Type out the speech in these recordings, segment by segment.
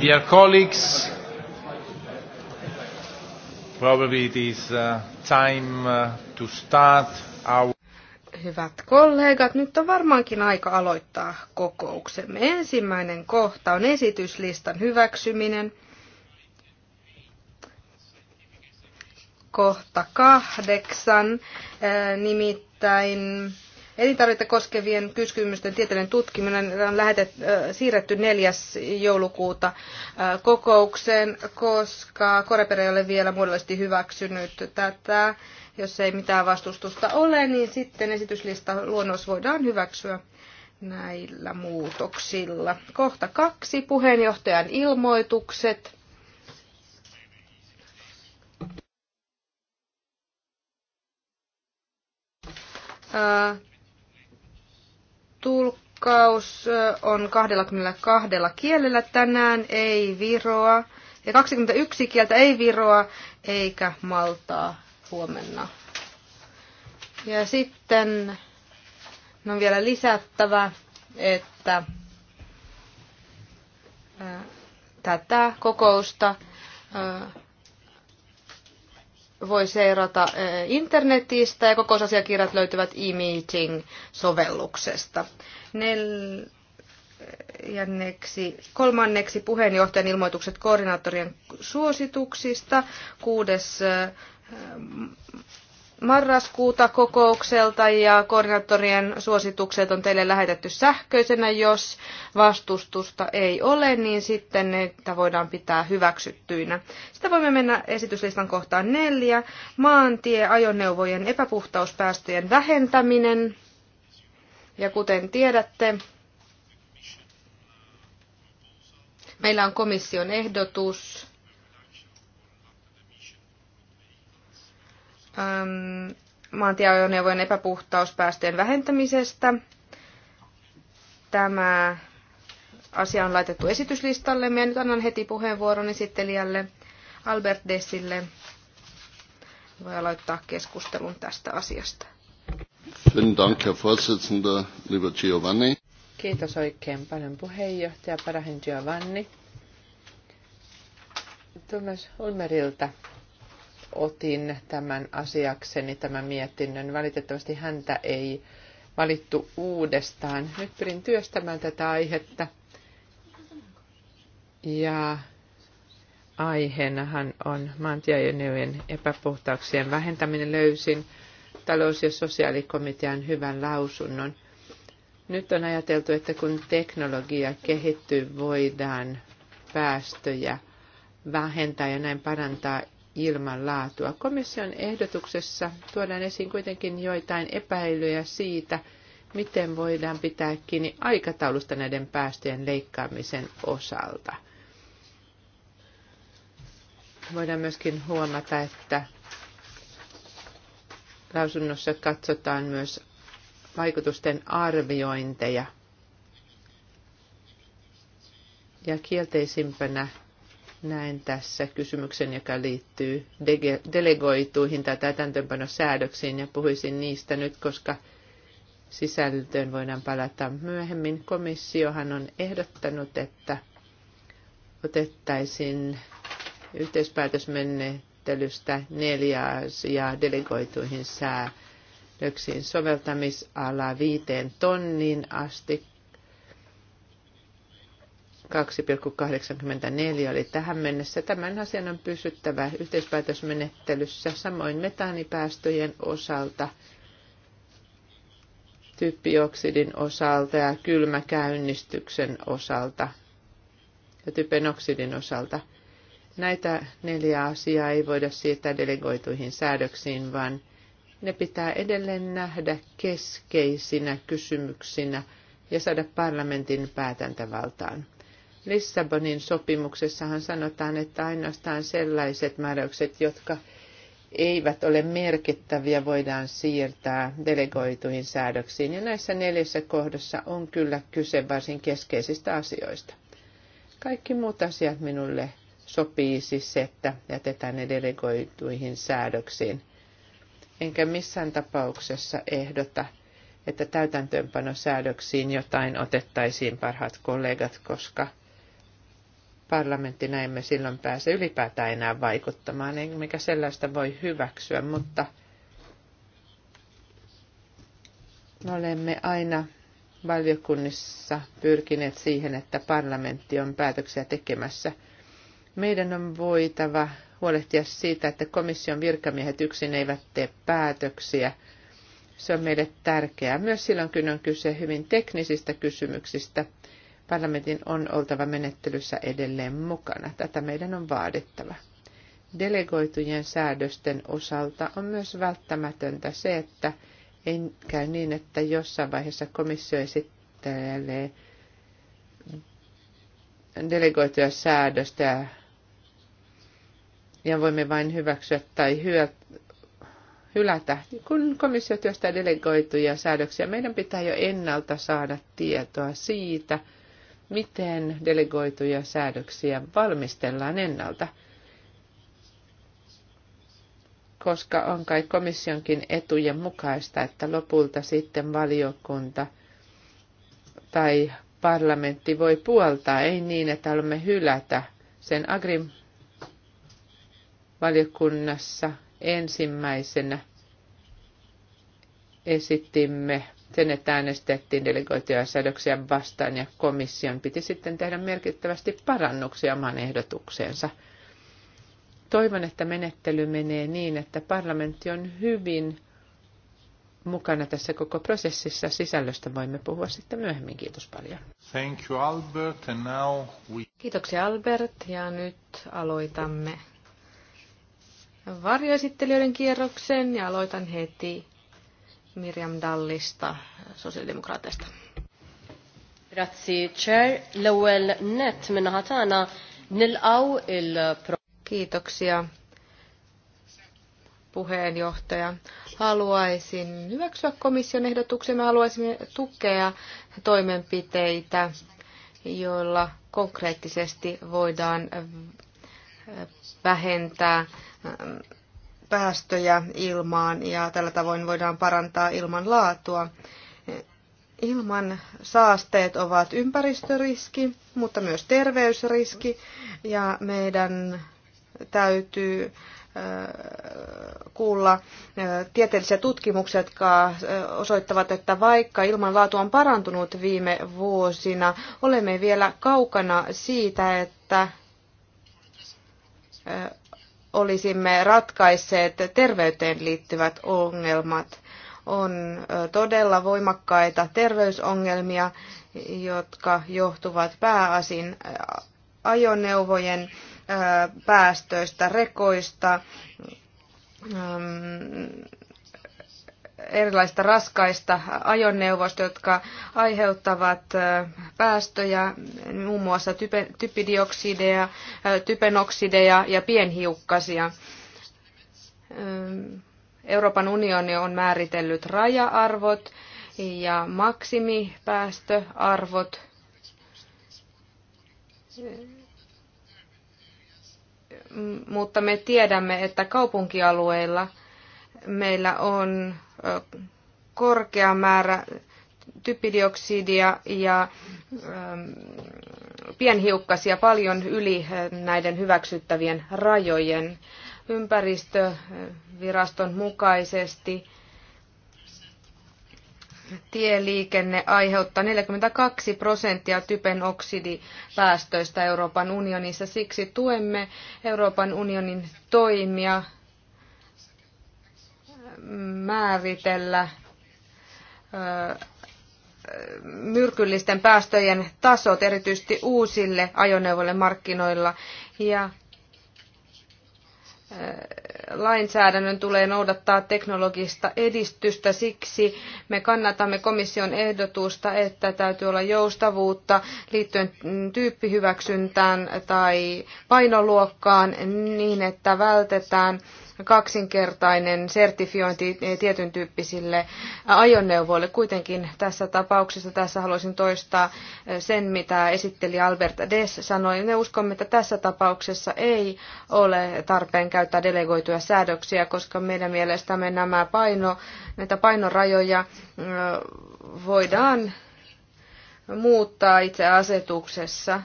Dear colleagues, probably it is uh, time uh, to start our... Hyvät kollegat, nyt on varmaankin aika aloittaa kokouksemme. Ensimmäinen kohta on esityslistan hyväksyminen. Kohta kahdeksan, äh, nimittäin Elintarvita koskevien kysymysten tieteellinen tutkiminen on lähetet, siirretty 4. joulukuuta kokoukseen, koska Korepere ei ole vielä muodollisesti hyväksynyt tätä. Jos ei mitään vastustusta ole, niin sitten esityslista luonnos voidaan hyväksyä näillä muutoksilla. Kohta kaksi, puheenjohtajan ilmoitukset. Tulkkaus on 22 kielellä tänään, ei viroa. Ja 21 kieltä ei viroa eikä maltaa huomenna. Ja sitten on vielä lisättävä, että tätä kokousta voi seurata eh, internetistä ja kokousasiakirjat löytyvät e-meeting-sovelluksesta. Nel- eh, Jänneksi, kolmanneksi puheenjohtajan ilmoitukset koordinaattorien suosituksista. Kuudes eh, marraskuuta kokoukselta ja koordinaattorien suositukset on teille lähetetty sähköisenä. Jos vastustusta ei ole, niin sitten niitä voidaan pitää hyväksyttyinä. Sitten voimme mennä esityslistan kohtaan neljä. Maantie, ajoneuvojen epäpuhtauspäästöjen vähentäminen. Ja kuten tiedätte, meillä on komission ehdotus ähm, maantieajoneuvojen epäpuhtauspäästöjen vähentämisestä. Tämä asia on laitettu esityslistalle. Minä nyt annan heti puheenvuoron esittelijälle Albert Dessille. Voi aloittaa keskustelun tästä asiasta. Dank, Herr lieber Giovanni. Kiitos oikein paljon puheenjohtaja Parahen Giovanni. Tunnes Ulmerilta otin tämän asiakseni, tämän mietinnön. Valitettavasti häntä ei valittu uudestaan. Nyt pyrin työstämään tätä aihetta. Ja aiheenahan on maantieajoneuvojen epäpuhtauksien vähentäminen. Löysin talous- ja sosiaalikomitean hyvän lausunnon. Nyt on ajateltu, että kun teknologia kehittyy, voidaan päästöjä vähentää ja näin parantaa ilmanlaatua. Komission ehdotuksessa tuodaan esiin kuitenkin joitain epäilyjä siitä, miten voidaan pitää kiinni aikataulusta näiden päästöjen leikkaamisen osalta. Voidaan myöskin huomata, että lausunnossa katsotaan myös vaikutusten arviointeja. Ja kielteisimpänä näen tässä kysymyksen, joka liittyy delegoituihin tai täytäntöönpanosäädöksiin ja puhuisin niistä nyt, koska sisältöön voidaan palata myöhemmin. Komissiohan on ehdottanut, että otettaisiin yhteispäätösmenettelystä neljä asiaa delegoituihin säädöksiin soveltamisala viiteen tonniin asti 2,84 oli tähän mennessä. Tämän asian on pysyttävä yhteispäätösmenettelyssä, samoin metaanipäästöjen osalta, typpioksidin osalta ja kylmäkäynnistyksen osalta ja typenoksidin osalta. Näitä neljä asiaa ei voida siirtää delegoituihin säädöksiin, vaan ne pitää edelleen nähdä keskeisinä kysymyksinä ja saada parlamentin päätäntävaltaan. Lissabonin sopimuksessahan sanotaan, että ainoastaan sellaiset määräykset, jotka eivät ole merkittäviä, voidaan siirtää delegoituihin säädöksiin. Ja näissä neljässä kohdassa on kyllä kyse varsin keskeisistä asioista. Kaikki muut asiat minulle sopii siis se, että jätetään ne delegoituihin säädöksiin. Enkä missään tapauksessa ehdota, että täytäntöönpanosäädöksiin jotain otettaisiin parhaat kollegat, koska – Parlamentti näemme silloin pääse ylipäätään enää vaikuttamaan, mikä sellaista voi hyväksyä, mutta olemme aina valiokunnissa pyrkineet siihen, että parlamentti on päätöksiä tekemässä. Meidän on voitava huolehtia siitä, että komission virkamiehet yksin eivät tee päätöksiä. Se on meille tärkeää myös silloin, kun on kyse hyvin teknisistä kysymyksistä, Parlamentin on oltava menettelyssä edelleen mukana. Tätä meidän on vaadittava. Delegoitujen säädösten osalta on myös välttämätöntä se, että ei käy niin, että jossain vaiheessa komissio esittelee delegoituja säädöstä ja voimme vain hyväksyä tai hylätä. Kun komissio työstää delegoituja säädöksiä, meidän pitää jo ennalta saada tietoa siitä – miten delegoituja säädöksiä valmistellaan ennalta, koska on kai komissionkin etujen mukaista, että lopulta sitten valiokunta tai parlamentti voi puoltaa, ei niin, että haluamme hylätä sen agrim valiokunnassa ensimmäisenä esitimme sen, että äänestettiin delegoituja säädöksiä vastaan ja komission piti sitten tehdä merkittävästi parannuksia oman ehdotukseensa. Toivon, että menettely menee niin, että parlamentti on hyvin mukana tässä koko prosessissa. Sisällöstä voimme puhua sitten myöhemmin. Kiitos paljon. Thank you, Albert. And now we... Kiitoksia Albert ja nyt aloitamme varjoesittelijöiden kierroksen ja aloitan heti Miriam Dallista sosiaalidemokraateista. Chair. Lowell net minnaħa Kiitoksia puheenjohtaja. Haluaisin hyväksyä komission ehdotuksen. Me haluaisimme tukea toimenpiteitä, joilla konkreettisesti voidaan äh, vähentää ähm, päästöjä ilmaan ja tällä tavoin voidaan parantaa ilman laatua. Ilman saasteet ovat ympäristöriski, mutta myös terveysriski ja meidän täytyy kuulla tieteellisiä tutkimuksia, jotka osoittavat, että vaikka ilmanlaatu on parantunut viime vuosina, olemme vielä kaukana siitä, että olisimme ratkaisseet terveyteen liittyvät ongelmat. On todella voimakkaita terveysongelmia, jotka johtuvat pääasin ajoneuvojen päästöistä, rekoista, erilaisista raskaista ajoneuvoista, jotka aiheuttavat päästöjä, muun muassa type, typidioksideja, typenoksideja ja pienhiukkasia. Euroopan unioni on määritellyt raja-arvot ja maksimipäästöarvot mutta me tiedämme, että kaupunkialueilla – meillä on korkea määrä typidioksidia ja ähm, pienhiukkasia paljon yli näiden hyväksyttävien rajojen. Ympäristöviraston mukaisesti tieliikenne aiheuttaa 42 prosenttia typen oksidipäästöistä Euroopan unionissa. Siksi tuemme Euroopan unionin toimia määritellä myrkyllisten päästöjen tasot erityisesti uusille ajoneuvoille markkinoilla ja lainsäädännön tulee noudattaa teknologista edistystä. Siksi me kannatamme komission ehdotusta, että täytyy olla joustavuutta liittyen tyyppihyväksyntään tai painoluokkaan niin, että vältetään kaksinkertainen sertifiointi tietyn tyyppisille ajoneuvoille. Kuitenkin tässä tapauksessa tässä haluaisin toistaa sen, mitä esitteli Albert. Des sanoi. Me uskomme, että tässä tapauksessa ei ole tarpeen käyttää delegoituja säädöksiä, koska meidän mielestämme nämä paino, näitä painorajoja voidaan muuttaa itse asetuksessa.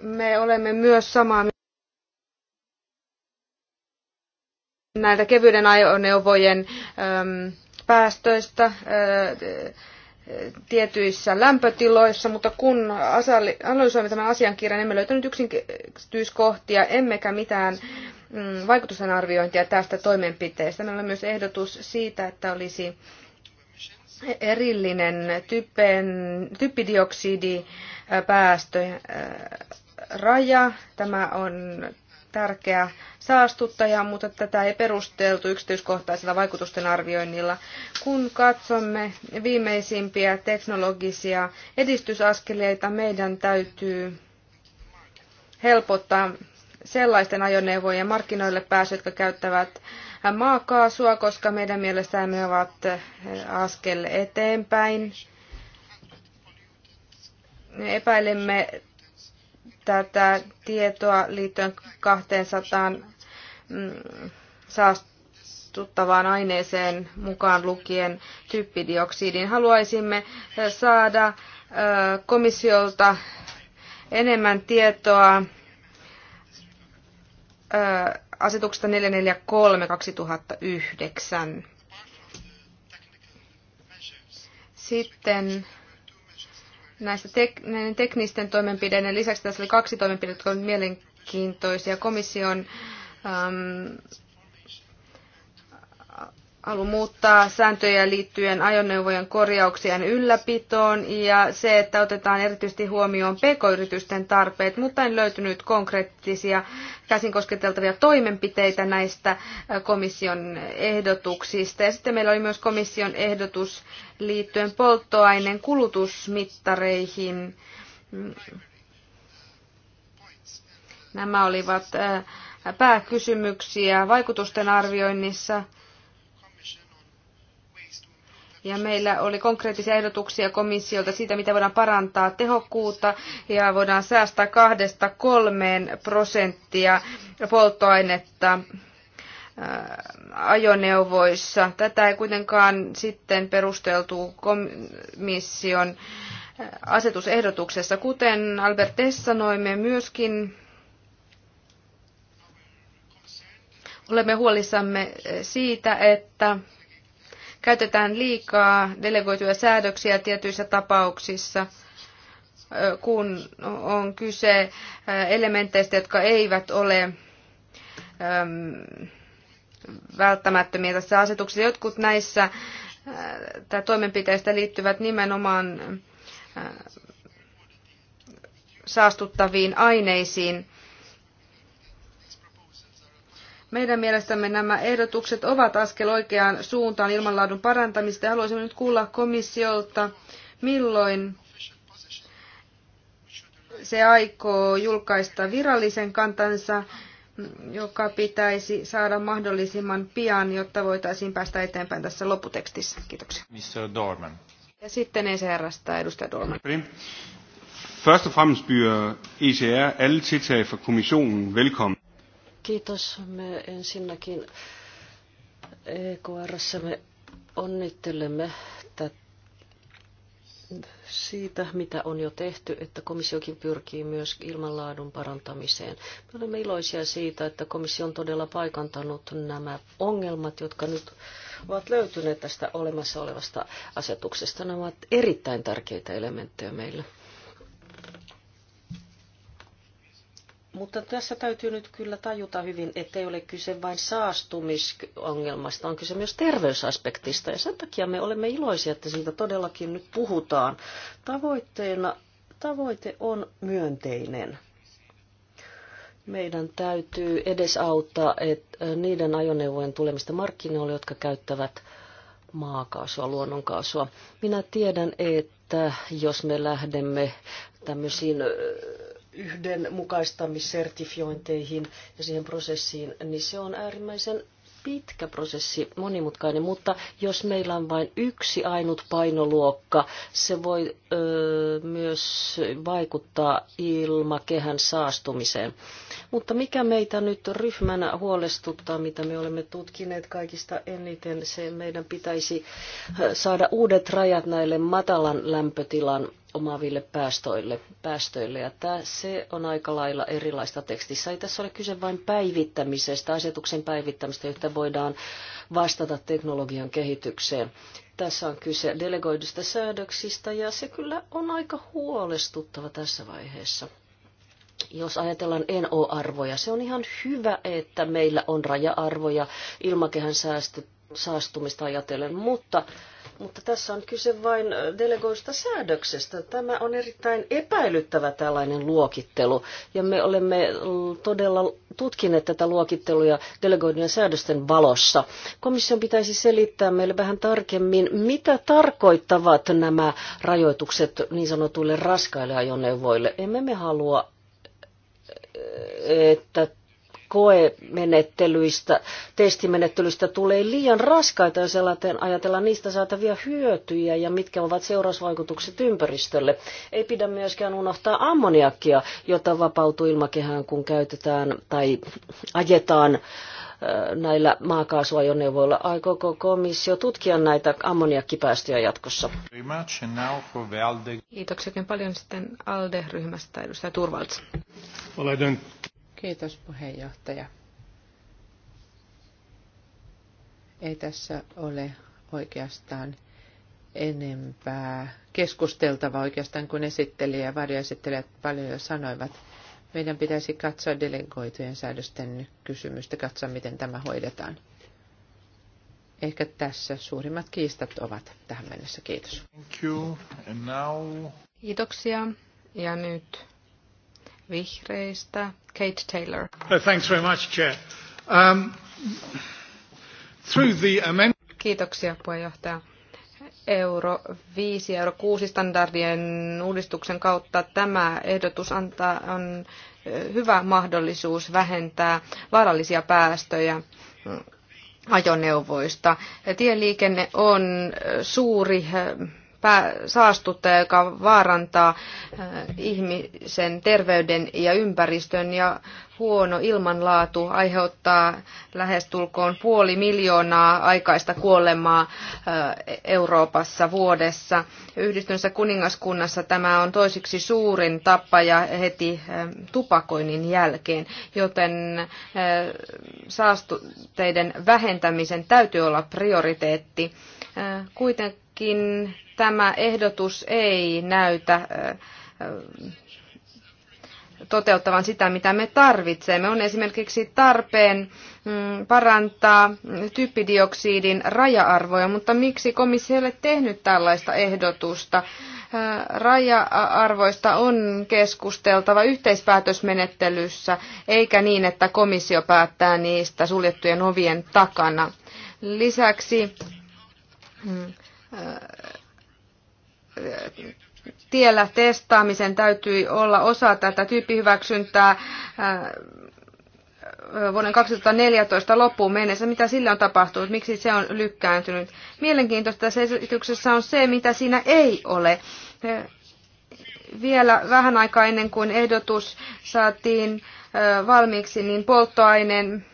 Me olemme myös samaa näiltä kevyiden ajoneuvojen ähm, päästöistä äh, tietyissä lämpötiloissa, mutta kun analysoimme tämän asiankirjan, emme löytänyt yksityiskohtia, emmekä mitään mm, vaikutusten arviointia tästä toimenpiteestä. Meillä on myös ehdotus siitä, että olisi erillinen typen, raja. Tämä on tärkeä saastuttaja, mutta tätä ei perusteltu yksityiskohtaisella vaikutusten arvioinnilla. Kun katsomme viimeisimpiä teknologisia edistysaskeleita, meidän täytyy helpottaa sellaisten ajoneuvojen markkinoille pääsy, jotka käyttävät maakaasua, koska meidän mielestämme ovat askel eteenpäin. Me epäilemme tätä tietoa liittyen 200 mm, saastuttavaan aineeseen mukaan lukien typpidioksidin. Haluaisimme saada komissiolta enemmän tietoa asetuksesta 443 2009. Sitten näistä tek- näiden teknisten toimenpideiden lisäksi tässä oli kaksi toimenpidettä, jotka olivat mielenkiintoisia. Komission äm, halu muuttaa sääntöjä liittyen ajoneuvojen korjauksien ylläpitoon ja se, että otetaan erityisesti huomioon pk-yritysten tarpeet, mutta en löytynyt konkreettisia käsin kosketeltavia toimenpiteitä näistä äh, komission ehdotuksista. Ja sitten meillä oli myös komission ehdotus liittyen polttoaineen kulutusmittareihin. Nämä olivat äh, pääkysymyksiä vaikutusten arvioinnissa. Ja meillä oli konkreettisia ehdotuksia komissiolta siitä, mitä voidaan parantaa tehokkuutta ja voidaan säästää kahdesta kolmeen prosenttia polttoainetta äh, ajoneuvoissa. Tätä ei kuitenkaan sitten perusteltu komission äh, asetusehdotuksessa. Kuten Albert Tess sanoi, me myöskin olemme huolissamme äh, siitä, että käytetään liikaa delegoituja säädöksiä tietyissä tapauksissa, kun on kyse elementeistä, jotka eivät ole välttämättömiä tässä asetuksessa. Jotkut näissä tai toimenpiteistä liittyvät nimenomaan saastuttaviin aineisiin meidän mielestämme nämä ehdotukset ovat askel oikeaan suuntaan ilmanlaadun parantamista ja haluaisimme nyt kuulla komissiolta, milloin se aikoo julkaista virallisen kantansa, joka pitäisi saada mahdollisimman pian, jotta voitaisiin päästä eteenpäin tässä loputekstissä. Kiitoksia. Mr. Dorman. Ja sitten ECR-stä edustaja Dorman. First of all, ECR alle tiltag for kommissionen velkommen. Kiitos. Me ensinnäkin ekr me onnittelemme siitä, mitä on jo tehty, että komissiokin pyrkii myös ilmanlaadun parantamiseen. Me olemme iloisia siitä, että komissio on todella paikantanut nämä ongelmat, jotka nyt ovat löytyneet tästä olemassa olevasta asetuksesta. Nämä ovat erittäin tärkeitä elementtejä meille. Mutta tässä täytyy nyt kyllä tajuta hyvin, ettei ole kyse vain saastumisongelmasta, on kyse myös terveysaspektista. Ja sen takia me olemme iloisia, että siitä todellakin nyt puhutaan. Tavoitteena, tavoite on myönteinen. Meidän täytyy edesauttaa että niiden ajoneuvojen tulemista markkinoille, jotka käyttävät maakaasua, luonnonkaasua. Minä tiedän, että jos me lähdemme tämmöisiin yhdenmukaistamissertifiointeihin ja siihen prosessiin, niin se on äärimmäisen pitkä prosessi, monimutkainen, mutta jos meillä on vain yksi ainut painoluokka, se voi öö, myös vaikuttaa ilmakehän saastumiseen. Mutta mikä meitä nyt ryhmänä huolestuttaa, mitä me olemme tutkineet kaikista eniten, se meidän pitäisi saada uudet rajat näille matalan lämpötilan omaaville päästöille. päästöille. Ja tämä, se on aika lailla erilaista tekstissä. Ei tässä ole kyse vain päivittämisestä, asetuksen päivittämistä, jotta voidaan vastata teknologian kehitykseen. Tässä on kyse delegoidusta säädöksistä ja se kyllä on aika huolestuttava tässä vaiheessa. Jos ajatellaan NO-arvoja, se on ihan hyvä, että meillä on raja-arvoja ilmakehän säästö, saastumista ajatellen, mutta mutta tässä on kyse vain delegoista säädöksestä. Tämä on erittäin epäilyttävä tällainen luokittelu. Ja me olemme todella tutkineet tätä luokittelua delegoidujen säädösten valossa. Komission pitäisi selittää meille vähän tarkemmin, mitä tarkoittavat nämä rajoitukset niin sanotuille raskaille ajoneuvoille. Emme me halua että koemenettelyistä, testimenettelyistä tulee liian raskaita, jos ajatellaan niistä saatavia hyötyjä ja mitkä ovat seurausvaikutukset ympäristölle. Ei pidä myöskään unohtaa ammoniakkia, jota vapautuu ilmakehään, kun käytetään tai ajetaan äh, näillä maakaasuajoneuvoilla. Aikooko komissio tutkia näitä ammoniakkipäästöjä jatkossa? Kiitoksia paljon sitten ALDE-ryhmästä edustaja Turvalts. Kiitos puheenjohtaja. Ei tässä ole oikeastaan enempää keskusteltavaa oikeastaan, kuin esittelijä ja varjoesittelijät paljon jo sanoivat. Meidän pitäisi katsoa delegoitujen säädösten kysymystä, katsoa miten tämä hoidetaan. Ehkä tässä suurimmat kiistat ovat tähän mennessä. Kiitos. Thank you. And now... Kiitoksia. Ja nyt Vihreistä Kate Taylor. Oh, thanks very much, Chair. Um, through the amend- Kiitoksia puheenjohtaja. Euro 5 ja euro 6 standardien uudistuksen kautta tämä ehdotus antaa, on hyvä mahdollisuus vähentää vaarallisia päästöjä mm, ajoneuvoista. Tieliikenne on suuri saastuttaja, joka vaarantaa äh, ihmisen terveyden ja ympäristön ja huono ilmanlaatu aiheuttaa lähestulkoon puoli miljoonaa aikaista kuolemaa äh, Euroopassa vuodessa. Yhdistyneessä kuningaskunnassa tämä on toisiksi suurin tappaja heti äh, tupakoinnin jälkeen, joten saastuteiden vähentämisen täytyy olla prioriteetti. Kuitenkin tämä ehdotus ei näytä toteuttavan sitä, mitä me tarvitsemme. On esimerkiksi tarpeen mm, parantaa typpidioksidin raja-arvoja, mutta miksi komissio ei ole tehnyt tällaista ehdotusta? Raja-arvoista on keskusteltava yhteispäätösmenettelyssä, eikä niin, että komissio päättää niistä suljettujen ovien takana. Lisäksi mm, tiellä testaamisen täytyi olla osa tätä tyyppihyväksyntää äh, vuoden 2014 loppuun mennessä. Mitä sillä on tapahtunut? Miksi se on lykkääntynyt? Mielenkiintoista tässä esityksessä on se, mitä siinä ei ole. Äh, vielä vähän aikaa ennen kuin ehdotus saatiin äh, valmiiksi, niin polttoaineen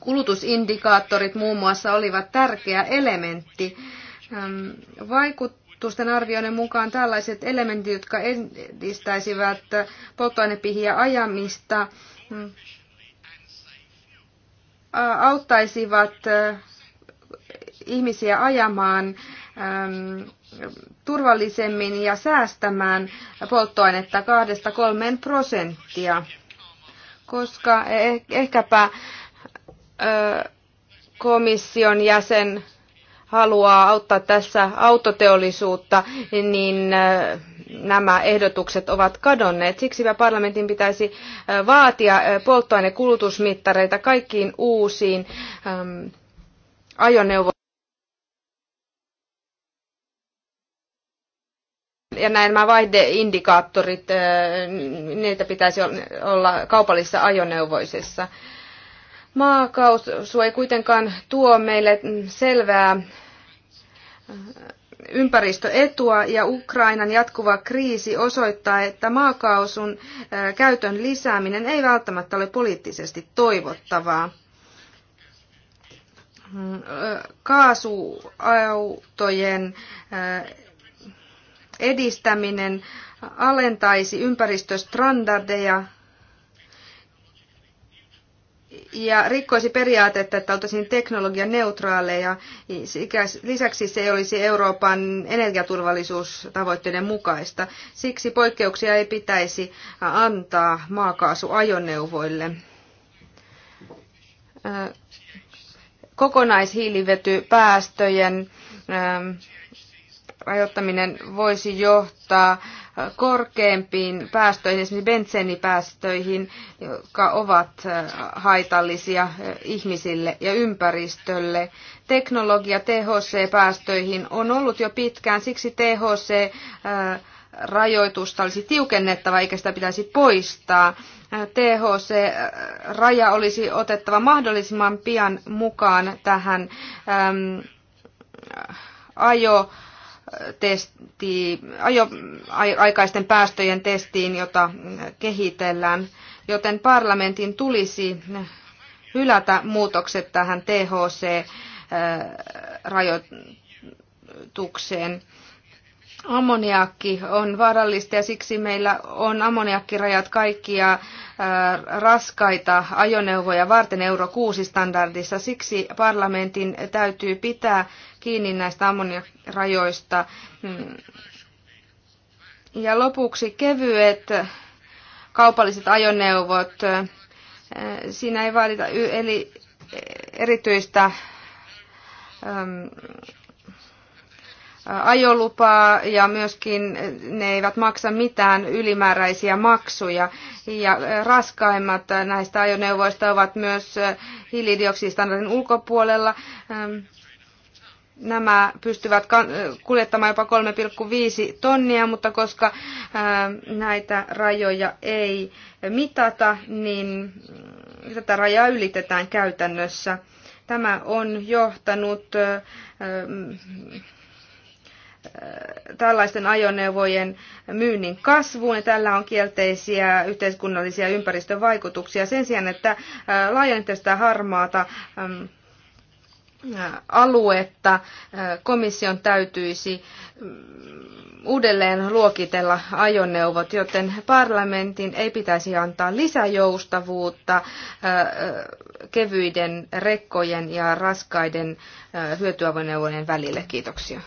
kulutusindikaattorit muun muassa olivat tärkeä elementti. Ähm, vaikut, tutkimusten arvioiden mukaan tällaiset elementit, jotka edistäisivät polttoainepihiä ajamista, mm, auttaisivat ihmisiä ajamaan turvallisemmin ja säästämään polttoainetta 2-3 prosenttia, koska e-, ehkäpä komission jäsen haluaa auttaa tässä autoteollisuutta, niin äh, nämä ehdotukset ovat kadonneet. Siksi parlamentin pitäisi äh, vaatia äh, polttoainekulutusmittareita kaikkiin uusiin ähm, ajoneuvoihin. ja näin nämä vaihdeindikaattorit, niitä pitäisi olla kaupallisissa ajoneuvoisessa. Maakausu ei kuitenkaan tuo meille selvää äh, ympäristöetua ja Ukrainan jatkuva kriisi osoittaa, että maakausun äh, käytön lisääminen ei välttämättä ole poliittisesti toivottavaa. Äh, kaasuautojen edistäminen alentaisi ympäristöstandardeja ja rikkoisi periaatetta, että oltaisiin teknologian neutraaleja. Lisäksi se ei olisi Euroopan energiaturvallisuustavoitteiden mukaista. Siksi poikkeuksia ei pitäisi antaa maakaasuajoneuvoille. Kokonaishiilivetypäästöjen rajoittaminen voisi johtaa korkeampiin päästöihin, esimerkiksi bensiinipäästöihin, jotka ovat haitallisia ihmisille ja ympäristölle. Teknologia THC-päästöihin on ollut jo pitkään, siksi THC rajoitusta olisi tiukennettava eikä sitä pitäisi poistaa. THC-raja olisi otettava mahdollisimman pian mukaan tähän ajo testi, ajo, aikaisten päästöjen testiin, jota kehitellään, joten parlamentin tulisi hylätä muutokset tähän THC-rajoitukseen. Ammoniakki on vaarallista ja siksi meillä on ammoniakkirajat kaikkia äh, raskaita ajoneuvoja varten Euro 6 standardissa. Siksi parlamentin täytyy pitää kiinni näistä ammoniakkirajoista. Mm. Ja lopuksi kevyet kaupalliset ajoneuvot. Äh, siinä ei vaadita eli äh, erityistä ähm, ajolupaa ja myöskin ne eivät maksa mitään ylimääräisiä maksuja. Ja raskaimmat näistä ajoneuvoista ovat myös hiilidioksidistandardin ulkopuolella. Nämä pystyvät kuljettamaan jopa 3,5 tonnia, mutta koska näitä rajoja ei mitata, niin mm, tätä rajaa ylitetään käytännössä. Tämä on johtanut tällaisten ajoneuvojen myynnin kasvuun ja tällä on kielteisiä yhteiskunnallisia ympäristövaikutuksia. Sen sijaan, että laajennettaisiin harmaata aluetta komission täytyisi mm, uudelleen luokitella ajoneuvot, joten parlamentin ei pitäisi antaa lisäjoustavuutta kevyiden rekkojen ja raskaiden hyötyajoneuvojen välille. Kiitoksia.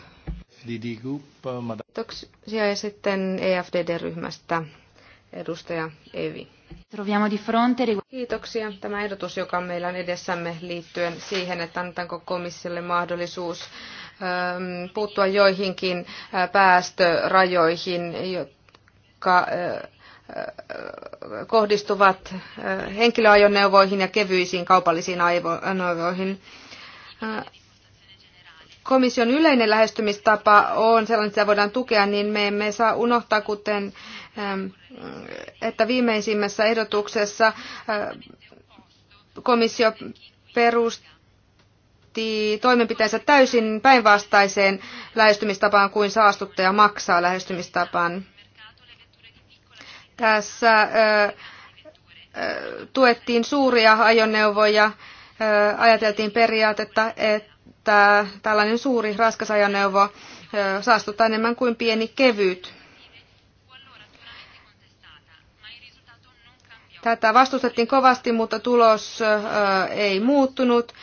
Kiitoksia ja sitten EFDD-ryhmästä edustaja Evi. Kiitoksia. Tämä ehdotus, joka meillä on edessämme liittyen siihen, että annetaanko komissiolle mahdollisuus ähm, puuttua joihinkin äh, päästörajoihin, jotka äh, äh, kohdistuvat henkilöajoneuvoihin ja kevyisiin kaupallisiin ajoneuvoihin komission yleinen lähestymistapa on sellainen, että sitä voidaan tukea, niin me emme saa unohtaa, kuten ähm, että viimeisimmässä ehdotuksessa äh, komissio perusti toimenpiteensä täysin päinvastaiseen lähestymistapaan kuin saastuttaja maksaa lähestymistapaan. Tässä äh, äh, tuettiin suuria ajoneuvoja, ajateltiin periaatetta, että että tällainen suuri raskas ajoneuvo saastuttaa enemmän kuin pieni kevyt. Tätä vastustettiin kovasti, mutta tulos ei muuttunut.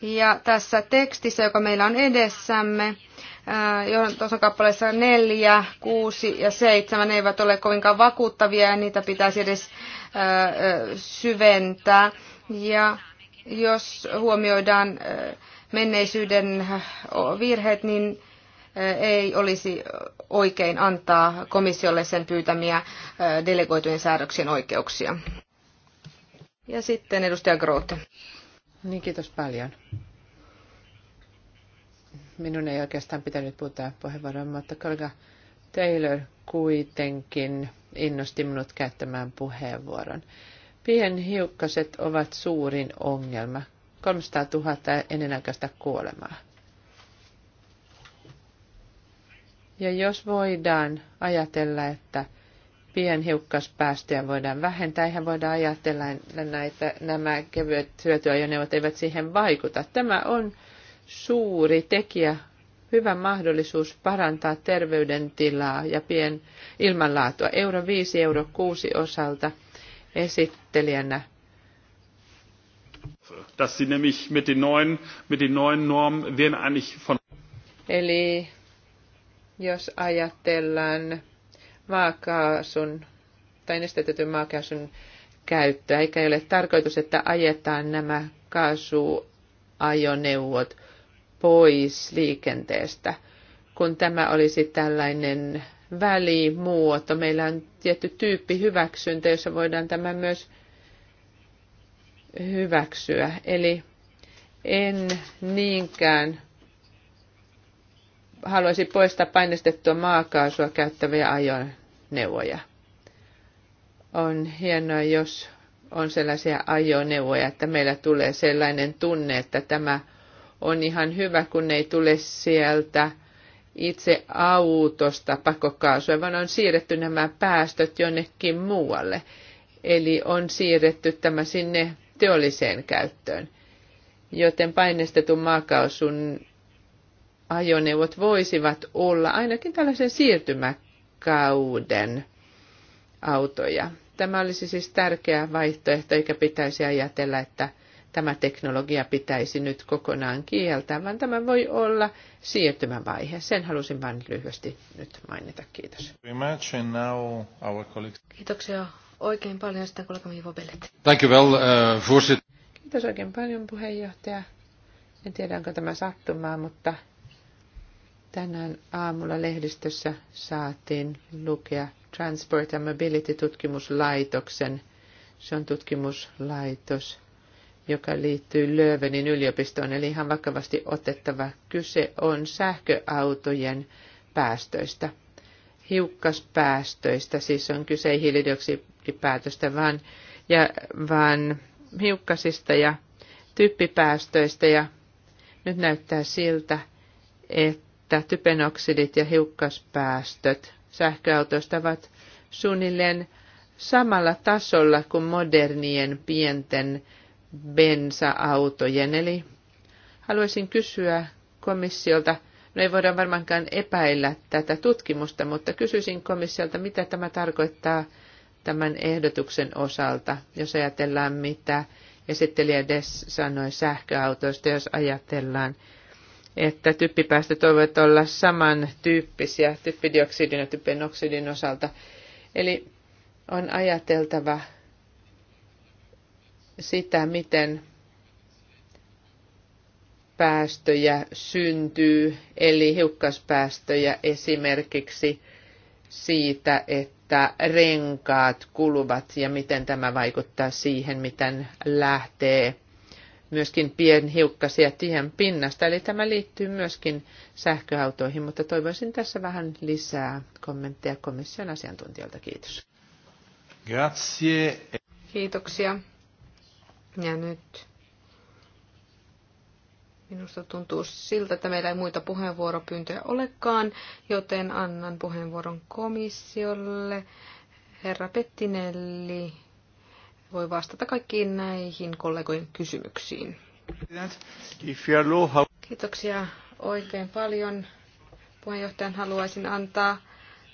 Ja tässä tekstissä, joka meillä on edessämme, johon tuossa kappaleessa neljä, kuusi ja seitsemän eivät ole kovinkaan vakuuttavia ja niitä pitäisi edes syventää. Ja jos huomioidaan menneisyyden virheet, niin ei olisi oikein antaa komissiolle sen pyytämiä delegoitujen säädöksien oikeuksia. Ja sitten edustaja Grote. Niin, kiitos paljon. Minun ei oikeastaan pitänyt puhua puheenvuoroa, mutta kollega Taylor kuitenkin innosti minut käyttämään puheenvuoron. Pienhiukkaset ovat suurin ongelma. 300 000 ennenaikaista kuolemaa. Ja jos voidaan ajatella, että pienhiukkaspäästöjä voidaan vähentää, eihän voidaan ajatella, että näitä, nämä kevyet hyötyajoneuvot eivät siihen vaikuta. Tämä on suuri tekijä, hyvä mahdollisuus parantaa terveydentilaa ja pien ilmanlaatua. Euro 5, euro 6 osalta – esittelijänä. Dass sie nämlich mit den neuen, mit den neuen Normen werden eigentlich von... Eli jos ajatellaan maakaasun tai nestetetyn maakaasun käyttöä, eikä ole tarkoitus, että ajetaan nämä kaasuajoneuvot pois liikenteestä, kun tämä olisi tällainen välimuoto. Meillä on tietty tyyppi hyväksyntä, jossa voidaan tämä myös hyväksyä. Eli en niinkään haluaisi poistaa painostettua maakaasua käyttäviä ajoneuvoja. On hienoa, jos on sellaisia ajoneuvoja, että meillä tulee sellainen tunne, että tämä on ihan hyvä, kun ei tule sieltä itse autosta pakokaasua, vaan on siirretty nämä päästöt jonnekin muualle. Eli on siirretty tämä sinne teolliseen käyttöön. Joten painestetun maakaasun ajoneuvot voisivat olla ainakin tällaisen siirtymäkauden autoja. Tämä olisi siis tärkeä vaihtoehto, eikä pitäisi ajatella, että tämä teknologia pitäisi nyt kokonaan kieltää, vaan tämä voi olla siirtymävaihe. Sen halusin vain lyhyesti nyt mainita. Kiitos. Kiitoksia oikein paljon. sitä kollega Miivo Bellet. Thank you well, uh, Kiitos oikein paljon puheenjohtaja. En tiedä, onko tämä sattumaa, mutta tänään aamulla lehdistössä saatiin lukea Transport and Mobility-tutkimuslaitoksen. Se on tutkimuslaitos, joka liittyy Löövenin yliopistoon, eli ihan vakavasti otettava. Kyse on sähköautojen päästöistä. Hiukkaspäästöistä, siis on kyse ei hiilidioksidipäätöstä, vaan, ja, vaan hiukkasista ja typpipäästöistä. Ja nyt näyttää siltä, että typenoksidit ja hiukkaspäästöt sähköautoista ovat suunnilleen samalla tasolla kuin modernien pienten bensa-autojen. Eli haluaisin kysyä komissiolta, no ei voida varmaankaan epäillä tätä tutkimusta, mutta kysyisin komissiolta, mitä tämä tarkoittaa tämän ehdotuksen osalta, jos ajatellaan mitä esittelijä Des sanoi sähköautoista, jos ajatellaan, että typpipäästöt voivat olla samantyyppisiä typpidioksidin ja typen oksidin osalta. Eli on ajateltava sitä, miten päästöjä syntyy, eli hiukkaspäästöjä esimerkiksi siitä, että renkaat kuluvat ja miten tämä vaikuttaa siihen, miten lähtee myöskin pienhiukkasia tien pinnasta. Eli tämä liittyy myöskin sähköautoihin, mutta toivoisin tässä vähän lisää kommentteja komission asiantuntijalta Kiitos. Grazie. Kiitoksia. Ja nyt minusta tuntuu siltä, että meillä ei muita puheenvuoropyyntöjä olekaan, joten annan puheenvuoron komissiolle. Herra Pettinelli voi vastata kaikkiin näihin kollegojen kysymyksiin. Kiitoksia oikein paljon. Puheenjohtajan haluaisin antaa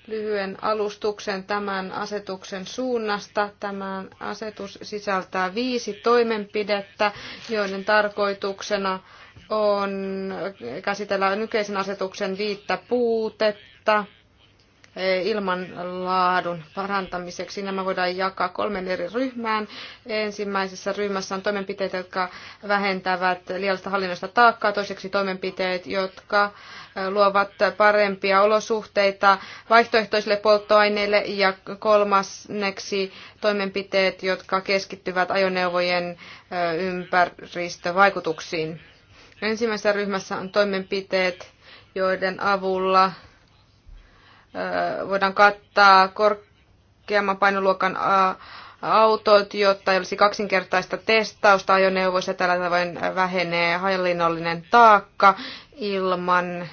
lyhyen alustuksen tämän asetuksen suunnasta. Tämä asetus sisältää viisi toimenpidettä, joiden tarkoituksena on käsitellä nykyisen asetuksen viittä puutetta Eh, ilmanlaadun parantamiseksi. Nämä voidaan jakaa kolmen eri ryhmään. Ensimmäisessä ryhmässä on toimenpiteet, jotka vähentävät liiallista hallinnosta taakkaa. Toiseksi toimenpiteet, jotka eh, luovat parempia olosuhteita vaihtoehtoisille polttoaineille ja kolmanneksi toimenpiteet, jotka keskittyvät ajoneuvojen eh, ympäristövaikutuksiin. Ensimmäisessä ryhmässä on toimenpiteet, joiden avulla voidaan kattaa korkeamman painoluokan autot, jotta ei olisi kaksinkertaista testausta ajoneuvoissa. Tällä tavoin vähenee hallinnollinen taakka ilman,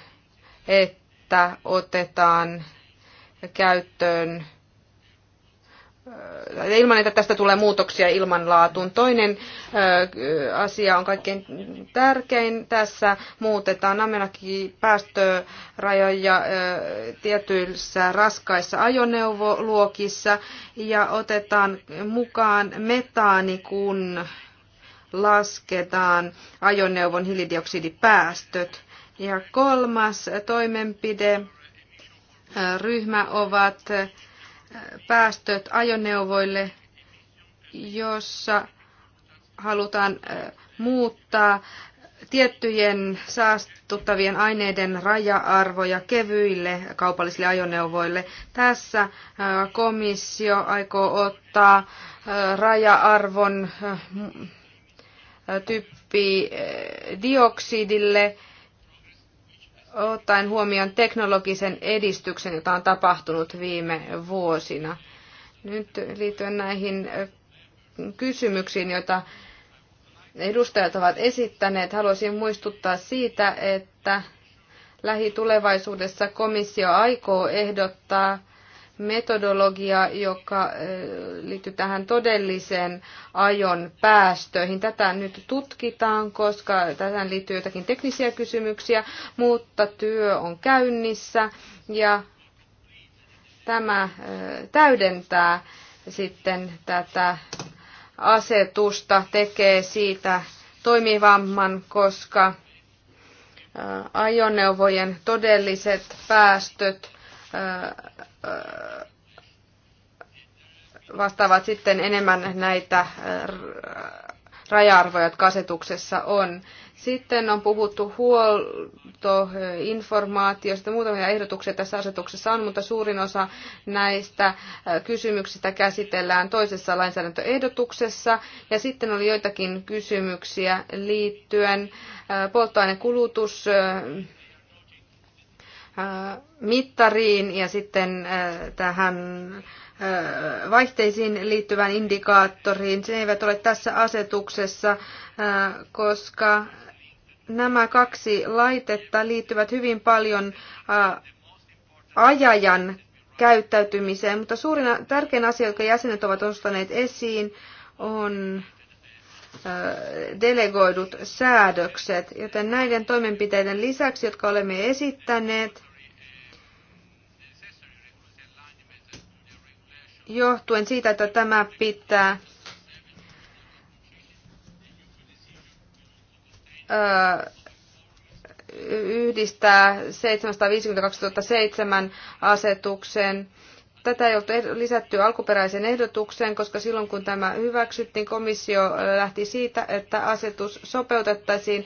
että otetaan käyttöön ilman, että tästä tulee muutoksia ilmanlaatuun. Toinen asia on kaikkein tärkein tässä. Muutetaan Namenakin päästörajoja tietyissä raskaissa ajoneuvoluokissa ja otetaan mukaan metaani, kun lasketaan ajoneuvon hiilidioksidipäästöt. Ja kolmas toimenpide ryhmä ovat päästöt ajoneuvoille, jossa halutaan muuttaa tiettyjen saastuttavien aineiden raja-arvoja kevyille kaupallisille ajoneuvoille. Tässä komissio aikoo ottaa raja-arvon typpi dioksidille ottaen huomioon teknologisen edistyksen, jota on tapahtunut viime vuosina. Nyt liittyen näihin äh, kysymyksiin, joita edustajat ovat esittäneet, haluaisin muistuttaa siitä, että lähitulevaisuudessa komissio aikoo ehdottaa metodologia, joka eh, liittyy tähän todelliseen ajon päästöihin. Tätä nyt tutkitaan, koska tähän liittyy jotakin teknisiä kysymyksiä, mutta työ on käynnissä ja tämä eh, täydentää sitten tätä asetusta, tekee siitä toimivamman, koska eh, ajoneuvojen todelliset päästöt vastaavat sitten enemmän näitä raja-arvoja, jotka asetuksessa on. Sitten on puhuttu huoltoinformaatiosta, muutamia ehdotuksia tässä asetuksessa on, mutta suurin osa näistä kysymyksistä käsitellään toisessa lainsäädäntöehdotuksessa. Ja sitten oli joitakin kysymyksiä liittyen polttoainekulutus Äh, mittariin ja sitten äh, tähän äh, vaihteisiin liittyvään indikaattoriin. Se eivät ole tässä asetuksessa, koska nämä kaksi laitetta liittyvät hyvin paljon ajajan käyttäytymiseen, mutta suurin tärkein asia, jonka jäsenet ovat nostaneet esiin, on delegoidut säädökset, joten näiden toimenpiteiden lisäksi, jotka olemme esittäneet, johtuen siitä, että tämä pitää yhdistää 752.007 asetuksen Tätä ei ollut eh-, lisätty alkuperäiseen ehdotukseen, koska silloin kun tämä hyväksyttiin, komissio eh, lähti siitä, että asetus sopeutettaisiin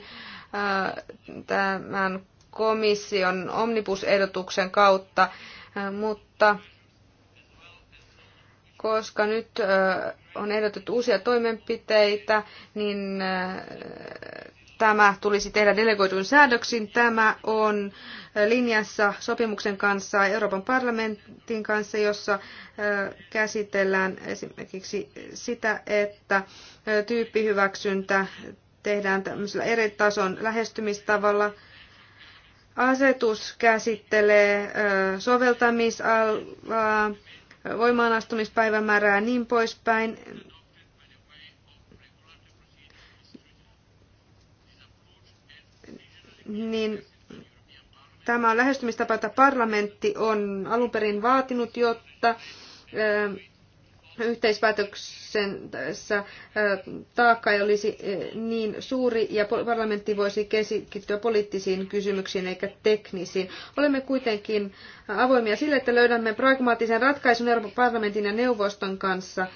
eh, tämän komission omnibusehdotuksen kautta, mutta koska nyt on ehdotettu uusia toimenpiteitä, niin tämä tulisi tehdä delegoitun säädöksin. Tämä on linjassa sopimuksen kanssa Euroopan parlamentin kanssa, jossa käsitellään esimerkiksi sitä, että tyyppihyväksyntä tehdään tämmöisellä eri tason lähestymistavalla. Asetus käsittelee soveltamisalaa, voimaanastumispäivämäärää ja niin poispäin. niin tämä on lähestymistapa, että parlamentti on alun perin vaatinut, jotta yhteispäätöksessä taakka ei olisi niin suuri ja parlamentti voisi keskittyä poliittisiin kysymyksiin eikä teknisiin. Olemme kuitenkin avoimia sille, että löydämme pragmaattisen ratkaisun Euroopan parlamentin ja neuvoston kanssa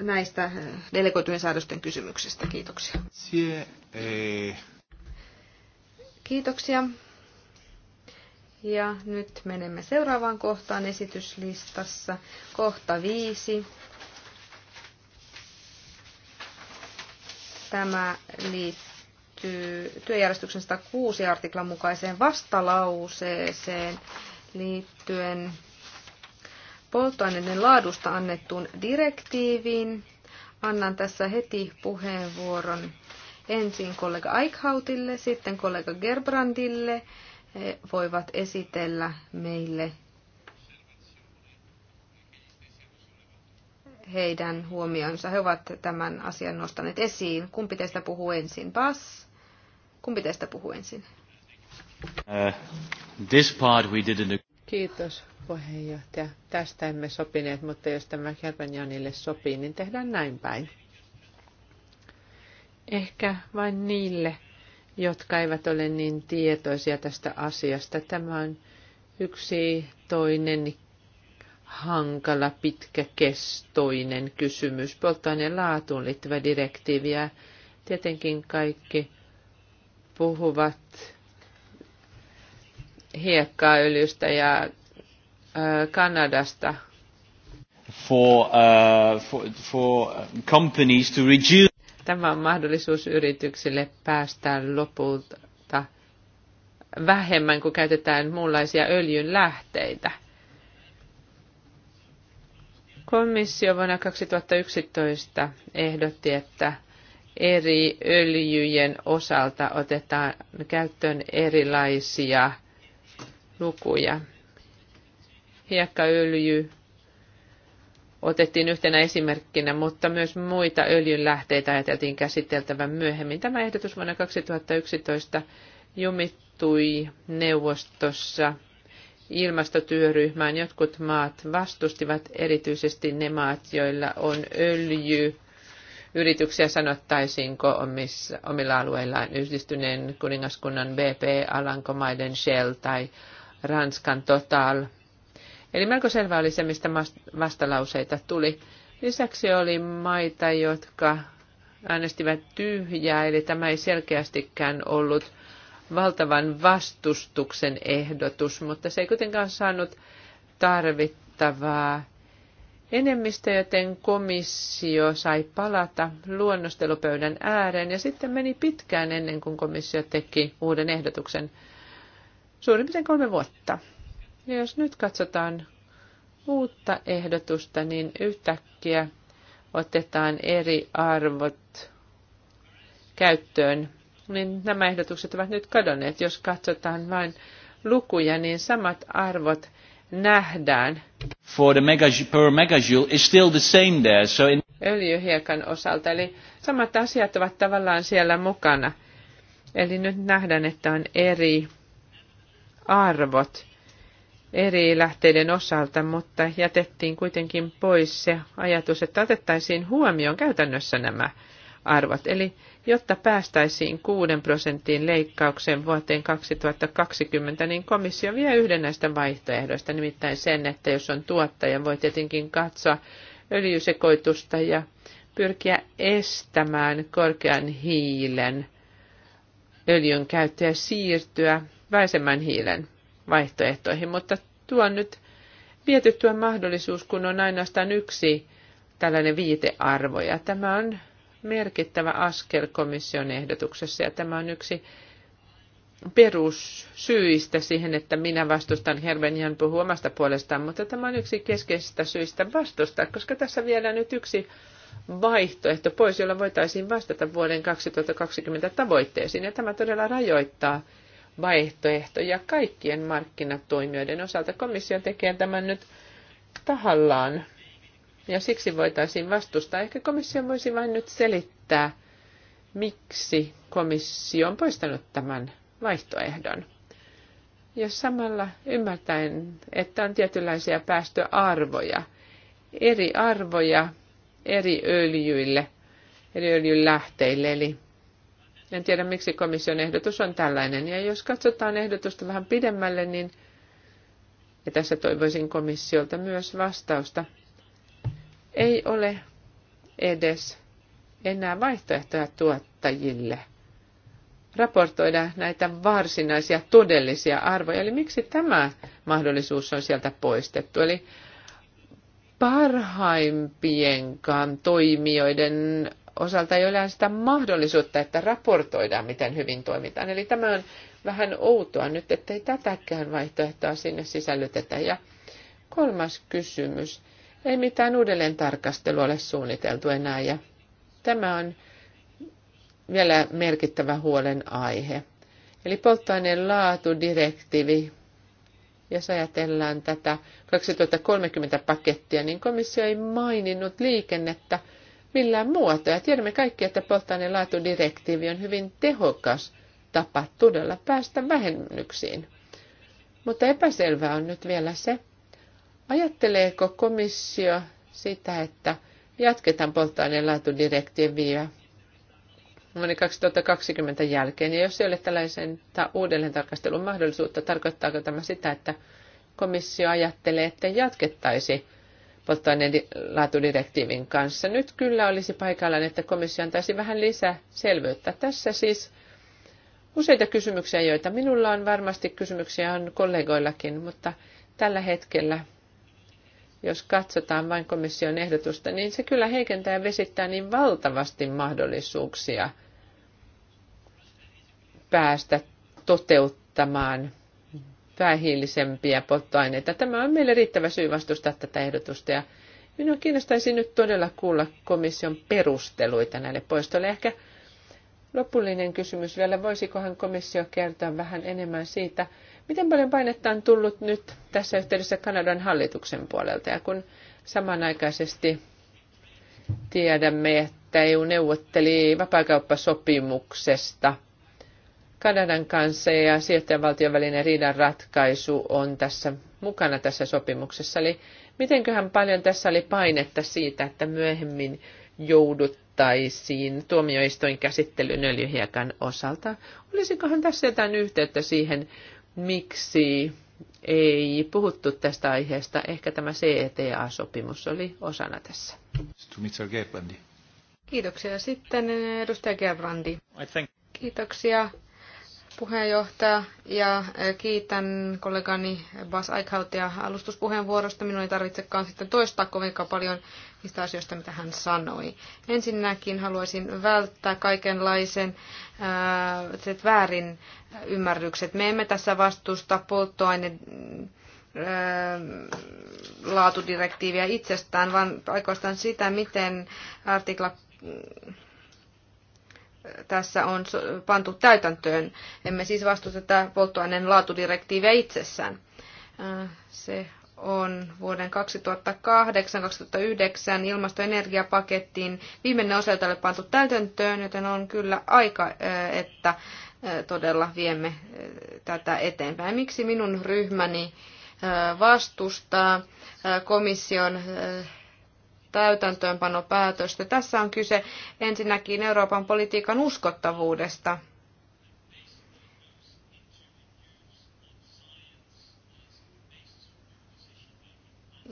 näistä delegoitujen säädösten kysymyksistä. Kiitoksia. Sie, eh... Kiitoksia. Ja nyt menemme seuraavaan kohtaan esityslistassa. Kohta viisi. Tämä liittyy työjärjestyksen 106 artiklan mukaiseen vastalauseeseen liittyen polttoaineiden laadusta annettuun direktiiviin. Annan tässä heti puheenvuoron ensin kollega Aikhautille, sitten kollega Gerbrandille. He voivat esitellä meille heidän huomionsa. He ovat tämän asian nostaneet esiin. Kumpi teistä puhuu ensin? Bas? Kumpi teistä puhuu ensin? Uh, this part we didn't... Kiitos puheenjohtaja. Tästä emme sopineet, mutta jos tämä kerran Janille sopii, niin tehdään näin päin ehkä vain niille, jotka eivät ole niin tietoisia tästä asiasta. Tämä on yksi toinen hankala, pitkäkestoinen kysymys. Polttoaineen laatuun liittyvä direktiivi ja tietenkin kaikki puhuvat hiekkaöljystä ja Kanadasta. For, uh, for, for companies to reduce Tämä on mahdollisuus yrityksille päästä lopulta vähemmän, kun käytetään muunlaisia öljyn lähteitä. Komissio vuonna 2011 ehdotti, että eri öljyjen osalta otetaan käyttöön erilaisia lukuja. Hiekkaöljy, otettiin yhtenä esimerkkinä, mutta myös muita öljynlähteitä ajateltiin käsiteltävän myöhemmin. Tämä ehdotus vuonna 2011 jumittui neuvostossa ilmastotyöryhmään. Jotkut maat vastustivat erityisesti ne maat, joilla on öljy. Yrityksiä sanottaisiinko omissa, omilla alueillaan yhdistyneen kuningaskunnan BP, Alankomaiden Shell tai Ranskan Total – Eli melko selvä oli se, mistä vastalauseita tuli. Lisäksi oli maita, jotka äänestivät tyhjää, eli tämä ei selkeästikään ollut valtavan vastustuksen ehdotus, mutta se ei kuitenkaan saanut tarvittavaa enemmistö, joten komissio sai palata luonnostelupöydän ääreen ja sitten meni pitkään ennen kuin komissio teki uuden ehdotuksen, suurin piirtein kolme vuotta. Ja jos nyt katsotaan uutta ehdotusta, niin yhtäkkiä otetaan eri arvot käyttöön, niin nämä ehdotukset ovat nyt kadonneet. Jos katsotaan vain lukuja, niin samat arvot nähdään. For the per megajoule is still the same there. So in... Öljyhiekan osalta, eli samat asiat ovat tavallaan siellä mukana. Eli nyt nähdään, että on eri arvot eri lähteiden osalta, mutta jätettiin kuitenkin pois se ajatus, että otettaisiin huomioon käytännössä nämä arvot. Eli jotta päästäisiin 6 prosentin leikkaukseen vuoteen 2020, niin komissio vie yhden näistä vaihtoehdoista, nimittäin sen, että jos on tuottaja, voi tietenkin katsoa öljysekoitusta ja pyrkiä estämään korkean hiilen öljyn käyttöä siirtyä väisemmän hiilen vaihtoehtoihin, mutta tuo on nyt vietettyä mahdollisuus, kun on ainoastaan yksi tällainen viitearvo, ja tämä on merkittävä askel komission ehdotuksessa, ja tämä on yksi perussyistä siihen, että minä vastustan Herben Jan puhuu omasta puolestaan, mutta tämä on yksi keskeisistä syistä vastustaa, koska tässä vielä nyt yksi vaihtoehto pois, jolla voitaisiin vastata vuoden 2020 tavoitteisiin. Ja tämä todella rajoittaa vaihtoehtoja kaikkien markkinatoimijoiden osalta. Komissio tekee tämän nyt tahallaan ja siksi voitaisiin vastustaa. Ehkä komissio voisi vain nyt selittää, miksi komissio on poistanut tämän vaihtoehdon. Ja samalla ymmärtäen, että on tietynlaisia päästöarvoja, eri arvoja eri öljyille, eri öljylähteille, eli en tiedä, miksi komission ehdotus on tällainen. Ja jos katsotaan ehdotusta vähän pidemmälle, niin ja tässä toivoisin komissiolta myös vastausta. Ei ole edes enää vaihtoehtoja tuottajille raportoida näitä varsinaisia todellisia arvoja. Eli miksi tämä mahdollisuus on sieltä poistettu? Eli parhaimpienkaan toimijoiden osalta ei ole sitä mahdollisuutta, että raportoidaan, miten hyvin toimitaan. Eli tämä on vähän outoa nyt, ettei tätäkään vaihtoehtoa sinne sisällytetä. Ja kolmas kysymys. Ei mitään uudelleen tarkastelu ole suunniteltu enää ja tämä on vielä merkittävä huolen aihe, Eli polttoaineen laatudirektiivi, jos ajatellaan tätä 2030 pakettia, niin komissio ei maininnut liikennettä – millään muotoa. Tiedämme kaikki, että polttoaineen laatudirektiivi on hyvin tehokas tapa todella päästä vähennyksiin. Mutta epäselvää on nyt vielä se, ajatteleeko komissio sitä, että jatketaan polttoaineen laatudirektiiviä vuoden 2020 jälkeen. Ja jos ei ole tällaisen uudelleen tarkastelun mahdollisuutta, tarkoittaako tämä sitä, että komissio ajattelee, että jatkettaisiin laatudirektiivin kanssa. Nyt kyllä olisi paikallaan, että komissio antaisi vähän lisää selvyyttä. Tässä siis useita kysymyksiä, joita minulla on varmasti kysymyksiä on kollegoillakin, mutta tällä hetkellä, jos katsotaan vain komission ehdotusta, niin se kyllä heikentää ja vesittää niin valtavasti mahdollisuuksia päästä toteuttamaan vähähiilisempiä polttoaineita. Tämä on meille riittävä syy vastustaa tätä ehdotusta ja minua kiinnostaisi nyt todella kuulla komission perusteluita näille poistoille. Ehkä lopullinen kysymys vielä, voisikohan komissio kertoa vähän enemmän siitä, miten paljon painetta on tullut nyt tässä yhteydessä Kanadan hallituksen puolelta ja kun samanaikaisesti tiedämme, että EU neuvotteli vapaakauppasopimuksesta – Kanadan kanssa ja sijoittajavaltion välinen riidan ratkaisu on tässä mukana tässä sopimuksessa. Eli mitenköhän paljon tässä oli painetta siitä, että myöhemmin jouduttaisiin tuomioistuin käsittelyyn öljyhiekan osalta. Olisikohan tässä jotain yhteyttä siihen, miksi ei puhuttu tästä aiheesta. Ehkä tämä CETA-sopimus oli osana tässä. Kiitoksia. Sitten edustaja Gerbrandi. Kiitoksia puheenjohtaja ja kiitän kollegani Bas Aikhautia alustuspuheenvuorosta. Minun ei tarvitsekaan sitten toistaa kovinkaan paljon niistä asioista, mitä hän sanoi. Ensinnäkin haluaisin välttää kaikenlaisen ää, äh, väärin ymmärrykset. Me emme tässä vastusta polttoaine äh, laatudirektiiviä itsestään, vaan aikoistaan sitä, miten artikla tässä on pantu täytäntöön. Emme siis vastusta tätä polttoaineen laatudirektiiviä itsessään. Äh, se on vuoden 2008-2009 ilmasto- ja energiapakettiin viimeinen osa, jota pantu täytäntöön, joten on kyllä aika, äh, että äh, todella viemme tätä eteenpäin. Miksi minun ryhmäni vastustaa komission täytäntöönpanopäätöstä. Tässä on kyse ensinnäkin Euroopan politiikan uskottavuudesta.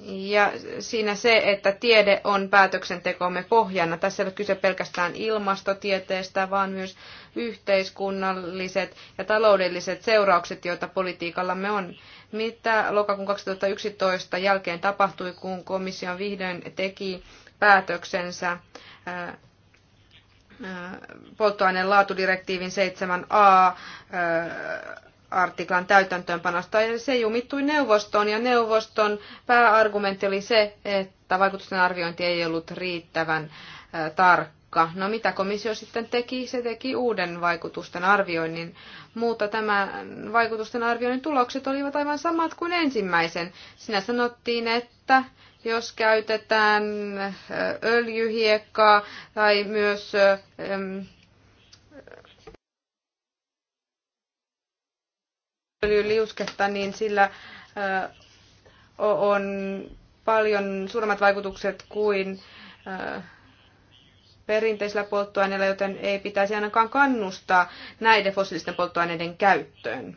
Ja siinä se, että tiede on päätöksentekomme pohjana. Tässä ei ole kyse pelkästään ilmastotieteestä, vaan myös yhteiskunnalliset ja taloudelliset seuraukset, joita politiikallamme on. Mitä lokakuun 2011 jälkeen tapahtui, kun komissio vihdoin teki päätöksensä äh, äh, polttoaineen laatudirektiivin 7a äh, artiklan täytäntöönpanosta. Ja se jumittui neuvostoon ja neuvoston pääargumentti oli se, että vaikutusten arviointi ei ollut riittävän tarkka tiukka. No mitä komissio sitten teki? Se teki uuden vaikutusten arvioinnin, mutta tämä vaikutusten arvioinnin tulokset olivat aivan samat kuin ensimmäisen. Sinä sanottiin, että jos käytetään öljyhiekkaa tai myös öljyliusketta, niin sillä on paljon suuremmat vaikutukset kuin perinteisillä polttoaineilla, joten ei pitäisi ainakaan kannustaa näiden fossiilisten polttoaineiden käyttöön.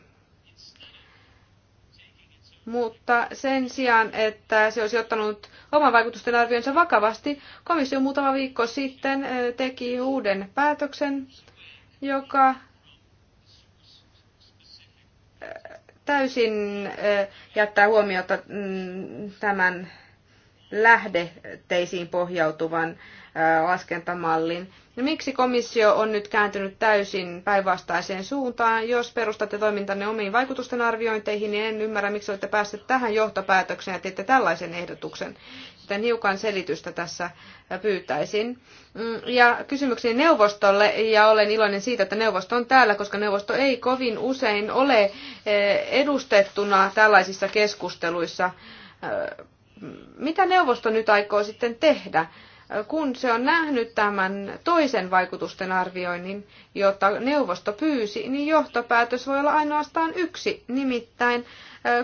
Mutta sen sijaan, että se olisi ottanut oman vaikutusten arvioinsa vakavasti, komissio muutama viikko sitten teki uuden päätöksen, joka täysin jättää huomiota mm, tämän lähdeteisiin pohjautuvan äh, laskentamallin. No miksi komissio on nyt kääntynyt täysin päinvastaiseen suuntaan? Jos perustatte toimintanne omiin vaikutusten arviointeihin, niin en ymmärrä, miksi olette päässeet tähän johtopäätökseen ja teette tällaisen ehdotuksen. Joten hiukan selitystä tässä äh, pyytäisin. Mm, ja kysymykseni neuvostolle, ja olen iloinen siitä, että neuvosto on täällä, koska neuvosto ei kovin usein ole äh, edustettuna tällaisissa keskusteluissa mitä neuvosto nyt aikoo sitten tehdä, kun se on nähnyt tämän toisen vaikutusten arvioinnin, jota neuvosto pyysi, niin johtopäätös voi olla ainoastaan yksi, nimittäin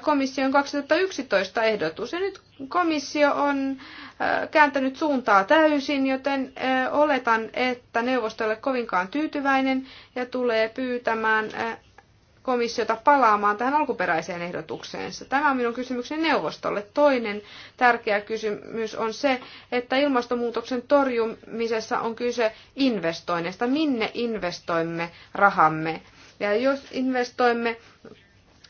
komission 2011 ehdotus. Ja nyt komissio on kääntänyt suuntaa täysin, joten oletan, että neuvosto ei ole kovinkaan tyytyväinen ja tulee pyytämään komissiota palaamaan tähän alkuperäiseen ehdotukseensa. Tämä on minun kysymykseni neuvostolle. Toinen tärkeä kysymys on se, että ilmastonmuutoksen torjumisessa on kyse investoinneista. Minne investoimme rahamme? Ja jos investoimme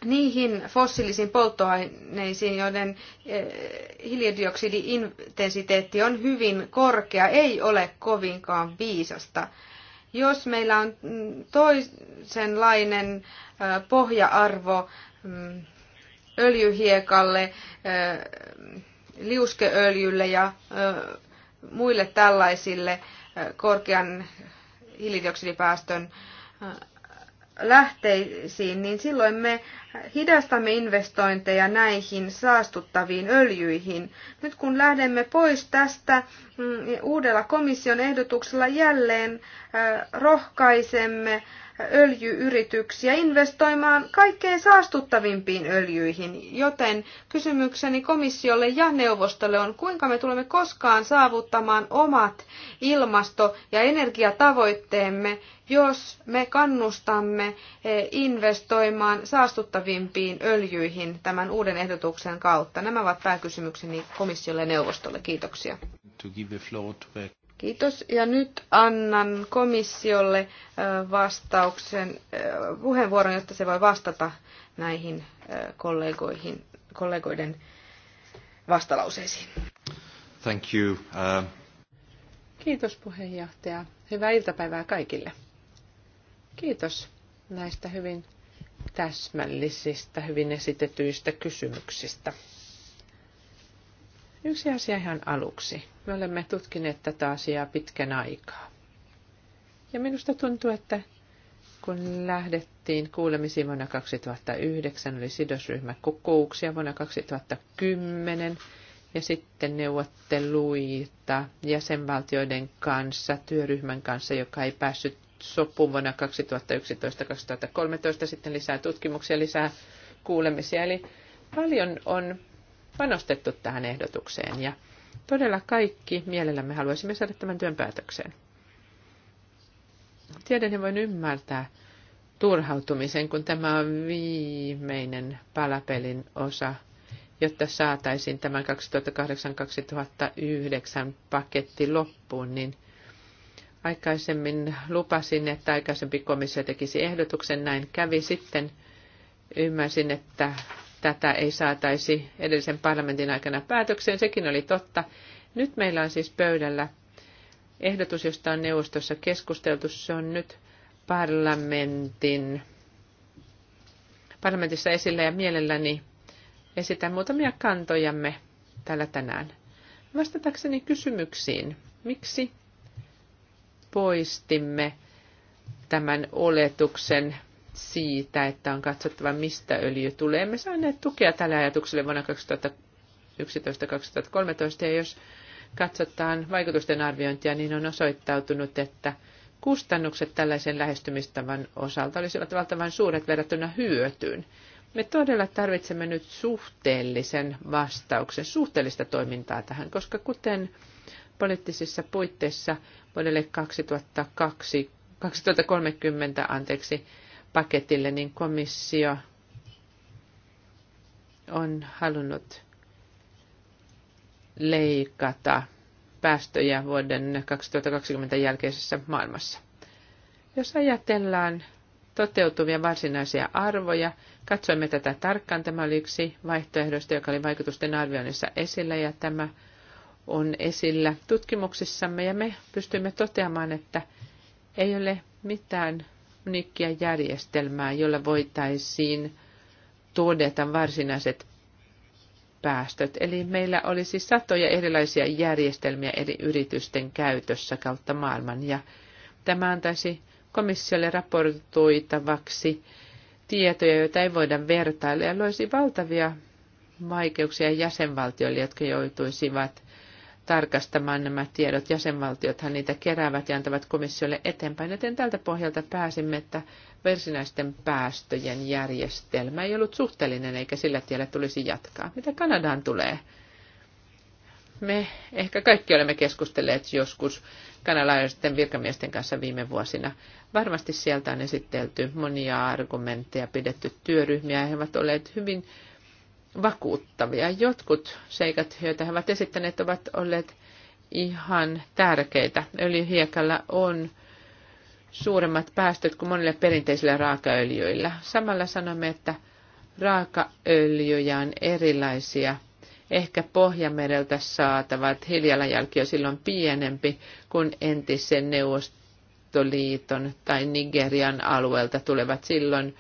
niihin fossiilisiin polttoaineisiin, joiden eh, hiilidioksidi-intensiteetti on hyvin korkea, ei ole kovinkaan viisasta jos meillä on toisenlainen pohja-arvo mm, öljyhiekalle, liuskeöljylle ja muille tällaisille korkean hiilidioksidipäästön lähteisiin, niin silloin me hidastamme investointeja näihin saastuttaviin öljyihin. Nyt kun lähdemme pois tästä mm, uudella komission ehdotuksella jälleen äh, rohkaisemme öljyyrityksiä investoimaan kaikkein saastuttavimpiin öljyihin, joten kysymykseni komissiolle ja neuvostolle on, kuinka me tulemme koskaan saavuttamaan omat ilmasto- ja energiatavoitteemme, jos me kannustamme eh, investoimaan saastuttavimpiin öljyihin tämän uuden ehdotuksen kautta. Nämä ovat pääkysymykseni komissiolle ja neuvostolle. Kiitoksia. Kiitos. Ja nyt annan komissiolle vastauksen, puheenvuoron, jotta se voi vastata näihin kollegoihin, kollegoiden vastalauseisiin. Thank you. Uh... Kiitos puheenjohtaja. Hyvää iltapäivää kaikille. Kiitos näistä hyvin täsmällisistä, hyvin esitetyistä kysymyksistä. Yksi asia ihan aluksi. Me olemme tutkineet tätä asiaa pitkän aikaa. Ja minusta tuntuu, että kun lähdettiin kuulemisiin vuonna 2009, oli sidosryhmäkokouksia vuonna 2010 ja sitten neuvotteluita jäsenvaltioiden kanssa, työryhmän kanssa, joka ei päässyt sopuun vuonna 2011-2013, sitten lisää tutkimuksia, lisää kuulemisia. Eli paljon on panostettu tähän ehdotukseen ja todella kaikki mielellämme haluaisimme saada tämän työn päätökseen. Tiedän ja voin ymmärtää turhautumisen, kun tämä on viimeinen palapelin osa, jotta saataisiin tämän 2008-2009 paketti loppuun, niin aikaisemmin lupasin, että aikaisempi komissio tekisi ehdotuksen, näin kävi sitten. Ymmärsin, että tätä ei saataisi edellisen parlamentin aikana päätökseen. Sekin oli totta. Nyt meillä on siis pöydällä ehdotus, josta on neuvostossa keskusteltu. Se on nyt parlamentin, parlamentissa esillä ja mielelläni esitän muutamia kantojamme täällä tänään. Vastatakseni kysymyksiin, miksi poistimme tämän oletuksen siitä, että on katsottava, mistä öljy tulee. Me saaneet tukea tällä ajatukselle vuonna 2011-2013, ja jos katsotaan vaikutusten arviointia, niin on osoittautunut, että kustannukset tällaisen lähestymistavan osalta olisivat valtavan suuret verrattuna hyötyyn. Me todella tarvitsemme nyt suhteellisen vastauksen, suhteellista toimintaa tähän, koska kuten poliittisissa puitteissa vuodelle 2002, 2030 anteeksi, paketille, niin komissio on halunnut leikata päästöjä vuoden 2020 jälkeisessä maailmassa. Jos ajatellaan toteutuvia varsinaisia arvoja, katsoimme tätä tarkkaan. Tämä oli yksi vaihtoehdosta, joka oli vaikutusten arvioinnissa esillä ja tämä on esillä tutkimuksissamme ja me pystymme toteamaan, että ei ole mitään unikkia järjestelmää, jolla voitaisiin todeta varsinaiset päästöt. Eli meillä olisi satoja erilaisia järjestelmiä eri yritysten käytössä kautta maailman ja tämä antaisi komissiolle raportoitavaksi tietoja, joita ei voida vertailla ja loisi valtavia vaikeuksia jäsenvaltioille, jotka joutuisivat tarkastamaan nämä tiedot. Jäsenvaltiothan niitä keräävät ja antavat komissiolle eteenpäin, joten tältä pohjalta pääsimme, että versinäisten päästöjen järjestelmä ei ollut suhteellinen eikä sillä tiellä tulisi jatkaa. Mitä Kanadaan tulee? Me ehkä kaikki olemme keskustelleet joskus kanalaisten virkamiesten kanssa viime vuosina. Varmasti sieltä on esitelty monia argumentteja, pidetty työryhmiä ja he ovat olleet hyvin vakuuttavia. Jotkut seikat, joita he ovat esittäneet, ovat olleet ihan tärkeitä. Öljyhiekalla on suuremmat päästöt kuin monille perinteisillä raakaöljyillä. Samalla sanomme, että raakaöljyjä on erilaisia. Ehkä Pohjamereltä saatavat hiljalanjälki on silloin pienempi kuin entisen Neuvostoliiton tai Nigerian alueelta tulevat silloin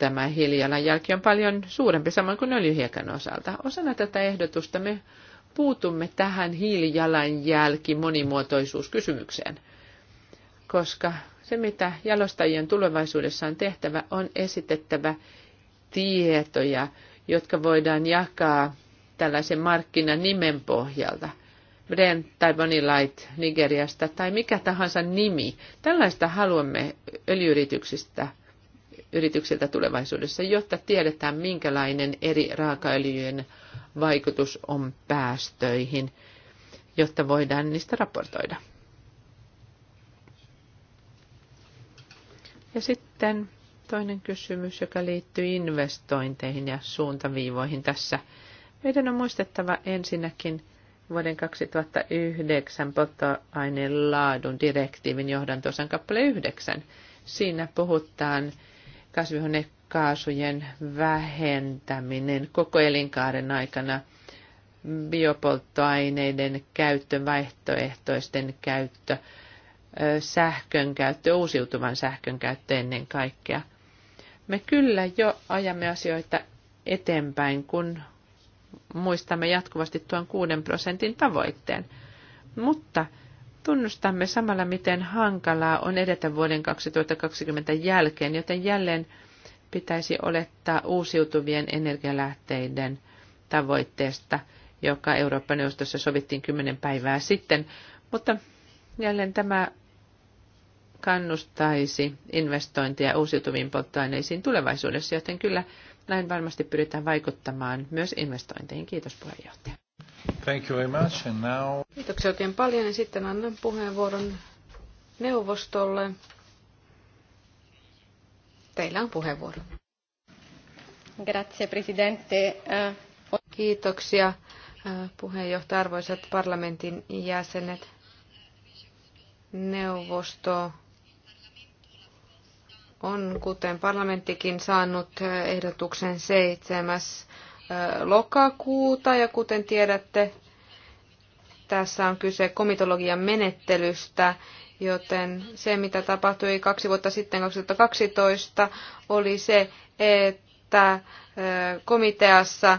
tämä hiilijalanjälki on paljon suurempi, samoin kuin öljyhiekan osalta. Osana tätä ehdotusta me puutumme tähän hiilijalanjälki monimuotoisuuskysymykseen, koska se, mitä jalostajien tulevaisuudessa on tehtävä, on esitettävä tietoja, jotka voidaan jakaa tällaisen nimen pohjalta. Brent tai Light Nigeriasta tai mikä tahansa nimi. Tällaista haluamme öljyyrityksistä yrityksiltä tulevaisuudessa, jotta tiedetään, minkälainen eri raakaöljyjen vaikutus on päästöihin, jotta voidaan niistä raportoida. Ja sitten toinen kysymys, joka liittyy investointeihin ja suuntaviivoihin tässä. Meidän on muistettava ensinnäkin vuoden 2009 polttoaineen laadun direktiivin johdantosan kappale 9. Siinä puhutaan kasvihuonekaasujen vähentäminen koko elinkaaren aikana, biopolttoaineiden käyttö, vaihtoehtoisten käyttö, sähkön käyttö, uusiutuvan sähkön käyttö ennen kaikkea. Me kyllä jo ajamme asioita eteenpäin, kun muistamme jatkuvasti tuon 6 prosentin tavoitteen. Mutta Tunnustamme samalla, miten hankalaa on edetä vuoden 2020 jälkeen, joten jälleen pitäisi olettaa uusiutuvien energialähteiden tavoitteesta, joka Euroopan neuvostossa sovittiin kymmenen päivää sitten. Mutta jälleen tämä kannustaisi investointeja uusiutuviin polttoaineisiin tulevaisuudessa, joten kyllä näin varmasti pyritään vaikuttamaan myös investointeihin. Kiitos puheenjohtaja. Thank you very much. And now... Kiitoksia oikein paljon ja sitten annan puheenvuoron neuvostolle. Teillä on puheenvuoro. Grazie, presidente. Eh, Kiitoksia eh, puheenjohtaja, arvoisat parlamentin jäsenet. Neuvosto on, kuten parlamenttikin, saanut eh, ehdotuksen 7 lokakuuta ja kuten tiedätte, tässä on kyse komitologian menettelystä, joten se mitä tapahtui kaksi vuotta sitten 2012 oli se, että komiteassa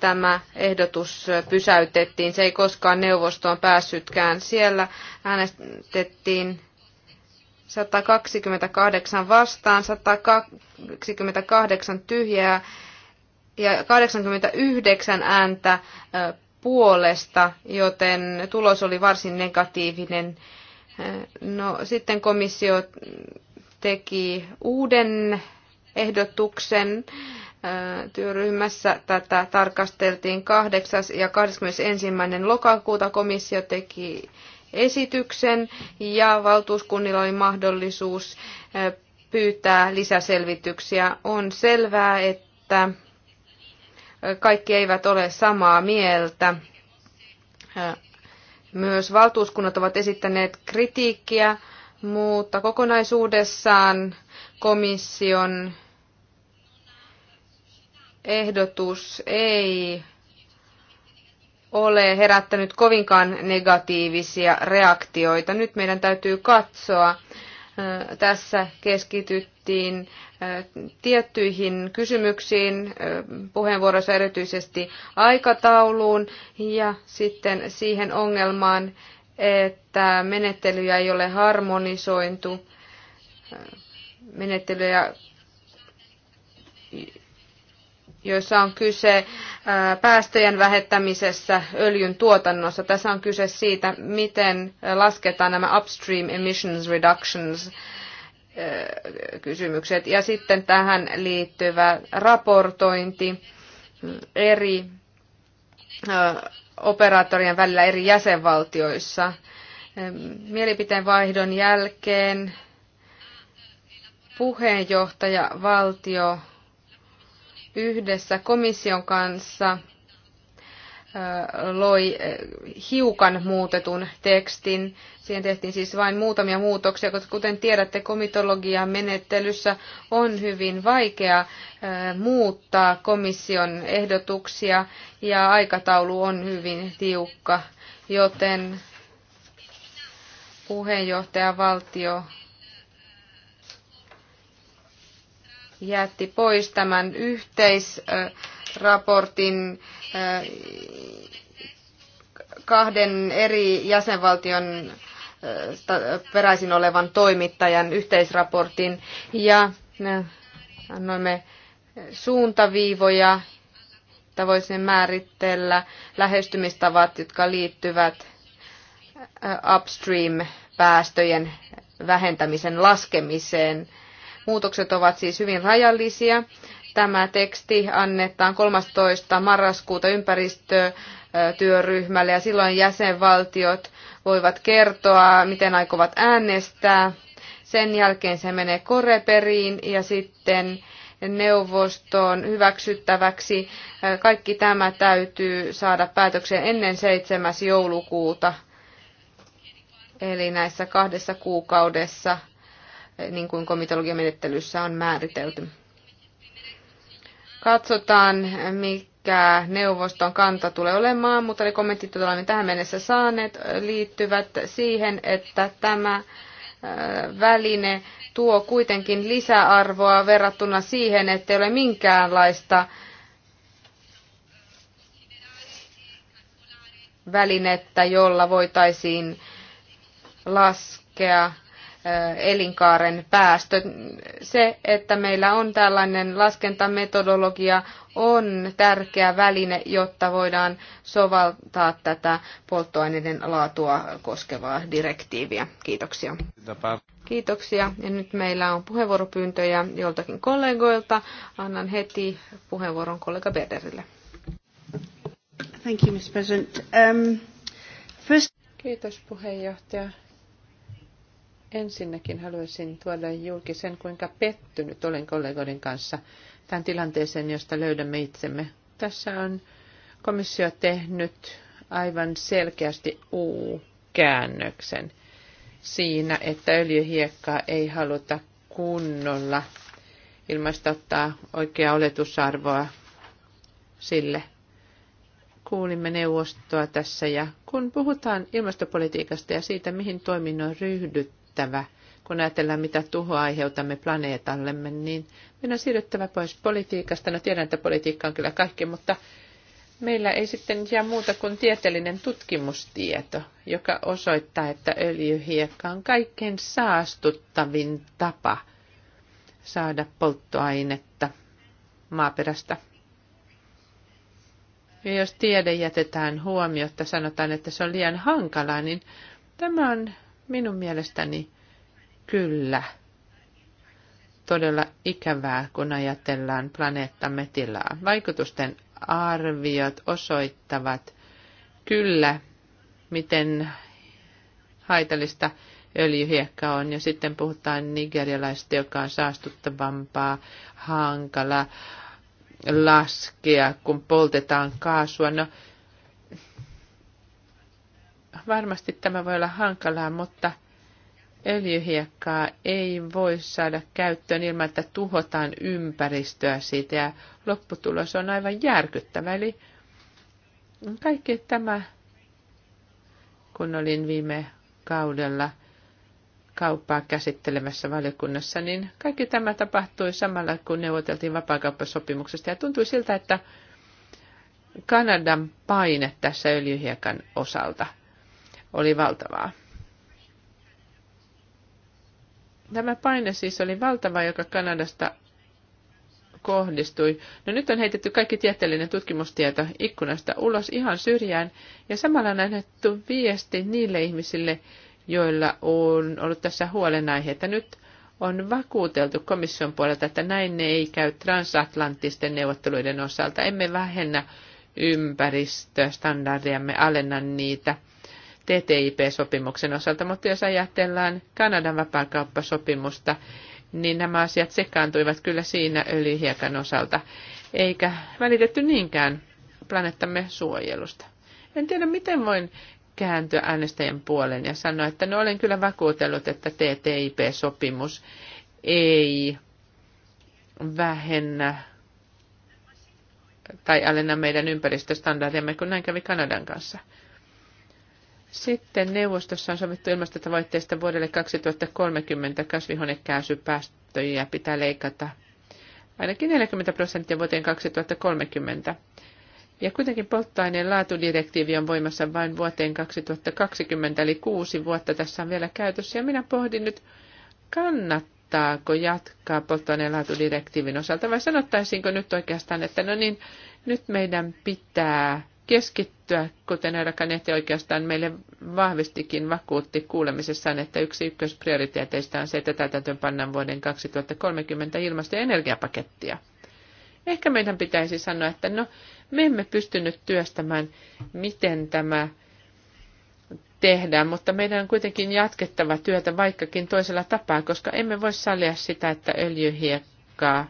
tämä ehdotus pysäytettiin. Se ei koskaan neuvostoon päässytkään. Siellä äänestettiin 128 vastaan, 128 tyhjää ja 89 ääntä puolesta, joten tulos oli varsin negatiivinen. No, sitten komissio teki uuden ehdotuksen. Työryhmässä tätä tarkasteltiin 8. ja 21. lokakuuta komissio teki esityksen ja valtuuskunnilla oli mahdollisuus pyytää lisäselvityksiä. On selvää, että kaikki eivät ole samaa mieltä. Myös valtuuskunnat ovat esittäneet kritiikkiä, mutta kokonaisuudessaan komission ehdotus ei ole herättänyt kovinkaan negatiivisia reaktioita. Nyt meidän täytyy katsoa, tässä keskityttiin tiettyihin kysymyksiin, puheenvuorossa erityisesti aikatauluun ja sitten siihen ongelmaan, että menettelyjä ei ole harmonisointu menettelyjä joissa on kyse päästöjen vähettämisessä öljyn tuotannossa. Tässä on kyse siitä, miten lasketaan nämä upstream emissions reductions kysymykset. Ja sitten tähän liittyvä raportointi eri operaattorien välillä eri jäsenvaltioissa. Mielipiteen vaihdon jälkeen puheenjohtaja valtio yhdessä komission kanssa loi hiukan muutetun tekstin. Siihen tehtiin siis vain muutamia muutoksia, koska kuten tiedätte, komitologian menettelyssä on hyvin vaikea muuttaa komission ehdotuksia ja aikataulu on hyvin tiukka, joten puheenjohtaja valtio jätti pois tämän yhteisraportin äh, kahden eri jäsenvaltion äh, peräisin olevan toimittajan yhteisraportin ja äh, annoimme suuntaviivoja, että voisin määritellä lähestymistavat, jotka liittyvät upstream-päästöjen vähentämisen laskemiseen – Muutokset ovat siis hyvin rajallisia. Tämä teksti annetaan 13. marraskuuta ympäristötyöryhmälle ja silloin jäsenvaltiot voivat kertoa, miten aikovat äänestää. Sen jälkeen se menee Koreperiin ja sitten neuvostoon hyväksyttäväksi. Kaikki tämä täytyy saada päätökseen ennen 7. joulukuuta, eli näissä kahdessa kuukaudessa – niin kuin komitologiamenettelyssä on määritelty. Katsotaan, mikä neuvoston kanta tulee olemaan, mutta ne kommentit, joita olemme tähän mennessä saaneet, liittyvät siihen, että tämä äh, väline tuo kuitenkin lisäarvoa verrattuna siihen, ei ole minkäänlaista välinettä, jolla voitaisiin laskea elinkaaren päästö. Se, että meillä on tällainen laskentametodologia, on tärkeä väline, jotta voidaan sovaltaa tätä polttoaineiden laatua koskevaa direktiiviä. Kiitoksia. Kiitoksia. Ja nyt meillä on puheenvuoropyyntöjä joltakin kollegoilta. Annan heti puheenvuoron kollega Berderille. Thank you, Mr. President. Um, first... Kiitos puheenjohtaja. Ensinnäkin haluaisin tuoda julki sen, kuinka pettynyt olen kollegoiden kanssa tämän tilanteeseen, josta löydämme itsemme. Tässä on komissio tehnyt aivan selkeästi U-käännöksen siinä, että öljyhiekkaa ei haluta kunnolla ilmaista ottaa oikeaa oletusarvoa sille. Kuulimme neuvostoa tässä ja kun puhutaan ilmastopolitiikasta ja siitä, mihin toiminnon ryhdyt, siirryttävä, kun ajatellaan mitä tuhoa aiheutamme planeetallemme, niin meidän on siirryttävä pois politiikasta. No tiedän, että politiikka on kyllä kaikki, mutta meillä ei sitten jää muuta kuin tieteellinen tutkimustieto, joka osoittaa, että öljyhiekka on kaikkein saastuttavin tapa saada polttoainetta maaperästä. Ja jos tiede jätetään huomiota, sanotaan, että se on liian hankalaa, niin tämä on Minun mielestäni kyllä. Todella ikävää, kun ajatellaan planeettamme tilaa. Vaikutusten arviot osoittavat kyllä, miten haitallista öljyhiekka on. Ja sitten puhutaan nigerialaista, joka on saastuttavampaa, hankala laskea, kun poltetaan kaasua. No, Varmasti tämä voi olla hankalaa, mutta öljyhiekkaa ei voi saada käyttöön ilman, että tuhotaan ympäristöä siitä ja lopputulos on aivan järkyttävä. Eli kaikki tämä, kun olin viime kaudella kauppaa käsittelemässä valiokunnassa, niin kaikki tämä tapahtui samalla, kun neuvoteltiin vapaakauppasopimuksesta. Ja tuntui siltä, että Kanadan paine tässä öljyhiekan osalta – oli valtavaa. Tämä paine siis oli valtava, joka Kanadasta kohdistui. No nyt on heitetty kaikki tieteellinen tutkimustieto ikkunasta ulos ihan syrjään ja samalla on annettu viesti niille ihmisille, joilla on ollut tässä että Nyt on vakuuteltu komission puolelta, että näin ne ei käy transatlanttisten neuvotteluiden osalta. Emme vähennä ympäristöstandardiamme, alenna niitä – TTIP-sopimuksen osalta, mutta jos ajatellaan Kanadan vapaakauppasopimusta, niin nämä asiat sekaantuivat kyllä siinä öljyhiekan osalta, eikä välitetty niinkään planeettamme suojelusta. En tiedä, miten voin kääntyä äänestäjän puoleen ja sanoa, että no olen kyllä vakuutellut, että TTIP-sopimus ei vähennä tai alenna meidän ympäristöstandardiamme, kun näin kävi Kanadan kanssa. Sitten neuvostossa on sovittu ilmastotavoitteista vuodelle 2030 kasvihuonekaasupäästöjä pitää leikata ainakin 40 prosenttia vuoteen 2030. Ja kuitenkin polttoaineen laatudirektiivi on voimassa vain vuoteen 2020, eli kuusi vuotta tässä on vielä käytössä. Ja minä pohdin nyt, kannattaako jatkaa polttoaineen laatudirektiivin osalta vai sanottaisiinko nyt oikeastaan, että no niin, nyt meidän pitää keskittyä, kuten Erkanetti oikeastaan meille vahvistikin vakuutti kuulemisessaan, että yksi ykkösprioriteeteista on se, että täytäntöön pannaan vuoden 2030 ilmasto- ja energiapakettia. Ehkä meidän pitäisi sanoa, että no, me emme pystynyt työstämään, miten tämä tehdään, mutta meidän on kuitenkin jatkettava työtä vaikkakin toisella tapaa, koska emme voi sallia sitä, että öljyhiekkaa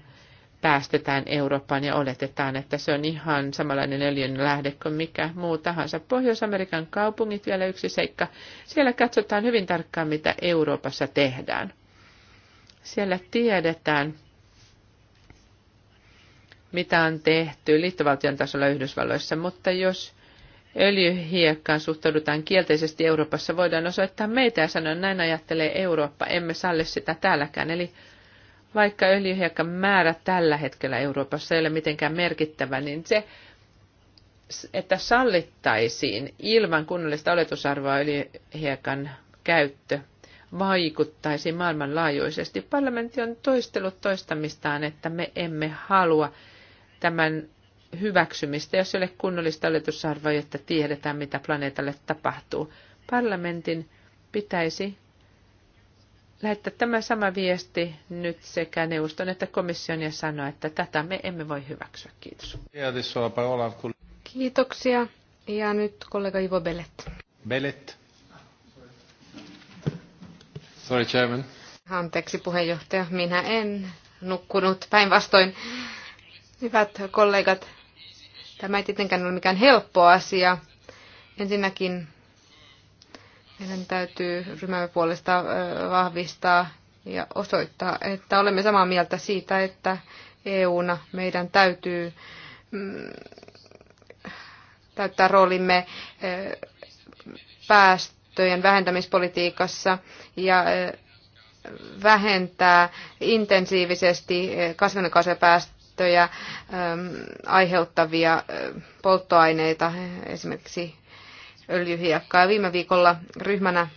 päästetään Eurooppaan ja oletetaan, että se on ihan samanlainen öljyn lähde kuin mikä muu tahansa. Pohjois-Amerikan kaupungit vielä yksi seikka. Siellä katsotaan hyvin tarkkaan, mitä Euroopassa tehdään. Siellä tiedetään, mitä on tehty liittovaltion tasolla Yhdysvalloissa, mutta jos öljyhiekkaan suhtaudutaan kielteisesti Euroopassa, voidaan osoittaa meitä ja sanoa, näin ajattelee Eurooppa, emme salli sitä täälläkään. Eli vaikka öljyhiekan määrä tällä hetkellä Euroopassa ei ole mitenkään merkittävä, niin se, että sallittaisiin ilman kunnollista oletusarvoa öljyhiekan käyttö, vaikuttaisi maailmanlaajuisesti. Parlamentti on toistellut toistamistaan, että me emme halua tämän hyväksymistä, jos ei ole kunnollista oletusarvoa, jotta tiedetään, mitä planeetalle tapahtuu. Parlamentin pitäisi lähettää tämä sama viesti nyt sekä neuvoston että komission ja sanoa, että tätä me emme voi hyväksyä. Kiitos. Kiitoksia. Ja nyt kollega Ivo Bellet. Bellet. Sorry, Chairman. Anteeksi puheenjohtaja, minä en nukkunut päinvastoin. Hyvät kollegat, tämä ei tietenkään ole mikään helppo asia. Ensinnäkin meidän täytyy ryhmämme puolesta vahvistaa ja osoittaa, että olemme samaa mieltä siitä, että EUna meidän täytyy mm, täyttää roolimme päästöjen vähentämispolitiikassa ja vähentää intensiivisesti kasvihuonekaasupäästöjä aiheuttavia polttoaineita, esimerkiksi öljyhiekkaa. Viime viikolla ryhmänä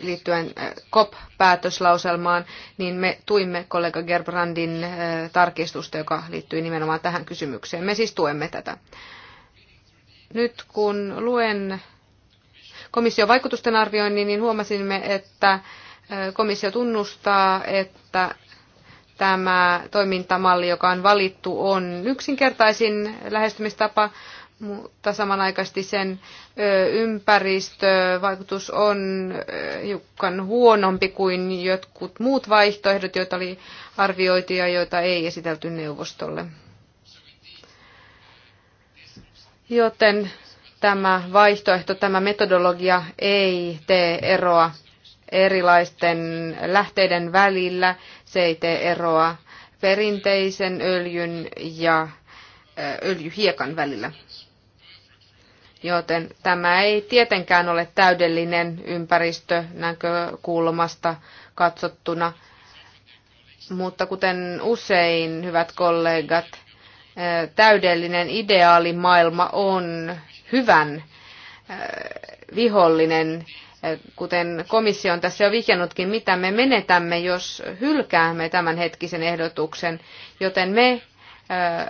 liittyen COP-päätöslauselmaan, niin me tuimme kollega Gerbrandin tarkistusta, joka liittyy nimenomaan tähän kysymykseen. Me siis tuemme tätä. Nyt kun luen komission vaikutusten arvioinnin, niin huomasimme, että komissio tunnustaa, että tämä toimintamalli, joka on valittu, on yksinkertaisin lähestymistapa, mutta samanaikaisesti sen ympäristövaikutus on hiukan huonompi kuin jotkut muut vaihtoehdot, joita oli arvioitu ja joita ei esitelty neuvostolle. Joten tämä vaihtoehto, tämä metodologia ei tee eroa erilaisten lähteiden välillä. Se ei tee eroa perinteisen öljyn ja öljyhiekan välillä. Joten tämä ei tietenkään ole täydellinen ympäristö näkökulmasta katsottuna, mutta kuten usein, hyvät kollegat, täydellinen ideaali maailma on hyvän vihollinen kuten komissio on tässä jo vihjannutkin, mitä me menetämme, jos hylkäämme tämänhetkisen ehdotuksen, joten me äh,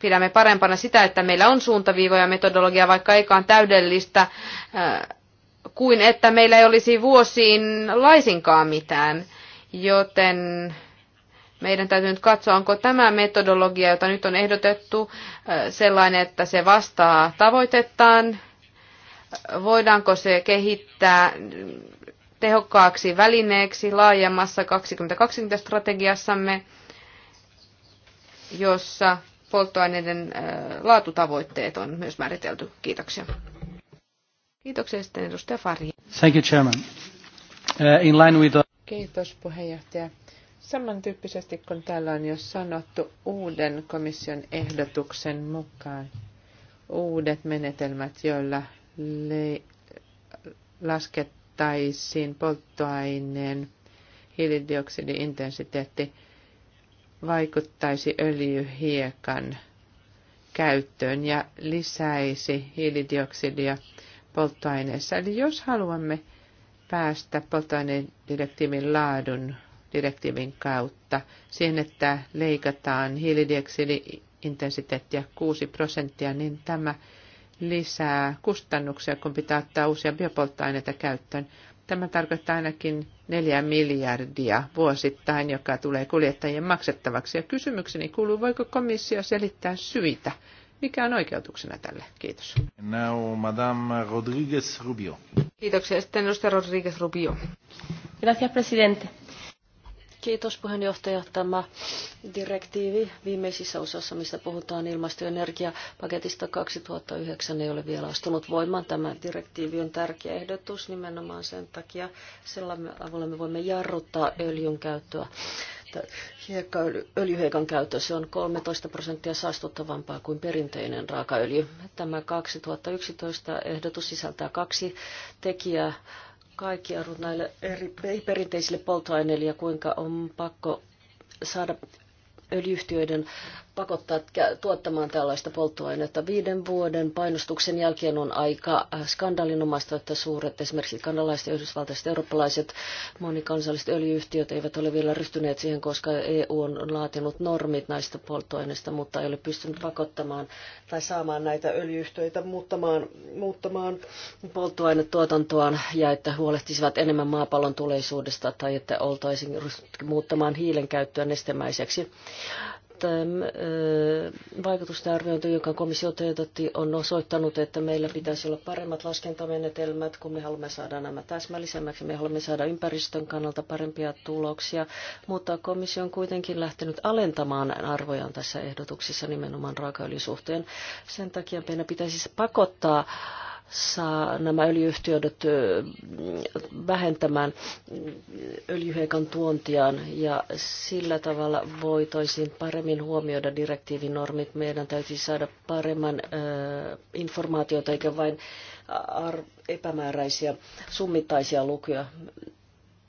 pidämme parempana sitä, että meillä on suuntaviivoja metodologia, vaikka eikaan täydellistä, äh, kuin että meillä ei olisi vuosiin laisinkaan mitään. Joten meidän täytyy nyt katsoa, onko tämä metodologia, jota nyt on ehdotettu, äh, sellainen, että se vastaa tavoitettaan voidaanko se kehittää tehokkaaksi välineeksi laajemmassa 2020-strategiassamme, jossa polttoaineiden äh, laatutavoitteet on myös määritelty. Kiitoksia. Kiitoksia sitten edustaja Fari. Thank you, Chairman. Uh, in line with the... Kiitos puheenjohtaja. Samantyyppisesti kuin täällä on jo sanottu, uuden komission ehdotuksen mukaan uudet menetelmät, joilla le- laskettaisiin polttoaineen hiilidioksidiintensiteetti vaikuttaisi öljyhiekan käyttöön ja lisäisi hiilidioksidia polttoaineessa. Eli jos haluamme päästä polttoainedirektiivin laadun direktiivin kautta siihen, että leikataan hiilidioksidiintensiteettiä 6 prosenttia, niin tämä lisää kustannuksia, kun pitää ottaa uusia biopolttoaineita käyttöön. Tämä tarkoittaa ainakin 4 miljardia vuosittain, joka tulee kuljettajien maksettavaksi. Ja kysymykseni kuuluu, voiko komissio selittää syitä? Mikä on oikeutuksena tälle? Kiitos. Now, Madame Rodriguez Rubio. Kiitoksia. Sitten edustaja Rodriguez Rubio. Gracias, presidente. Kiitos puheenjohtaja. Tämä direktiivi viimeisissä osassa, missä puhutaan ilmasto- ja energiapaketista 2009, ei ole vielä astunut voimaan. Tämä direktiivi on tärkeä ehdotus nimenomaan sen takia, sillä avulla me voimme jarruttaa öljyn käyttöä öljyheikan käyttö se on 13 prosenttia saastuttavampaa kuin perinteinen raakaöljy. Tämä 2011 ehdotus sisältää kaksi tekijää kaikki arvot näille eri, perinteisille polttoaineille ja kuinka on pakko saada öljyhtiöiden pakottaa tuottamaan tällaista polttoainetta. Viiden vuoden painostuksen jälkeen on aika skandalinomaista, että suuret esimerkiksi kanalaiset ja yhdysvaltaiset eurooppalaiset monikansalliset öljyyhtiöt eivät ole vielä ryhtyneet siihen, koska EU on laatinut normit näistä polttoaineista, mutta ei ole pystynyt pakottamaan tai saamaan näitä öljyyhtiöitä muuttamaan, muuttamaan polttoainetuotantoaan ja että huolehtisivat enemmän maapallon tuleisuudesta tai että oltaisiin muuttamaan hiilen käyttöä nestemäiseksi vaikutusten arviointi, jonka komissio toteutti, on osoittanut, että meillä pitäisi olla paremmat laskentamenetelmät, kun me haluamme saada nämä täsmällisemmäksi, me haluamme saada ympäristön kannalta parempia tuloksia, mutta komissio on kuitenkin lähtenyt alentamaan arvojaan tässä ehdotuksessa nimenomaan raakaöljyn suhteen. Sen takia meidän pitäisi pakottaa saa nämä öljyyhtiöt vähentämään öljyheikan tuontiaan ja sillä tavalla voitaisiin paremmin huomioida direktiivin normit. Meidän täytyy saada paremman informaatiota eikä vain epämääräisiä summittaisia lukuja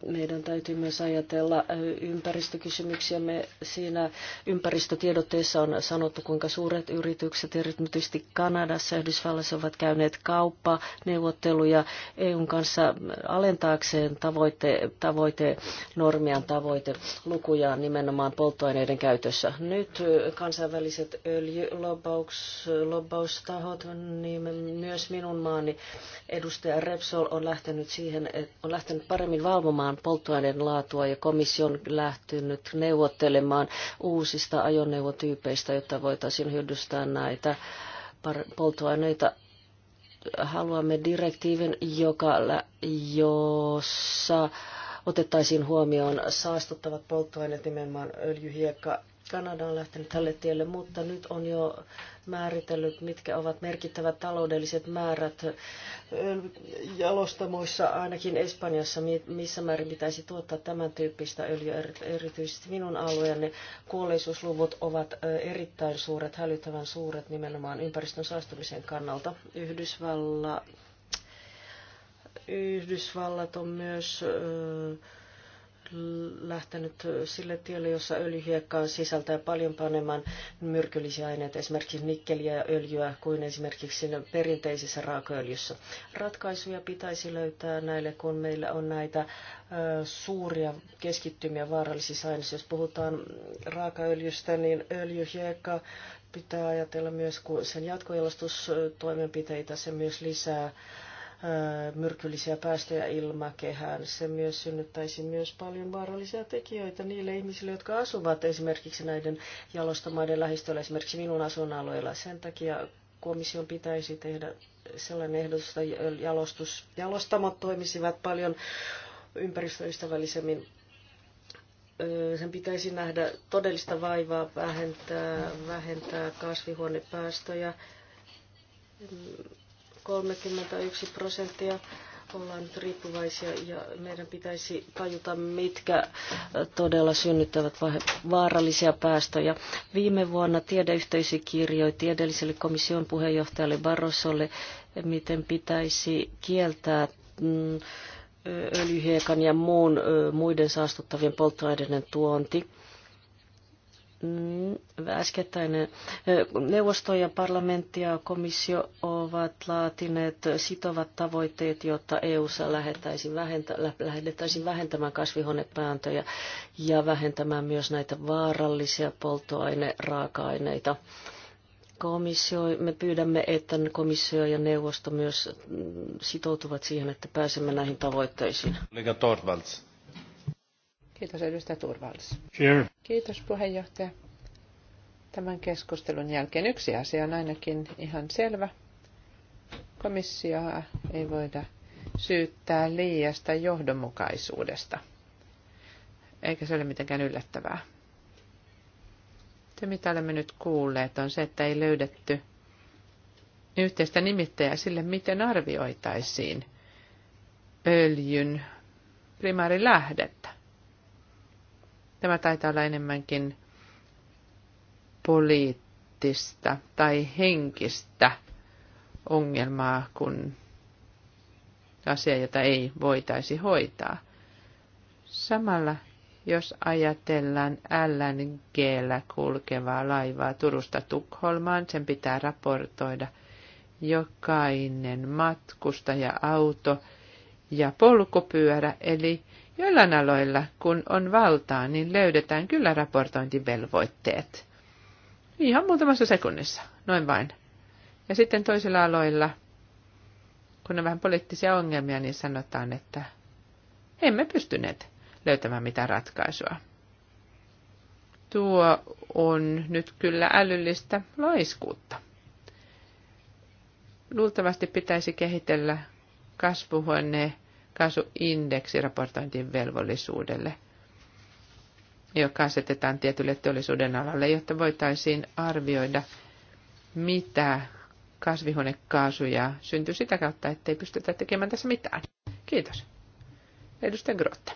meidän täytyy myös ajatella ympäristökysymyksiä. Me siinä ympäristötiedotteessa on sanottu, kuinka suuret yritykset, erityisesti Kanadassa ja Yhdysvalloissa, ovat käyneet kauppa, neuvotteluja EUn kanssa alentaakseen tavoite, tavoite normian tavoite lukuja nimenomaan polttoaineiden käytössä. Nyt kansainväliset öljylobbaustahot, niin myös minun maani edustaja Repsol on lähtenyt siihen, on lähtenyt paremmin valvomaan parantamaan polttoaineen laatua ja komissio on lähtenyt neuvottelemaan uusista ajoneuvotyypeistä, jotta voitaisiin hyödystää näitä polttoaineita haluamme direktiivin, joka, jossa otettaisiin huomioon saastuttavat polttoaineet, nimenomaan öljyhiekka. Kanada on lähtenyt tälle tielle, mutta nyt on jo määritellyt, mitkä ovat merkittävät taloudelliset määrät jalostamoissa, ainakin Espanjassa, missä määrin pitäisi tuottaa tämän tyyppistä öljyä. Erityisesti minun alueeni kuolleisuusluvut ovat erittäin suuret, hälyttävän suuret nimenomaan ympäristön saastumisen kannalta. Yhdysvalla, Yhdysvallat on myös... Öö, lähtenyt sille tielle, jossa öljyhiekkaa sisältää paljon panemaan myrkyllisiä aineita, esimerkiksi nikkeliä ja öljyä, kuin esimerkiksi perinteisessä raakaöljyssä. Ratkaisuja pitäisi löytää näille, kun meillä on näitä suuria keskittymiä vaarallisissa aineissa. Jos puhutaan raakaöljystä, niin öljyhiekka pitää ajatella myös, kun sen jatkojalostustoimenpiteitä se myös lisää myrkyllisiä päästöjä ilmakehään. Se myös synnyttäisi myös paljon vaarallisia tekijöitä niille ihmisille, jotka asuvat esimerkiksi näiden jalostamaiden lähistöllä, esimerkiksi minun asuinalueella. Sen takia komission pitäisi tehdä sellainen ehdotus, että jalostus, jalostamot toimisivat paljon ympäristöystävällisemmin sen pitäisi nähdä todellista vaivaa vähentää, vähentää kasvihuonepäästöjä. 31 prosenttia ollaan nyt riippuvaisia ja meidän pitäisi tajuta, mitkä todella synnyttävät vaarallisia päästöjä. Viime vuonna tiedeyhteisö kirjoi tiedelliselle komission puheenjohtajalle Barrosolle, miten pitäisi kieltää mm, öljyhiekan ja muun, muiden saastuttavien polttoaineiden tuonti Mm, Äskettäinen eh, neuvosto ja parlamentti ja komissio ovat laatineet sitovat tavoitteet, jotta EU-ssa lähdettäisiin, vähentä, lähdettäisiin vähentämään kasvihuonepääntöjä ja vähentämään myös näitä vaarallisia polttoaineraaka-aineita komissio, me pyydämme, että komissio ja neuvosto myös mm, sitoutuvat siihen, että pääsemme näihin tavoitteisiin. Torvalds. Kiitos edustaja Turvallis. Sure. Kiitos puheenjohtaja. Tämän keskustelun jälkeen yksi asia on ainakin ihan selvä. Komissioa ei voida syyttää liiasta johdonmukaisuudesta. Eikä se ole mitenkään yllättävää. Se, mitä olemme nyt kuulleet, on se, että ei löydetty yhteistä nimittäjää sille, miten arvioitaisiin öljyn primäärilähdettä. Tämä taitaa olla enemmänkin poliittista tai henkistä ongelmaa kuin asia, jota ei voitaisi hoitaa. Samalla, jos ajatellaan lng kulkevaa laivaa Turusta Tukholmaan, sen pitää raportoida jokainen matkustaja, auto ja polkupyörä, eli Jollain aloilla, kun on valtaa, niin löydetään kyllä raportointivelvoitteet. Ihan muutamassa sekunnissa, noin vain. Ja sitten toisilla aloilla, kun on vähän poliittisia ongelmia, niin sanotaan, että emme pystyneet löytämään mitään ratkaisua. Tuo on nyt kyllä älyllistä laiskuutta. Luultavasti pitäisi kehitellä kasvuhuoneen kaasuindeksi velvollisuudelle, joka asetetaan tietylle teollisuuden alalle, jotta voitaisiin arvioida, mitä kasvihuonekaasuja syntyy sitä kautta, ettei pystytä tekemään tässä mitään. Kiitos. Edustaja Grotta.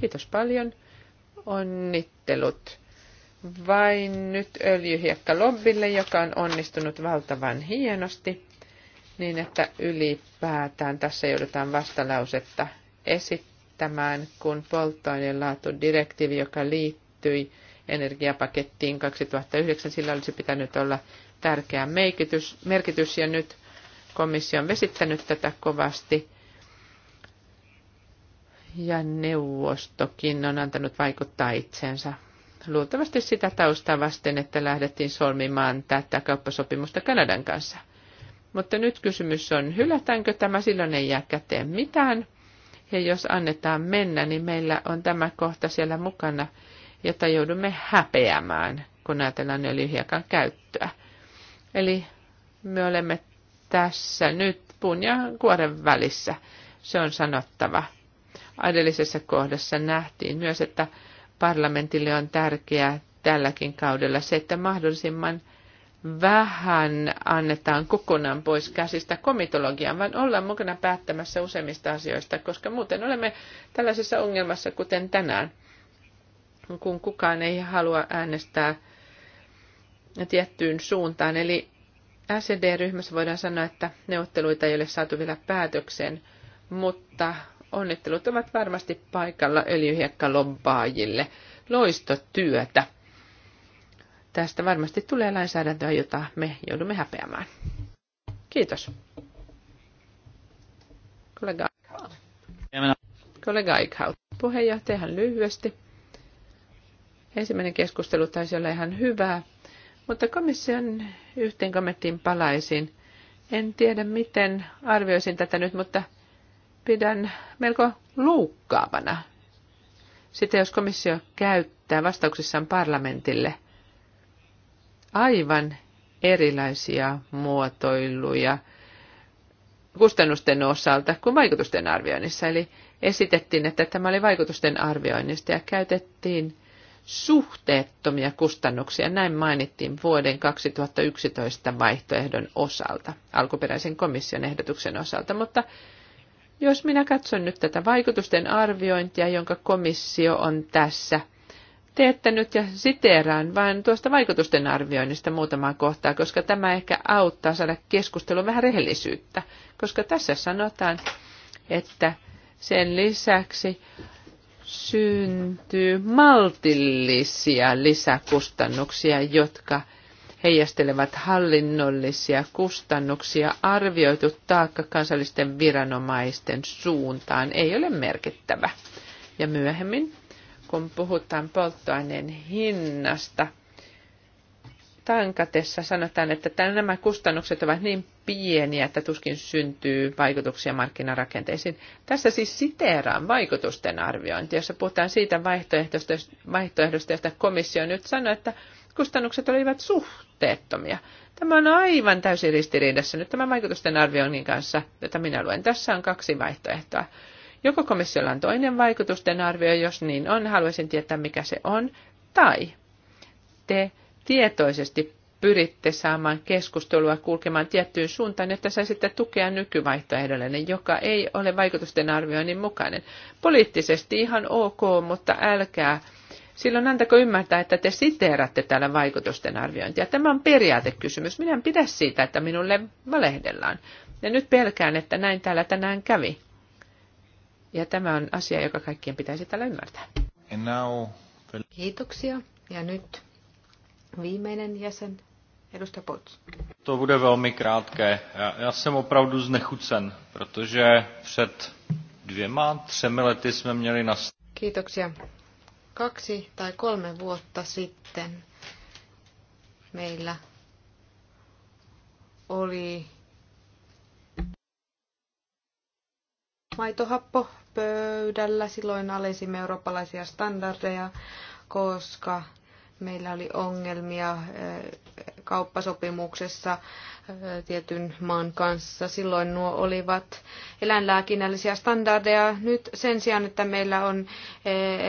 Kiitos paljon. Onnittelut vain nyt öljyhiekka lobbille, joka on onnistunut valtavan hienosti niin, että ylipäätään tässä joudutaan vastalausetta esittämään, kun polttoaineen direktiivi, joka liittyi energiapakettiin 2009, sillä olisi pitänyt olla tärkeä merkitys, merkitys ja nyt komissio on vesittänyt tätä kovasti. Ja neuvostokin on antanut vaikuttaa itsensä. Luultavasti sitä taustaa vasten, että lähdettiin solmimaan tätä kauppasopimusta Kanadan kanssa – mutta nyt kysymys on, hylätäänkö tämä, silloin ei jää käteen mitään. Ja jos annetaan mennä, niin meillä on tämä kohta siellä mukana, jota joudumme häpeämään, kun ajatellaan öljyhiekan käyttöä. Eli me olemme tässä nyt puun ja kuoren välissä, se on sanottava. Edellisessä kohdassa nähtiin myös, että parlamentille on tärkeää tälläkin kaudella se, että mahdollisimman – vähän annetaan kokonaan pois käsistä komitologiaan, vaan ollaan mukana päättämässä useimmista asioista, koska muuten olemme tällaisessa ongelmassa kuten tänään, kun kukaan ei halua äänestää tiettyyn suuntaan. Eli SED-ryhmässä voidaan sanoa, että neuvotteluita ei ole saatu vielä päätökseen, mutta onnittelut ovat varmasti paikalla öljyhiekkalobbaajille. Loistotyötä tästä varmasti tulee lainsäädäntöä, jota me joudumme häpeämään. Kiitos. Kollega Eichhout. Kollega Eichhout. Puheenjohtaja lyhyesti. Ensimmäinen keskustelu taisi olla ihan hyvää, mutta komission yhteen kommenttiin palaisin. En tiedä, miten arvioisin tätä nyt, mutta pidän melko loukkaavana sitä, jos komissio käyttää vastauksissaan parlamentille – aivan erilaisia muotoiluja kustannusten osalta kuin vaikutusten arvioinnissa. Eli esitettiin, että tämä oli vaikutusten arvioinnista ja käytettiin suhteettomia kustannuksia. Näin mainittiin vuoden 2011 vaihtoehdon osalta, alkuperäisen komission ehdotuksen osalta. Mutta jos minä katson nyt tätä vaikutusten arviointia, jonka komissio on tässä – teettänyt ja siteeraan vain tuosta vaikutusten arvioinnista muutamaa kohtaa, koska tämä ehkä auttaa saada keskustelun vähän rehellisyyttä, koska tässä sanotaan, että sen lisäksi syntyy maltillisia lisäkustannuksia, jotka heijastelevat hallinnollisia kustannuksia arvioitu taakka kansallisten viranomaisten suuntaan ei ole merkittävä. Ja myöhemmin kun puhutaan polttoaineen hinnasta. Tankatessa sanotaan, että nämä kustannukset ovat niin pieniä, että tuskin syntyy vaikutuksia markkinarakenteisiin. Tässä siis siteeraan vaikutusten arviointi, jossa puhutaan siitä vaihtoehdosta, vaihtoehdosta josta komissio nyt sanoi, että kustannukset olivat suhteettomia. Tämä on aivan täysin ristiriidassa nyt tämän vaikutusten arvioinnin kanssa, jota minä luen. Tässä on kaksi vaihtoehtoa. Joko komissiolla on toinen vaikutusten arvio, jos niin on, haluaisin tietää mikä se on, tai te tietoisesti pyritte saamaan keskustelua kulkemaan tiettyyn suuntaan, että saisitte tukea nykyvaihtoehdolle, joka ei ole vaikutusten arvioinnin mukainen. Poliittisesti ihan ok, mutta älkää silloin antako ymmärtää, että te siteeratte täällä vaikutusten arviointia. Tämä on periaatekysymys. Minä en pidä siitä, että minulle valehdellaan. Ja nyt pelkään, että näin täällä tänään kävi. Ja tämä on asia, joka kaikkien pitäisi täällä ymmärtää. Now... Kiitoksia. Ja nyt viimeinen jäsen, edustaja Pots. To bude velmi krátké. Ja, ja jsem opravdu znechucen, protože před dvěma, třemi lety jsme měli na... Kiitoksia. Kaksi tai kolme vuotta sitten meillä oli maitohappo pöydällä. Silloin alesimme eurooppalaisia standardeja, koska meillä oli ongelmia kauppasopimuksessa tietyn maan kanssa. Silloin nuo olivat eläinlääkinnällisiä standardeja. Nyt sen sijaan, että meillä on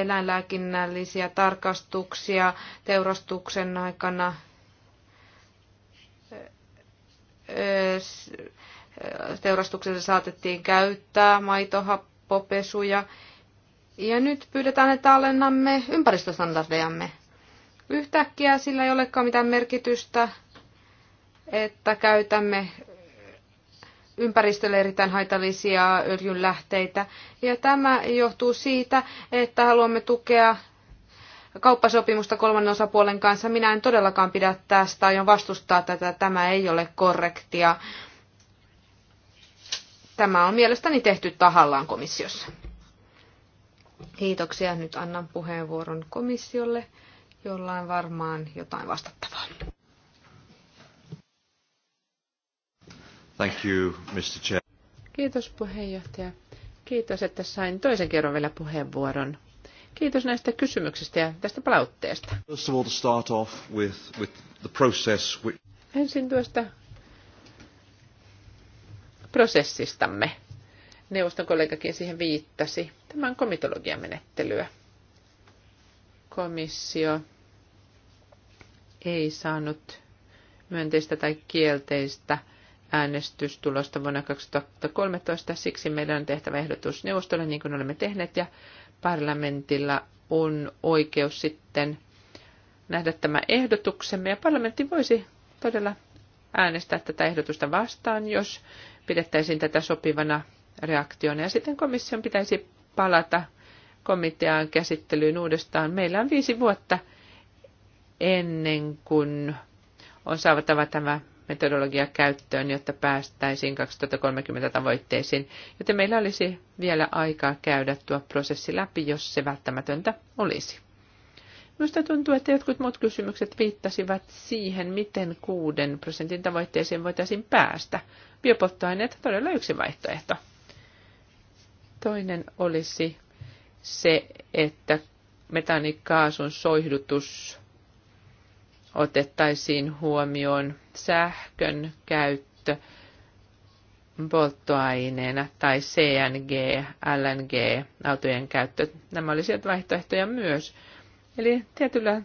eläinlääkinnällisiä tarkastuksia teurastuksen aikana, teurastuksessa saatettiin käyttää maitohappopesuja. Ja nyt pyydetään, että alennamme ympäristöstandardejamme. Yhtäkkiä sillä ei olekaan mitään merkitystä, että käytämme ympäristölle erittäin haitallisia öljynlähteitä. Ja tämä johtuu siitä, että haluamme tukea kauppasopimusta kolmannen osapuolen kanssa. Minä en todellakaan pidä tästä, aion vastustaa tätä. Tämä ei ole korrektia. Tämä on mielestäni tehty tahallaan komissiossa. Kiitoksia. Nyt annan puheenvuoron komissiolle, jolla on varmaan jotain vastattavaa. Thank you, Mr. Chair. Kiitos puheenjohtaja. Kiitos, että sain toisen kerran vielä puheenvuoron. Kiitos näistä kysymyksistä ja tästä palautteesta. First of all, to start off with, with the process which... Ensin tuosta prosessistamme. Neuvoston kollegakin siihen viittasi. Tämä on komitologiamenettelyä. Komissio ei saanut myönteistä tai kielteistä äänestystulosta vuonna 2013. Siksi meidän on tehtävä ehdotus neuvostolle, niin kuin olemme tehneet, ja parlamentilla on oikeus sitten nähdä tämä ehdotuksemme. Ja parlamentti voisi todella äänestää tätä ehdotusta vastaan, jos pidettäisiin tätä sopivana reaktiona. Ja sitten komission pitäisi palata komitean käsittelyyn uudestaan. Meillä on viisi vuotta ennen kuin on saavutettava tämä metodologia käyttöön, jotta päästäisiin 2030 tavoitteisiin, joten meillä olisi vielä aikaa käydä tuo prosessi läpi, jos se välttämätöntä olisi. Minusta tuntuu, että jotkut muut kysymykset viittasivat siihen, miten kuuden prosentin tavoitteeseen voitaisiin päästä. Biopolttoaineet todella yksi vaihtoehto. Toinen olisi se, että metaanikaasun soihdutus otettaisiin huomioon sähkön käyttö polttoaineena tai CNG, LNG, autojen käyttö. Nämä olisivat vaihtoehtoja myös Eli tietyllä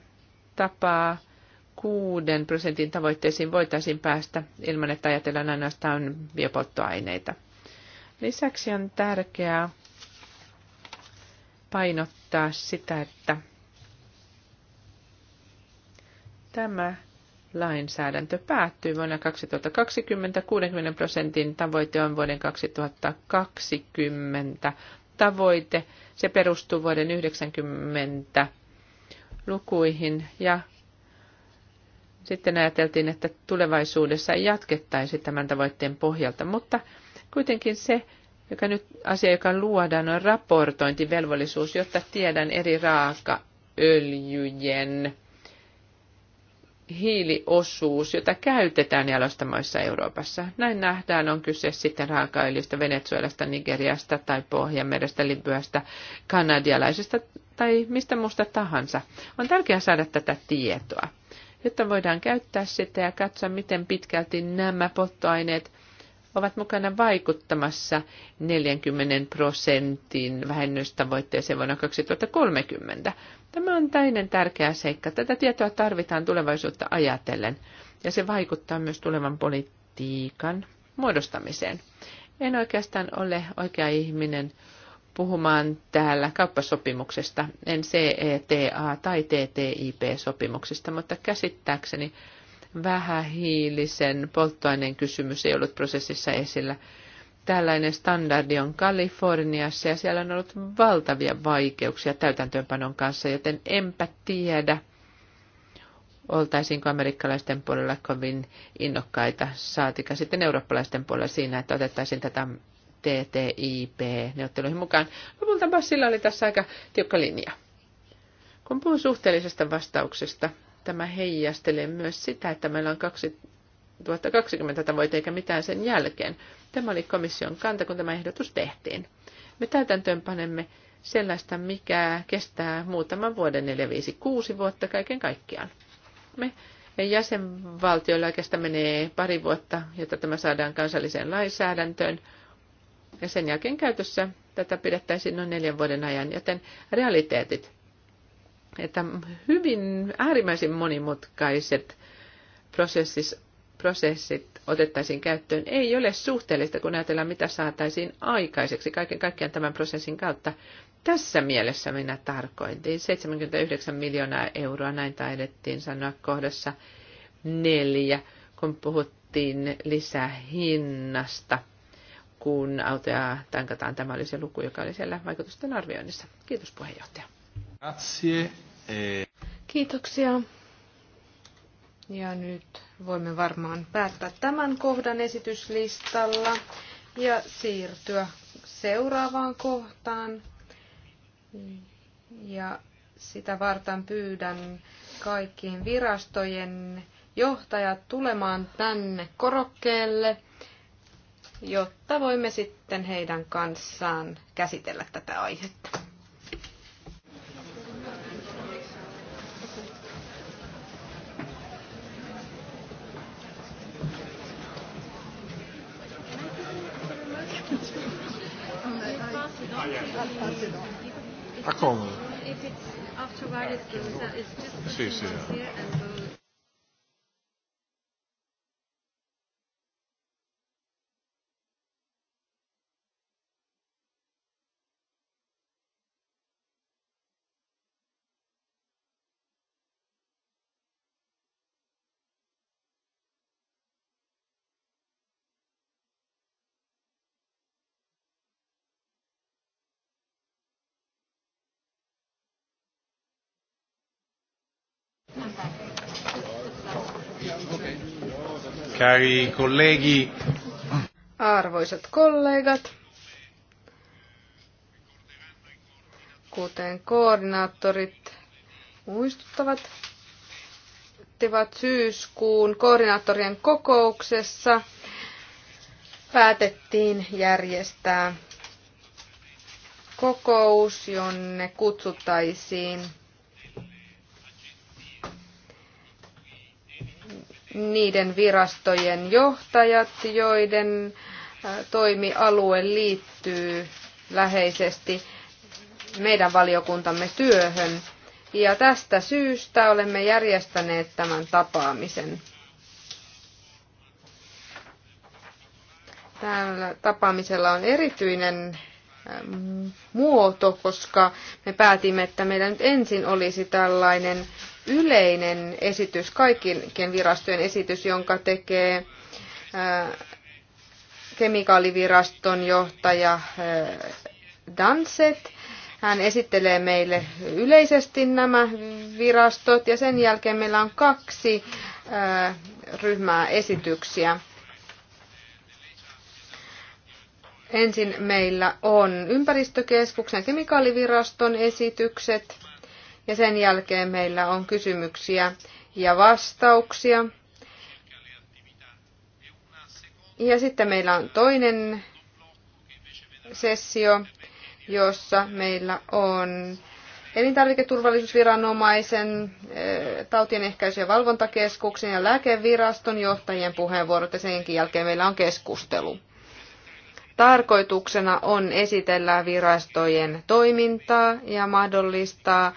tapaa kuuden prosentin tavoitteisiin voitaisiin päästä ilman, että ajatellaan ainoastaan biopolttoaineita. Lisäksi on tärkeää painottaa sitä, että tämä lainsäädäntö päättyy vuonna 2020. 60 prosentin tavoite on vuoden 2020 tavoite. Se perustuu vuoden 1990 lukuihin ja sitten ajateltiin, että tulevaisuudessa ei jatkettaisi tämän tavoitteen pohjalta, mutta kuitenkin se, joka nyt asia, joka luodaan, on raportointivelvollisuus, jotta tiedän eri raakaöljyjen hiiliosuus, jota käytetään jalostamoissa Euroopassa. Näin nähdään, on kyse sitten raakaöljystä Venezuelasta, Nigeriasta tai Pohjanmerestä, Libyasta, kanadialaisesta tai mistä muusta tahansa. On tärkeää saada tätä tietoa, jotta voidaan käyttää sitä ja katsoa, miten pitkälti nämä polttoaineet ovat mukana vaikuttamassa 40 prosentin vähennystavoitteeseen vuonna 2030. Tämä on täinen tärkeä seikka. Tätä tietoa tarvitaan tulevaisuutta ajatellen, ja se vaikuttaa myös tulevan politiikan muodostamiseen. En oikeastaan ole oikea ihminen puhumaan täällä kauppasopimuksesta, en CETA tai TTIP-sopimuksista, mutta käsittääkseni vähähiilisen polttoaineen kysymys ei ollut prosessissa esillä. Tällainen standardi on Kaliforniassa ja siellä on ollut valtavia vaikeuksia täytäntöönpanon kanssa, joten enpä tiedä, oltaisiinko amerikkalaisten puolella kovin innokkaita, saatika sitten eurooppalaisten puolella siinä, että otettaisiin tätä TTIP-neuvotteluihin mukaan. Lopulta Bassilla oli tässä aika tiukka linja. Kun puhun suhteellisesta vastauksesta, tämä heijastelee myös sitä, että meillä on 2020 tavoite eikä mitään sen jälkeen. Tämä oli komission kanta, kun tämä ehdotus tehtiin. Me täytäntöön panemme sellaista, mikä kestää muutaman vuoden, 4, 5, 6 vuotta kaiken kaikkiaan. Me jäsenvaltioilla oikeastaan menee pari vuotta, jotta tämä saadaan kansalliseen lainsäädäntöön. Ja sen jälkeen käytössä tätä pidettäisiin noin neljän vuoden ajan, joten realiteetit että hyvin äärimmäisen monimutkaiset prosessit, prosessit otettaisiin käyttöön. Ei ole suhteellista, kun ajatellaan, mitä saataisiin aikaiseksi kaiken kaikkiaan tämän prosessin kautta. Tässä mielessä minä tarkoitin 79 miljoonaa euroa, näin taidettiin sanoa kohdassa neljä, kun puhuttiin lisähinnasta – kun autoja tankataan. Tämä oli se luku, joka oli siellä vaikutusten arvioinnissa. Kiitos puheenjohtaja. Eh. Kiitoksia. Ja nyt voimme varmaan päättää tämän kohdan esityslistalla ja siirtyä seuraavaan kohtaan. Ja sitä varten pyydän kaikkien virastojen johtajat tulemaan tänne korokkeelle, jotta voimme sitten heidän kanssaan käsitellä tätä aihetta. accomodo. If ja. Cari colleghi. Arvoisat kollegat, kuten koordinaattorit muistuttavat, ottivat syyskuun koordinaattorien kokouksessa päätettiin järjestää kokous, jonne kutsuttaisiin niiden virastojen johtajat, joiden toimialue liittyy läheisesti meidän valiokuntamme työhön. Ja tästä syystä olemme järjestäneet tämän tapaamisen. Tällä tapaamisella on erityinen muoto, koska me päätimme, että meidän nyt ensin olisi tällainen yleinen esitys, kaikkien virastojen esitys, jonka tekee äh, kemikaaliviraston johtaja äh, Danset. Hän esittelee meille yleisesti nämä virastot ja sen jälkeen meillä on kaksi äh, ryhmää esityksiä. Ensin meillä on ympäristökeskuksen kemikaaliviraston esitykset ja sen jälkeen meillä on kysymyksiä ja vastauksia. Ja sitten meillä on toinen sessio, jossa meillä on elintarviketurvallisuusviranomaisen, eh, tautien ehkäisy- ja valvontakeskuksen ja lääkeviraston johtajien puheenvuorot ja sen jälkeen meillä on keskustelu. Tarkoituksena on esitellä virastojen toimintaa ja mahdollistaa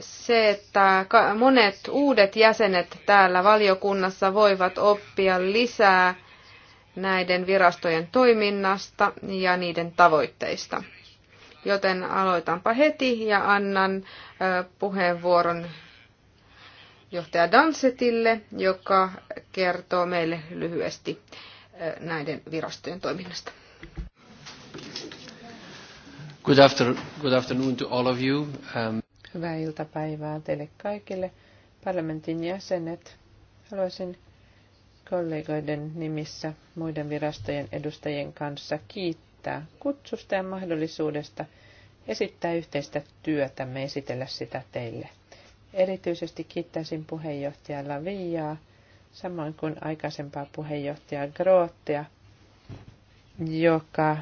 se, että monet uudet jäsenet täällä valiokunnassa voivat oppia lisää näiden virastojen toiminnasta ja niiden tavoitteista. Joten aloitanpa heti ja annan puheenvuoron johtaja Dansetille, joka kertoo meille lyhyesti näiden virastojen toiminnasta. Good, after, good afternoon to all of you. Um... Hyvää iltapäivää teille kaikille. Parlamentin jäsenet, haluaisin kollegoiden nimissä muiden virastojen edustajien kanssa kiittää kutsusta ja mahdollisuudesta esittää yhteistä työtämme, esitellä sitä teille. Erityisesti kiittäisin puheenjohtaja Laviaa, samoin kuin aikaisempaa puheenjohtajaa Groottia, joka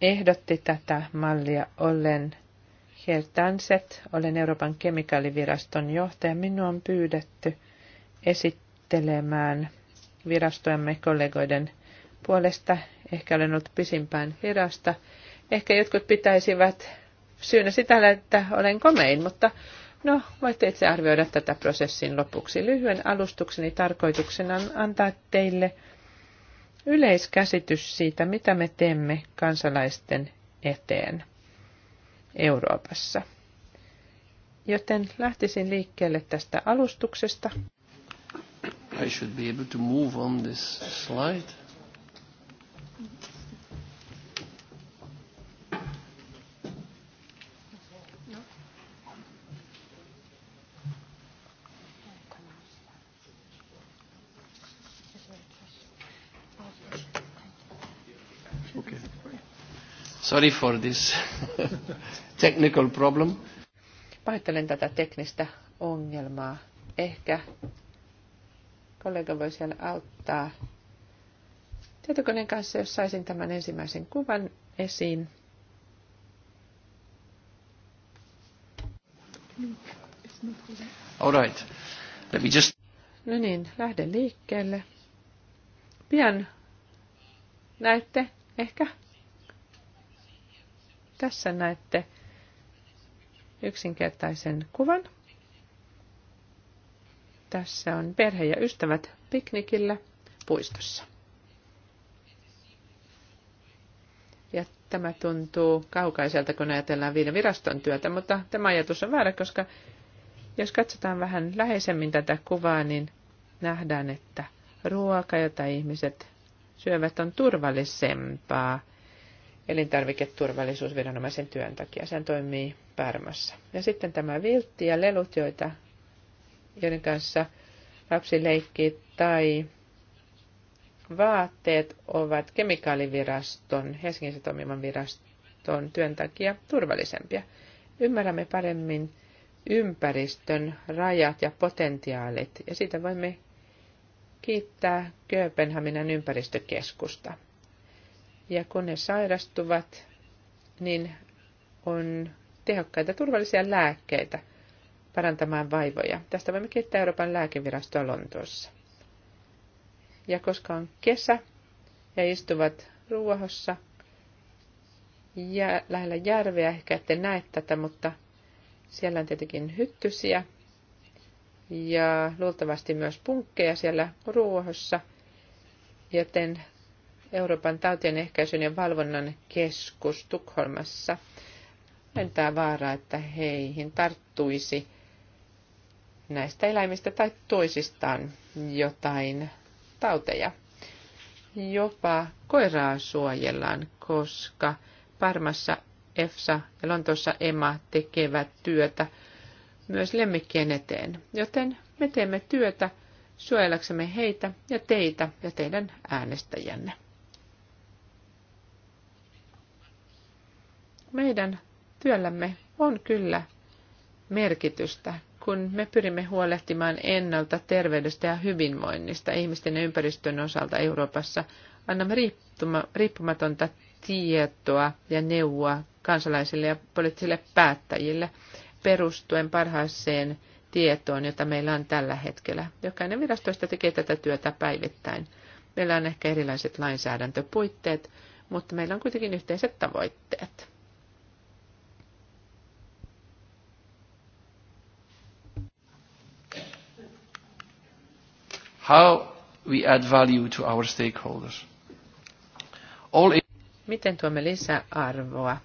ehdotti tätä mallia. ollen Hertanset, olen Euroopan kemikaaliviraston johtaja. Minua on pyydetty esittelemään virastojemme kollegoiden puolesta. Ehkä olen ollut pisimpään virasta. Ehkä jotkut pitäisivät syynä sitä, että olen komein, mutta no, voitte itse arvioida tätä prosessin lopuksi. Lyhyen alustukseni tarkoituksena on antaa teille yleiskäsitys siitä, mitä me teemme kansalaisten eteen. Euroopassa. Joten lähtisin liikkeelle tästä alustuksesta. I should be able to move on this slide. Okay. Sorry for this. Technical problem. Pahoittelen tätä teknistä ongelmaa. Ehkä kollega voi siellä auttaa tietokoneen kanssa, jos saisin tämän ensimmäisen kuvan esiin. All right. Let me just... No niin, lähden liikkeelle. Pian näette ehkä tässä näette yksinkertaisen kuvan. Tässä on perhe ja ystävät piknikillä puistossa. Ja tämä tuntuu kaukaiselta, kun ajatellaan viiden viraston työtä, mutta tämä ajatus on väärä, koska jos katsotaan vähän läheisemmin tätä kuvaa, niin nähdään, että ruoka, jota ihmiset syövät, on turvallisempaa – elintarviketurvallisuusviranomaisen työn takia. Sen toimii Pärmässä. Ja sitten tämä viltti ja lelut, joita, joiden kanssa lapsi leikkii tai vaatteet ovat kemikaaliviraston, Helsingin toimivan viraston työn takia turvallisempia. Ymmärrämme paremmin ympäristön rajat ja potentiaalit, ja siitä voimme kiittää Kööpenhaminan ympäristökeskusta. Ja kun ne sairastuvat, niin on tehokkaita turvallisia lääkkeitä parantamaan vaivoja. Tästä voimme kiittää Euroopan lääkevirastoa Lontoossa. Ja koska on kesä ja istuvat ruohossa ja lähellä järveä, ehkä ette näe tätä, mutta siellä on tietenkin hyttysiä ja luultavasti myös punkkeja siellä ruohossa, joten Euroopan tautien ehkäisyn ja valvonnan keskus Tukholmassa vähentää vaaraa, että heihin tarttuisi näistä eläimistä tai toisistaan jotain tauteja. Jopa koiraa suojellaan, koska Parmassa EFSA ja Lontoossa EMA tekevät työtä myös lemmikkien eteen. Joten me teemme työtä suojellaksemme heitä ja teitä ja teidän äänestäjänne. meidän työllämme on kyllä merkitystä, kun me pyrimme huolehtimaan ennalta terveydestä ja hyvinvoinnista ihmisten ja ympäristön osalta Euroopassa. Annamme riippumatonta tietoa ja neuvoa kansalaisille ja poliittisille päättäjille perustuen parhaaseen tietoon, jota meillä on tällä hetkellä. Jokainen virastoista tekee tätä työtä päivittäin. Meillä on ehkä erilaiset lainsäädäntöpuitteet, mutta meillä on kuitenkin yhteiset tavoitteet. how we add value to our stakeholders. All Miten tuomme lisäarvoa?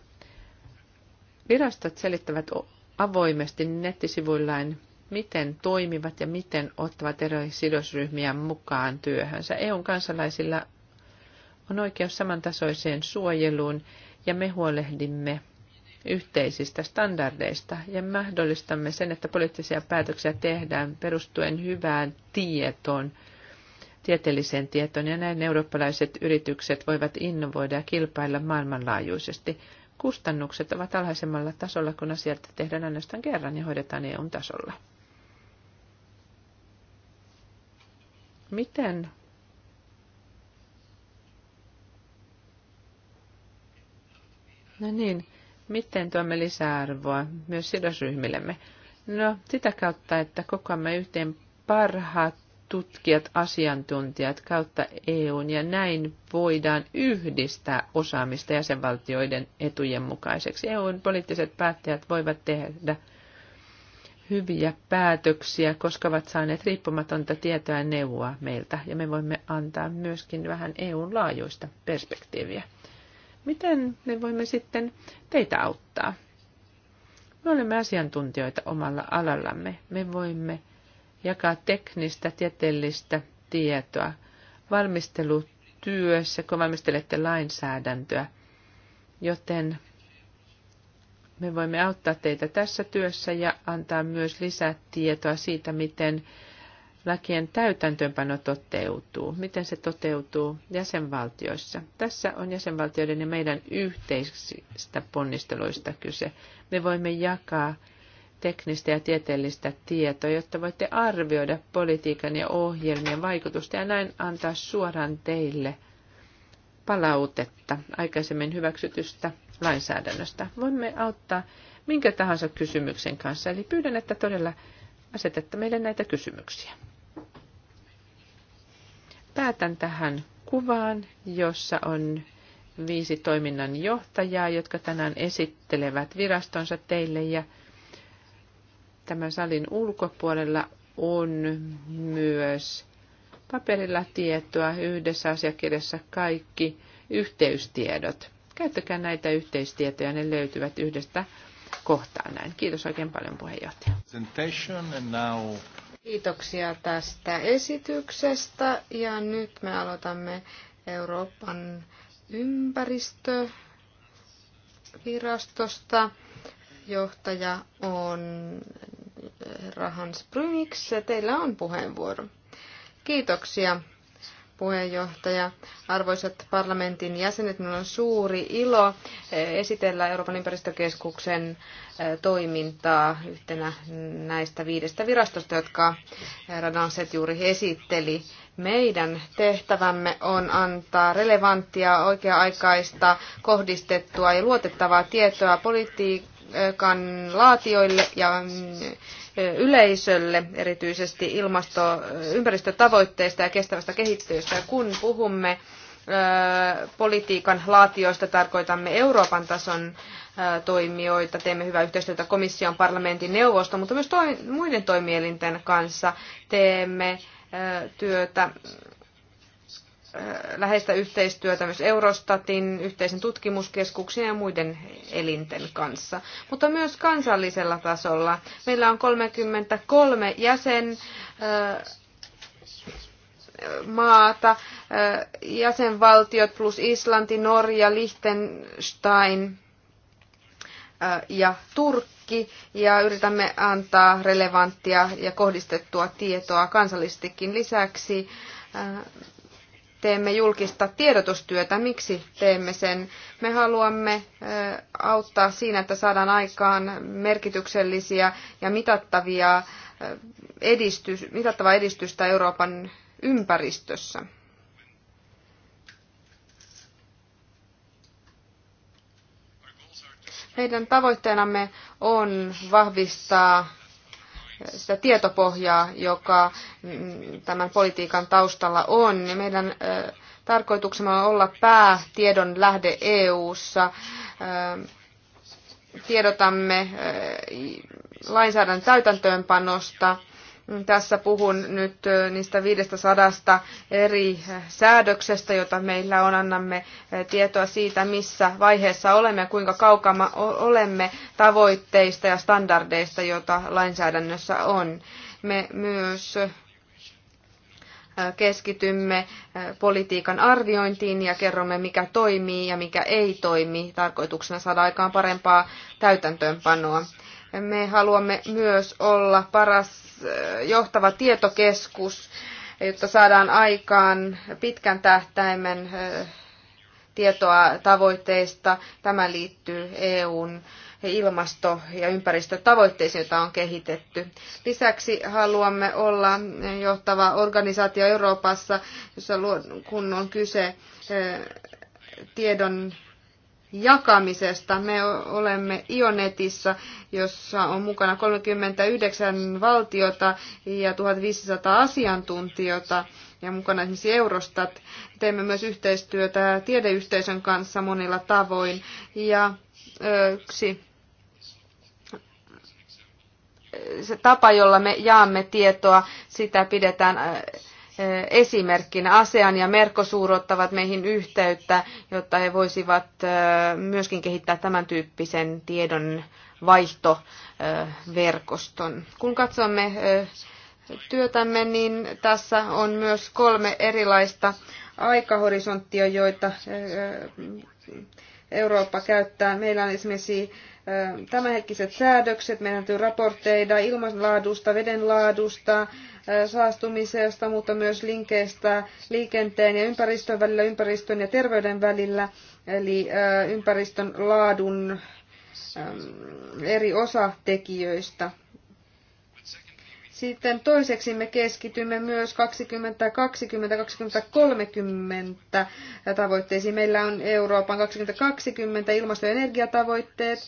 Virastot selittävät avoimesti nettisivuillaan, miten toimivat ja miten ottavat eri sidosryhmiä mukaan työhönsä. EUn kansalaisilla on oikeus samantasoiseen suojeluun ja me huolehdimme yhteisistä standardeista ja mahdollistamme sen, että poliittisia päätöksiä tehdään perustuen hyvään tietoon, tieteelliseen tietoon ja näin eurooppalaiset yritykset voivat innovoida ja kilpailla maailmanlaajuisesti. Kustannukset ovat alhaisemmalla tasolla, kun asiat tehdään ainoastaan kerran ja hoidetaan eu tasolla. Miten No niin, miten tuomme lisäarvoa myös sidosryhmillemme? No, sitä kautta, että kokoamme yhteen parhaat tutkijat, asiantuntijat kautta EUn ja näin voidaan yhdistää osaamista jäsenvaltioiden etujen mukaiseksi. EUn poliittiset päättäjät voivat tehdä hyviä päätöksiä, koska ovat saaneet riippumatonta tietoa ja neuvoa meiltä ja me voimme antaa myöskin vähän EUn laajuista perspektiiviä. Miten me voimme sitten teitä auttaa? Me olemme asiantuntijoita omalla alallamme. Me voimme jakaa teknistä, tieteellistä tietoa valmistelutyössä, kun valmistelette lainsäädäntöä. Joten me voimme auttaa teitä tässä työssä ja antaa myös lisätietoa siitä, miten lakien täytäntöönpano toteutuu, miten se toteutuu jäsenvaltioissa. Tässä on jäsenvaltioiden ja meidän yhteisistä ponnisteluista kyse. Me voimme jakaa teknistä ja tieteellistä tietoa, jotta voitte arvioida politiikan ja ohjelmien vaikutusta ja näin antaa suoraan teille palautetta aikaisemmin hyväksytystä lainsäädännöstä. Voimme auttaa minkä tahansa kysymyksen kanssa, eli pyydän, että todella asetetta meille näitä kysymyksiä. Päätän tähän kuvaan, jossa on viisi toiminnan johtajaa, jotka tänään esittelevät virastonsa teille ja tämän salin ulkopuolella on myös paperilla tietoa yhdessä asiakirjassa kaikki yhteystiedot. Käyttäkää näitä yhteistietoja, ne löytyvät yhdestä Kohtaan näin. Kiitos oikein paljon puheenjohtaja. Kiitoksia tästä esityksestä ja nyt me aloitamme Euroopan ympäristövirastosta. Johtaja on Rahans Brynix. Teillä on puheenvuoro. Kiitoksia puheenjohtaja, arvoisat parlamentin jäsenet, minulla on suuri ilo eh, esitellä Euroopan ympäristökeskuksen eh, toimintaa yhtenä näistä viidestä virastosta, jotka Radanset juuri esitteli. Meidän tehtävämme on antaa relevanttia, oikea-aikaista, kohdistettua ja luotettavaa tietoa politiikan laatijoille ja mm, yleisölle, erityisesti ilmasto- ympäristötavoitteista ja kestävästä kehittelystä. Kun puhumme politiikan laatioista tarkoitamme Euroopan tason toimijoita, teemme hyvää yhteistyötä komission, parlamentin, neuvoston, mutta myös muiden toimielinten kanssa teemme työtä läheistä yhteistyötä myös Eurostatin, yhteisen tutkimuskeskuksen ja muiden elinten kanssa. Mutta myös kansallisella tasolla. Meillä on 33 jäsen maata, jäsenvaltiot plus Islanti, Norja, Liechtenstein ja Turkki ja yritämme antaa relevanttia ja kohdistettua tietoa kansallistikin lisäksi teemme julkista tiedotustyötä. Miksi teemme sen? Me haluamme auttaa siinä, että saadaan aikaan merkityksellisiä ja mitattavia edistys, mitattavaa edistystä Euroopan ympäristössä. Meidän tavoitteenamme on vahvistaa sitä tietopohjaa, joka mm, tämän politiikan taustalla on. Ja meidän tarkoituksemme on olla päätiedon lähde EU-ssa. Tiedotamme lainsäädännön täytäntöönpanosta tässä puhun nyt niistä 500 eri säädöksestä, joita meillä on. Annamme tietoa siitä, missä vaiheessa olemme ja kuinka kaukana olemme tavoitteista ja standardeista, joita lainsäädännössä on. Me myös keskitymme politiikan arviointiin ja kerromme, mikä toimii ja mikä ei toimi, tarkoituksena saada aikaan parempaa täytäntöönpanoa. Me haluamme myös olla paras eh, johtava tietokeskus, jotta saadaan aikaan pitkän tähtäimen eh, tietoa tavoitteista. Tämä liittyy EUn ilmasto- ja ympäristötavoitteisiin, joita on kehitetty. Lisäksi haluamme olla johtava organisaatio Euroopassa, jossa kun on kyse eh, tiedon jakamisesta. Me olemme Ionetissa, jossa on mukana 39 valtiota ja 1500 asiantuntijoita ja mukana esimerkiksi Eurostat. Teemme myös yhteistyötä tiedeyhteisön kanssa monilla tavoin. Ja yksi se tapa, jolla me jaamme tietoa, sitä pidetään esimerkkinä. ASEAN ja Mercosur ottavat meihin yhteyttä, jotta he voisivat myöskin kehittää tämän tyyppisen tiedon vaihtoverkoston. Kun katsomme työtämme, niin tässä on myös kolme erilaista aikahorisonttia, joita Eurooppa käyttää. Meillä on esimerkiksi tämänhetkiset säädökset, meidän täytyy raportteida ilmanlaadusta, vedenlaadusta, saastumisesta, mutta myös linkeistä liikenteen ja ympäristön välillä, ympäristön ja terveyden välillä, eli ympäristön laadun eri osatekijöistä. Sitten toiseksi me keskitymme myös 2020-2030 tavoitteisiin. Meillä on Euroopan 2020 ilmasto- ja energiatavoitteet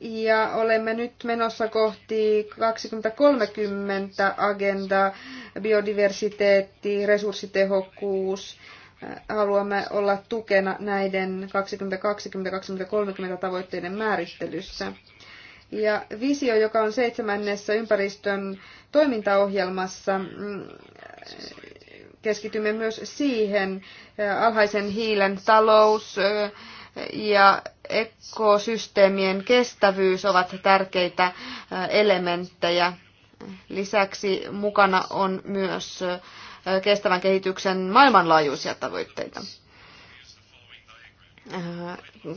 ja olemme nyt menossa kohti 2030 agenda biodiversiteetti, resurssitehokkuus. Haluamme olla tukena näiden 2020-2030 tavoitteiden määrittelyssä. Ja visio, joka on seitsemännessä ympäristön toimintaohjelmassa, mm, keskitymme myös siihen alhaisen hiilen talous, ja ekosysteemien kestävyys ovat tärkeitä elementtejä. Lisäksi mukana on myös kestävän kehityksen maailmanlaajuisia tavoitteita.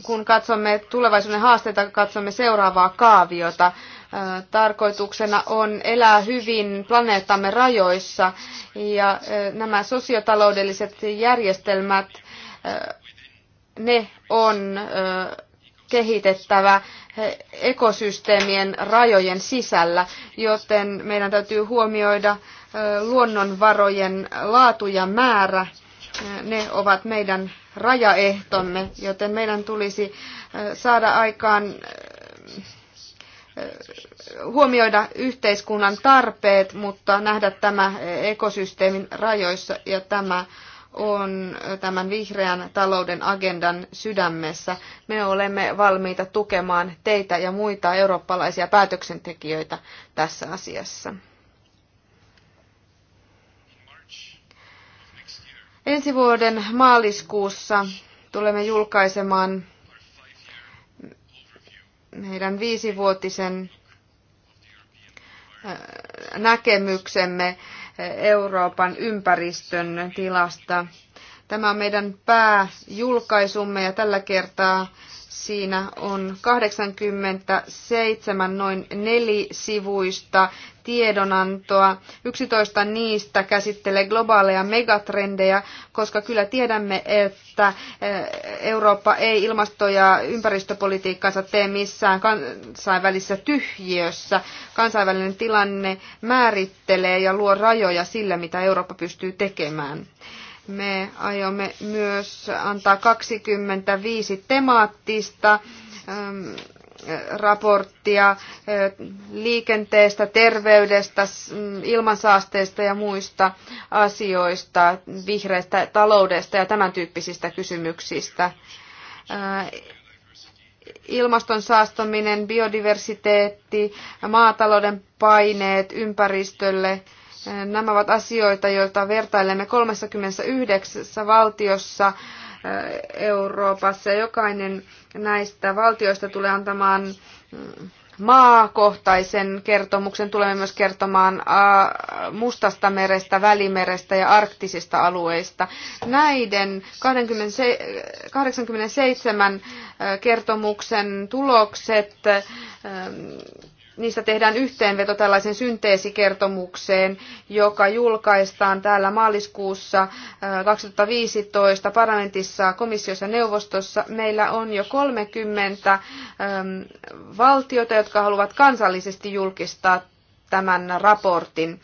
Kun katsomme tulevaisuuden haasteita, katsomme seuraavaa kaaviota. Tarkoituksena on elää hyvin planeettamme rajoissa ja nämä sosiotaloudelliset järjestelmät ne on kehitettävä ekosysteemien rajojen sisällä, joten meidän täytyy huomioida luonnonvarojen laatu ja määrä. Ne ovat meidän rajaehtomme, joten meidän tulisi saada aikaan huomioida yhteiskunnan tarpeet, mutta nähdä tämä ekosysteemin rajoissa ja tämä on tämän vihreän talouden agendan sydämessä. Me olemme valmiita tukemaan teitä ja muita eurooppalaisia päätöksentekijöitä tässä asiassa. Ensi vuoden maaliskuussa tulemme julkaisemaan meidän viisivuotisen näkemyksemme Euroopan ympäristön tilasta. Tämä on meidän pääjulkaisumme ja tällä kertaa Siinä on 87 noin nelisivuista tiedonantoa. 11 niistä käsittelee globaaleja megatrendejä, koska kyllä tiedämme, että eh, Eurooppa ei ilmasto- ja ympäristöpolitiikkansa tee missään kansainvälisessä tyhjiössä. Kansainvälinen tilanne määrittelee ja luo rajoja sillä, mitä Eurooppa pystyy tekemään. Me aiomme myös antaa 25 temaattista ähm, raporttia äh, liikenteestä, terveydestä, mm, ilmansaasteista ja muista asioista, vihreästä taloudesta ja tämän tyyppisistä kysymyksistä. Äh, ilmaston saastuminen, biodiversiteetti, maatalouden paineet ympäristölle – Nämä ovat asioita, joita vertailemme 39 valtiossa eh, Euroopassa. Jokainen näistä valtioista tulee antamaan mm, maakohtaisen kertomuksen. Tulemme myös kertomaan Mustasta merestä, Välimerestä ja arktisista alueista. Näiden 87 eh, kertomuksen tulokset eh, niistä tehdään yhteenveto tällaisen synteesikertomukseen, joka julkaistaan täällä maaliskuussa 2015 äh, parlamentissa, komissiossa ja neuvostossa. Meillä on jo 30 ähm, valtiota, jotka haluavat kansallisesti julkistaa tämän raportin.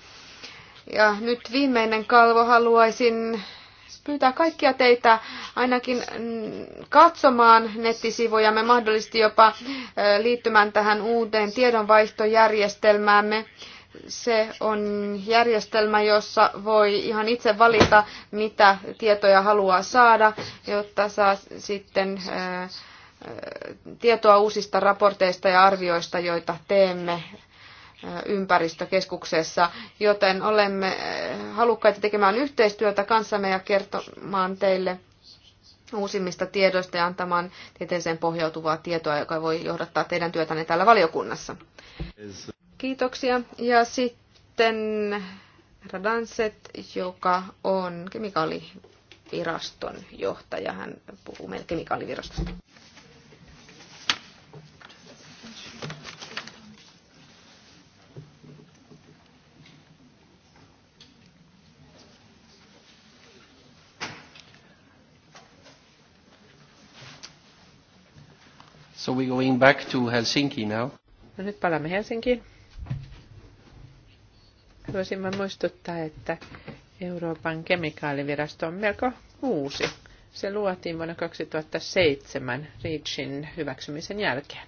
Ja nyt viimeinen kalvo haluaisin pyytää kaikkia teitä ainakin mm, katsomaan nettisivujamme, mahdollisesti jopa liittymään tähän uuteen tiedonvaihtojärjestelmäämme. Se on järjestelmä, jossa voi ihan itse valita, mitä tietoja haluaa saada, jotta saa sitten tietoa uusista raporteista ja arvioista, joita teemme ympäristökeskuksessa, joten olemme halukkaita tekemään yhteistyötä kanssamme ja kertomaan teille uusimmista tiedoista ja antamaan tieteeseen pohjautuvaa tietoa, joka voi johdattaa teidän työtänne täällä valiokunnassa. Kiitoksia. Ja sitten Radanset, joka on kemikaaliviraston johtaja. Hän puhuu meille kemikaalivirastosta. So we're going back to Helsinki now. No nyt palaamme Helsinkiin. Haluaisin vain muistuttaa, että Euroopan kemikaalivirasto on melko uusi. Se luotiin vuonna 2007 REACHin hyväksymisen jälkeen.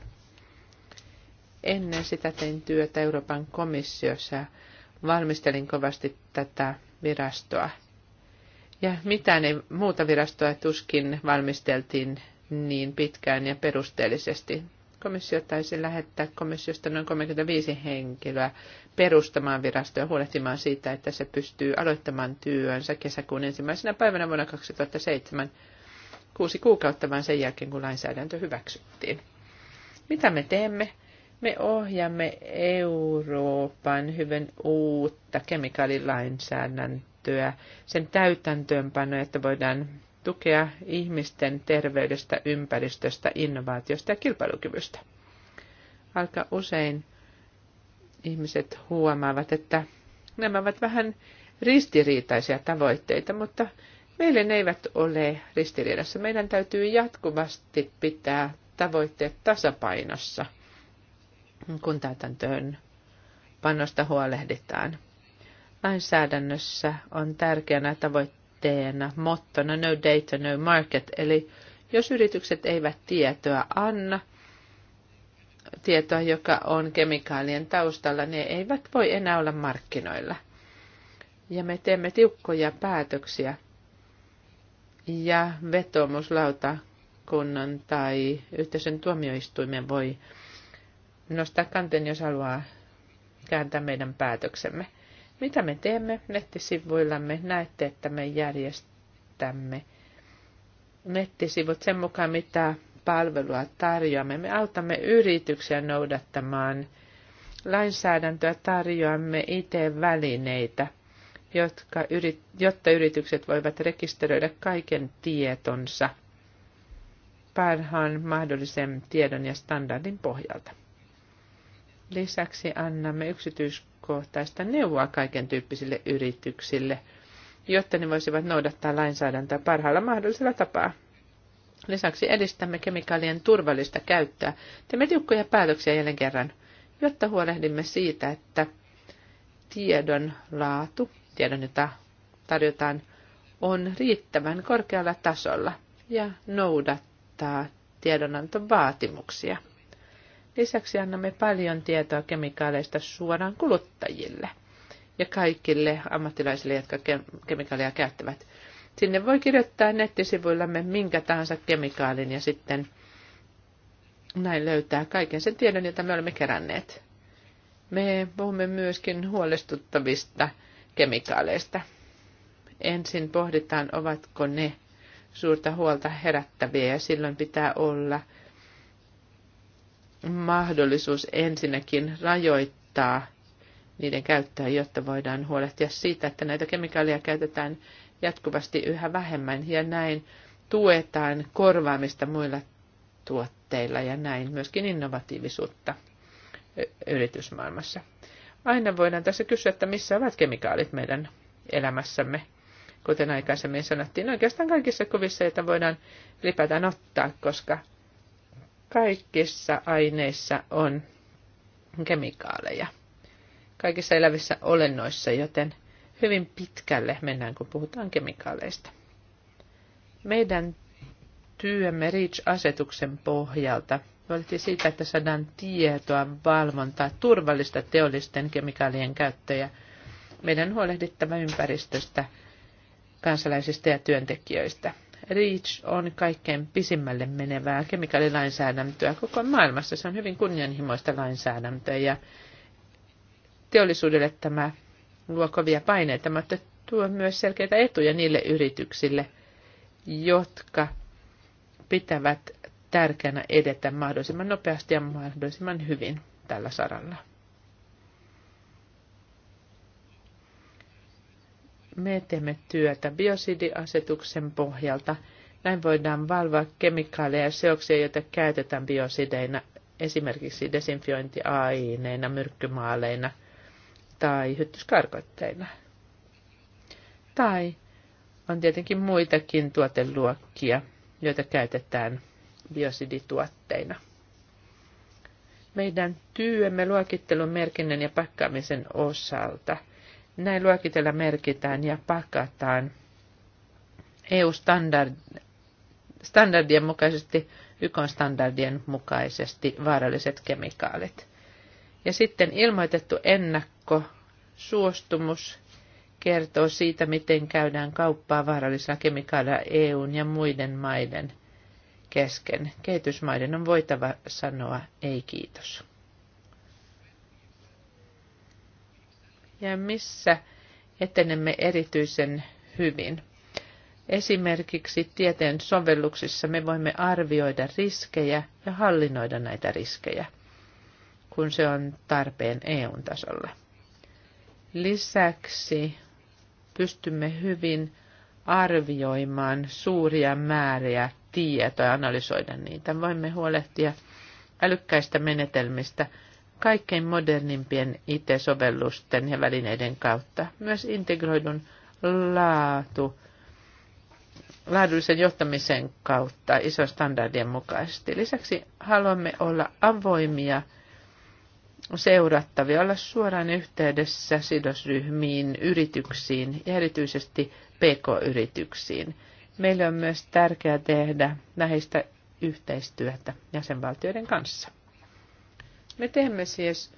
Ennen sitä tein työtä Euroopan komissiossa ja valmistelin kovasti tätä virastoa. Ja mitään ei, muuta virastoa tuskin valmisteltiin niin pitkään ja perusteellisesti. Komissio taisi lähettää komissiosta noin 35 henkilöä perustamaan virastoa ja huolehtimaan siitä, että se pystyy aloittamaan työnsä kesäkuun ensimmäisenä päivänä vuonna 2007, kuusi kuukautta vain sen jälkeen, kun lainsäädäntö hyväksyttiin. Mitä me teemme? Me ohjaamme Euroopan hyvin uutta kemikaalilainsäädäntöä, sen täytäntöönpanoa, että voidaan tukea ihmisten terveydestä, ympäristöstä, innovaatiosta ja kilpailukyvystä. Aika usein ihmiset huomaavat, että nämä ovat vähän ristiriitaisia tavoitteita, mutta meille ne eivät ole ristiriidassa. Meidän täytyy jatkuvasti pitää tavoitteet tasapainossa, kun täytäntöön panosta huolehditaan. Lainsäädännössä on tärkeänä tavoitteena DNA, mottona no, no data, no market, eli jos yritykset eivät tietoa anna, tietoa, joka on kemikaalien taustalla, ne eivät voi enää olla markkinoilla. Ja me teemme tiukkoja päätöksiä ja kunnan tai yhteisen tuomioistuimen voi nostaa kanteen, jos haluaa kääntää meidän päätöksemme. Mitä me teemme nettisivuillamme? Näette, että me järjestämme nettisivut sen mukaan, mitä palvelua tarjoamme. Me autamme yrityksiä noudattamaan lainsäädäntöä, tarjoamme IT-välineitä, jotka, jotta yritykset voivat rekisteröidä kaiken tietonsa parhaan mahdollisen tiedon ja standardin pohjalta. Lisäksi annamme yksityis yksityiskohtaista neuvoa kaiken tyyppisille yrityksille, jotta ne voisivat noudattaa lainsäädäntöä parhaalla mahdollisella tapaa. Lisäksi edistämme kemikaalien turvallista käyttöä. Teemme tiukkoja päätöksiä jälleen kerran, jotta huolehdimme siitä, että tiedon laatu, tiedon jota tarjotaan, on riittävän korkealla tasolla ja noudattaa tiedonantovaatimuksia. Lisäksi annamme paljon tietoa kemikaaleista suoraan kuluttajille ja kaikille ammattilaisille, jotka kemikaaleja käyttävät. Sinne voi kirjoittaa nettisivuillamme minkä tahansa kemikaalin ja sitten näin löytää kaiken sen tiedon, jota me olemme keränneet. Me puhumme myöskin huolestuttavista kemikaaleista. Ensin pohditaan, ovatko ne suurta huolta herättäviä ja silloin pitää olla – mahdollisuus ensinnäkin rajoittaa niiden käyttöä, jotta voidaan huolehtia siitä, että näitä kemikaaleja käytetään jatkuvasti yhä vähemmän ja näin tuetaan korvaamista muilla tuotteilla ja näin myöskin innovatiivisuutta yritysmaailmassa. Aina voidaan tässä kysyä, että missä ovat kemikaalit meidän elämässämme. Kuten aikaisemmin sanottiin, oikeastaan kaikissa kuvissa, joita voidaan ylipäätään ottaa, koska Kaikissa aineissa on kemikaaleja, kaikissa elävissä olennoissa, joten hyvin pitkälle mennään, kun puhutaan kemikaaleista. Meidän työmme REACH-asetuksen pohjalta huolehtii siitä, että saadaan tietoa, valvontaa, turvallista teollisten kemikaalien käyttöjä. Meidän huolehdittava ympäristöstä, kansalaisista ja työntekijöistä. REACH on kaikkein pisimmälle menevää kemikaalilainsäädäntöä koko maailmassa. Se on hyvin kunnianhimoista lainsäädäntöä ja teollisuudelle tämä luo kovia paineita, mutta tuo myös selkeitä etuja niille yrityksille, jotka pitävät tärkeänä edetä mahdollisimman nopeasti ja mahdollisimman hyvin tällä saralla. Me teemme työtä biosidiasetuksen pohjalta. Näin voidaan valvoa kemikaaleja ja seoksia, joita käytetään biosideina, esimerkiksi desinfiointiaineina, myrkkymaaleina tai hyttyskarkoitteina. Tai on tietenkin muitakin tuoteluokkia, joita käytetään biosidituotteina. Meidän työmme luokittelun merkinnän ja pakkaamisen osalta – näin luokitella merkitään ja pakataan EU-standardien mukaisesti, YK-standardien mukaisesti vaaralliset kemikaalit. Ja sitten ilmoitettu ennakko suostumus kertoo siitä, miten käydään kauppaa vaarallisilla kemikaaleilla EUn ja muiden maiden kesken. Kehitysmaiden on voitava sanoa ei kiitos. ja missä etenemme erityisen hyvin. Esimerkiksi tieteen sovelluksissa me voimme arvioida riskejä ja hallinnoida näitä riskejä, kun se on tarpeen EU-tasolla. Lisäksi pystymme hyvin arvioimaan suuria määriä tietoja, analysoida niitä. Voimme huolehtia älykkäistä menetelmistä – kaikkein modernimpien IT-sovellusten ja välineiden kautta, myös integroidun laatu, laadullisen johtamisen kautta iso standardien mukaisesti. Lisäksi haluamme olla avoimia, seurattavia, olla suoraan yhteydessä sidosryhmiin, yrityksiin ja erityisesti PK-yrityksiin. Meille on myös tärkeää tehdä läheistä yhteistyötä jäsenvaltioiden kanssa. Me teemme siis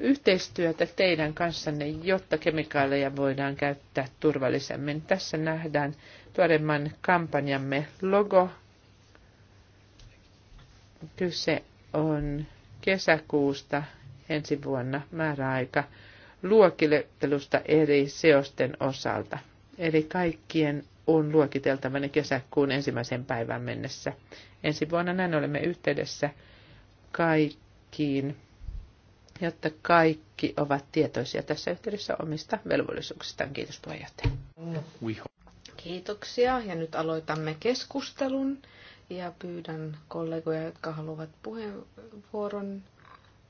yhteistyötä teidän kanssanne, jotta kemikaaleja voidaan käyttää turvallisemmin. Tässä nähdään tuoremman kampanjamme logo. Kyse on kesäkuusta ensi vuonna määräaika luokittelusta eri seosten osalta. Eli kaikkien on luokiteltava ne kesäkuun ensimmäisen päivän mennessä. Ensi vuonna näin olemme yhteydessä kaikki kaikkiin, jotta kaikki ovat tietoisia tässä yhteydessä omista velvollisuuksistaan. Kiitos puheenjohtaja. Kiitoksia ja nyt aloitamme keskustelun ja pyydän kollegoja, jotka haluavat puheenvuoron.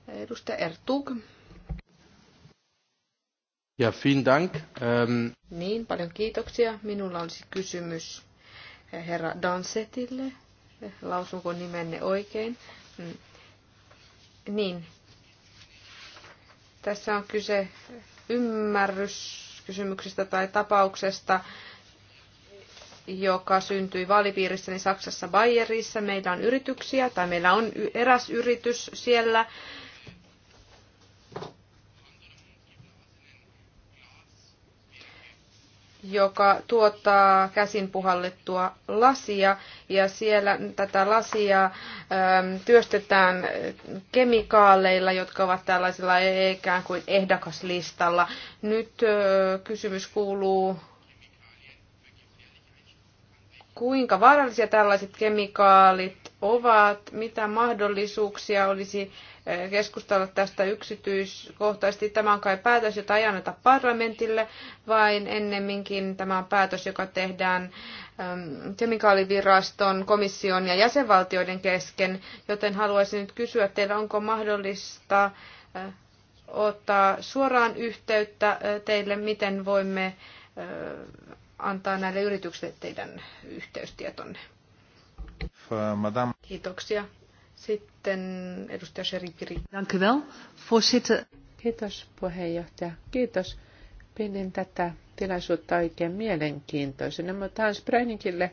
Edustaja Ertug. Ja vielen dank. Ähm. Niin, paljon kiitoksia. Minulla olisi kysymys eh, herra Dansetille. Eh, lausunko nimenne oikein? Mm. Niin. Tässä on kyse ymmärryskysymyksestä tai tapauksesta, joka syntyi vaalipiirissäni niin Saksassa Bayerissa. Meillä on yrityksiä, tai meillä on eräs yritys siellä, joka tuottaa käsin puhallettua lasia ja siellä tätä lasia ö, ähm, työstetään kemikaaleilla, jotka ovat tällaisella e- ikään kuin ehdakaslistalla. Nyt ö, äh, kysymys kuuluu, kuinka vaarallisia tällaiset kemikaalit ovat, mitä mahdollisuuksia olisi keskustella tästä yksityiskohtaisesti. Tämä on kai päätös, jota ei anneta parlamentille, vaan ennemminkin tämä on päätös, joka tehdään ähm, kemikaaliviraston, komission ja jäsenvaltioiden kesken, joten haluaisin nyt kysyä teillä, onko mahdollista äh, ottaa suoraan yhteyttä äh, teille, miten voimme äh, antaa näille yrityksille teidän yhteystietonne. Kiitoksia. Sitten edustaja Sheri Dank u wel, voorzitter. Kiitos puheenjohtaja. Kiitos. Pidin tätä tilaisuutta oikein mielenkiintoisena, mutta Hans Breininkille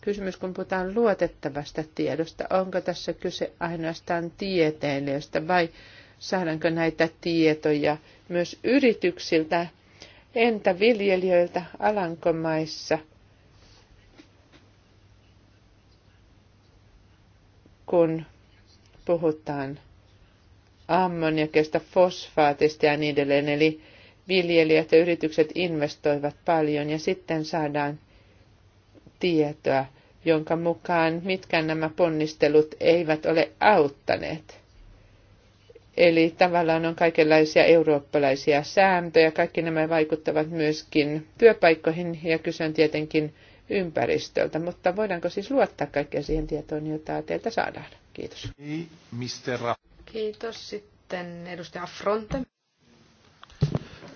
kysymys, kun puhutaan luotettavasta tiedosta. Onko tässä kyse ainoastaan tieteilijöistä vai saadaanko näitä tietoja myös yrityksiltä, entä viljelijöiltä Alankomaissa? kun puhutaan ammoniakesta, fosfaatista ja niin edelleen. Eli viljelijät ja yritykset investoivat paljon ja sitten saadaan tietoa, jonka mukaan mitkään nämä ponnistelut eivät ole auttaneet. Eli tavallaan on kaikenlaisia eurooppalaisia sääntöjä. Kaikki nämä vaikuttavat myöskin työpaikkoihin ja kysyn tietenkin ympäristöltä. Mutta voidaanko siis luottaa kaikkeen siihen tietoon, jota teiltä saadaan? Kiitos. Kiitos. Sitten edustaja Fronte.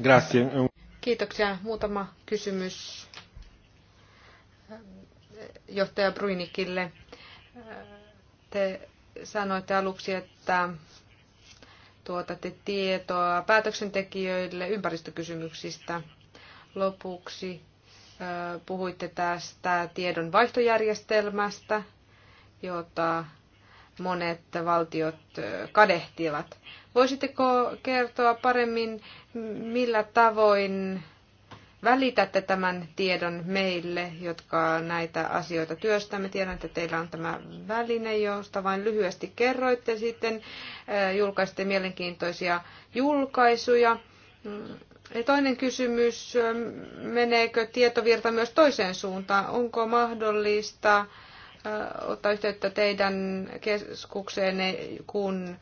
Grazie. Kiitoksia. Muutama kysymys johtaja Bruinikille. Te sanoitte aluksi, että tuotatte tietoa päätöksentekijöille ympäristökysymyksistä. Lopuksi puhuitte tästä tiedon vaihtojärjestelmästä, jota monet valtiot kadehtivat. Voisitteko kertoa paremmin, millä tavoin välitätte tämän tiedon meille, jotka näitä asioita työstämme. Tiedän, että teillä on tämä väline, josta vain lyhyesti kerroitte. Sitten julkaisitte mielenkiintoisia julkaisuja. Mm, ja toinen kysymys, meneekö tietovirta myös toiseen suuntaan? Onko mahdollista ottaa yhteyttä teidän keskukseenne, kun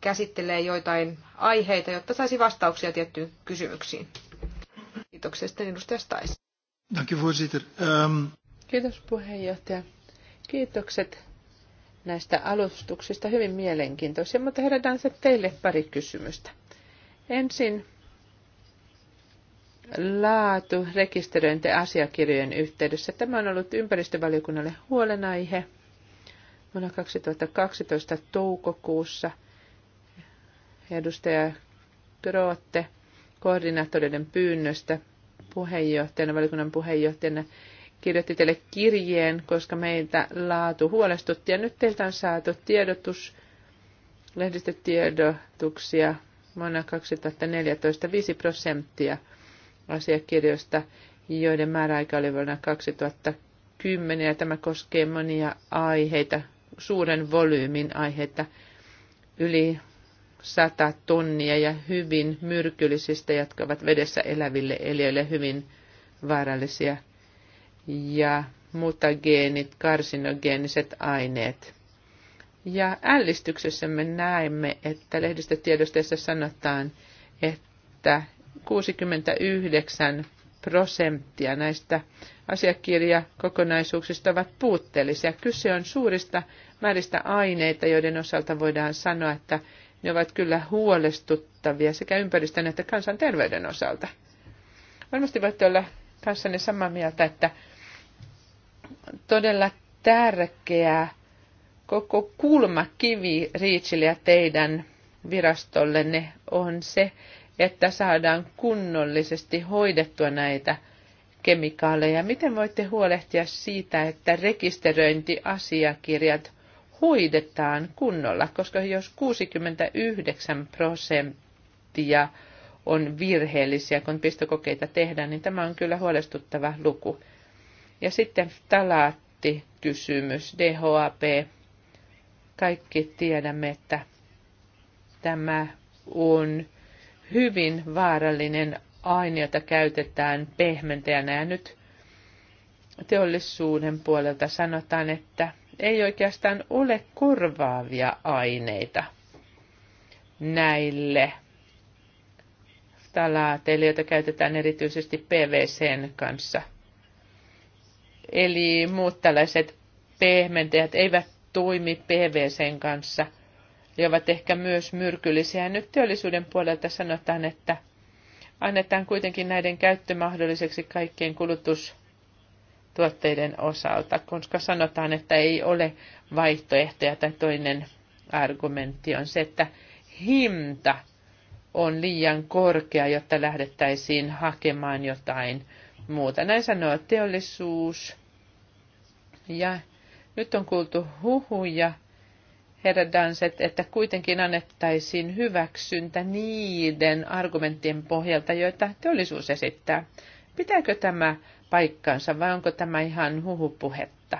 käsittelee joitain aiheita, jotta saisi vastauksia tiettyyn kysymyksiin. Kiitoksia sitten edustaja Stais. Ehm, Kiitos puheenjohtaja. Kiitokset näistä alustuksista, hyvin mielenkiintoisia, mutta herätään se teille pari kysymystä. Ensin laatu rekisteröintiasiakirjojen yhteydessä. Tämä on ollut ympäristövaliokunnalle huolenaihe vuonna 2012 toukokuussa. Edustaja Grootte koordinaattoreiden pyynnöstä puheenjohtajana, valiokunnan puheenjohtajana kirjoitti teille kirjeen, koska meiltä laatu huolestutti. Ja nyt teiltä on saatu tiedotus, lehdistötiedotuksia vuonna 2014 5 prosenttia – asiakirjoista, joiden määräaika oli vuonna 2010, ja tämä koskee monia aiheita, suuren volyymin aiheita, yli 100 tonnia ja hyvin myrkyllisistä, jotka ovat vedessä eläville eliöille hyvin vaarallisia, ja mutageenit, karsinogeeniset aineet. Ja ällistyksessä me näemme, että lehdistötiedosteessa sanotaan, että 69 prosenttia näistä asiakirjakokonaisuuksista ovat puutteellisia. Kyse on suurista määristä aineita, joiden osalta voidaan sanoa, että ne ovat kyllä huolestuttavia sekä ympäristön että kansanterveyden osalta. Varmasti voitte olla kanssanne samaa mieltä, että todella tärkeää koko kulmakivi Riitsille ja teidän virastollenne on se, että saadaan kunnollisesti hoidettua näitä kemikaaleja? Miten voitte huolehtia siitä, että rekisteröintiasiakirjat hoidetaan kunnolla? Koska jos 69 prosenttia on virheellisiä, kun pistokokeita tehdään, niin tämä on kyllä huolestuttava luku. Ja sitten talaattikysymys, kysymys, DHAP. Kaikki tiedämme, että tämä on hyvin vaarallinen aine, jota käytetään pehmentäjänä. Ja nyt teollisuuden puolelta sanotaan, että ei oikeastaan ole korvaavia aineita näille talaateille, joita käytetään erityisesti PVCn kanssa. Eli muut tällaiset pehmentäjät eivät toimi PVCn kanssa – ja ovat ehkä myös myrkyllisiä. Nyt teollisuuden puolelta sanotaan, että annetaan kuitenkin näiden käyttö mahdolliseksi kaikkien kulutustuotteiden osalta, koska sanotaan, että ei ole vaihtoehtoja tai toinen argumentti on se, että hinta on liian korkea, jotta lähdettäisiin hakemaan jotain muuta. Näin sanoo teollisuus. Ja nyt on kuultu huhuja herra Danset, että kuitenkin annettaisiin hyväksyntä niiden argumenttien pohjalta, joita teollisuus esittää. Pitääkö tämä paikkaansa vai onko tämä ihan huhupuhetta?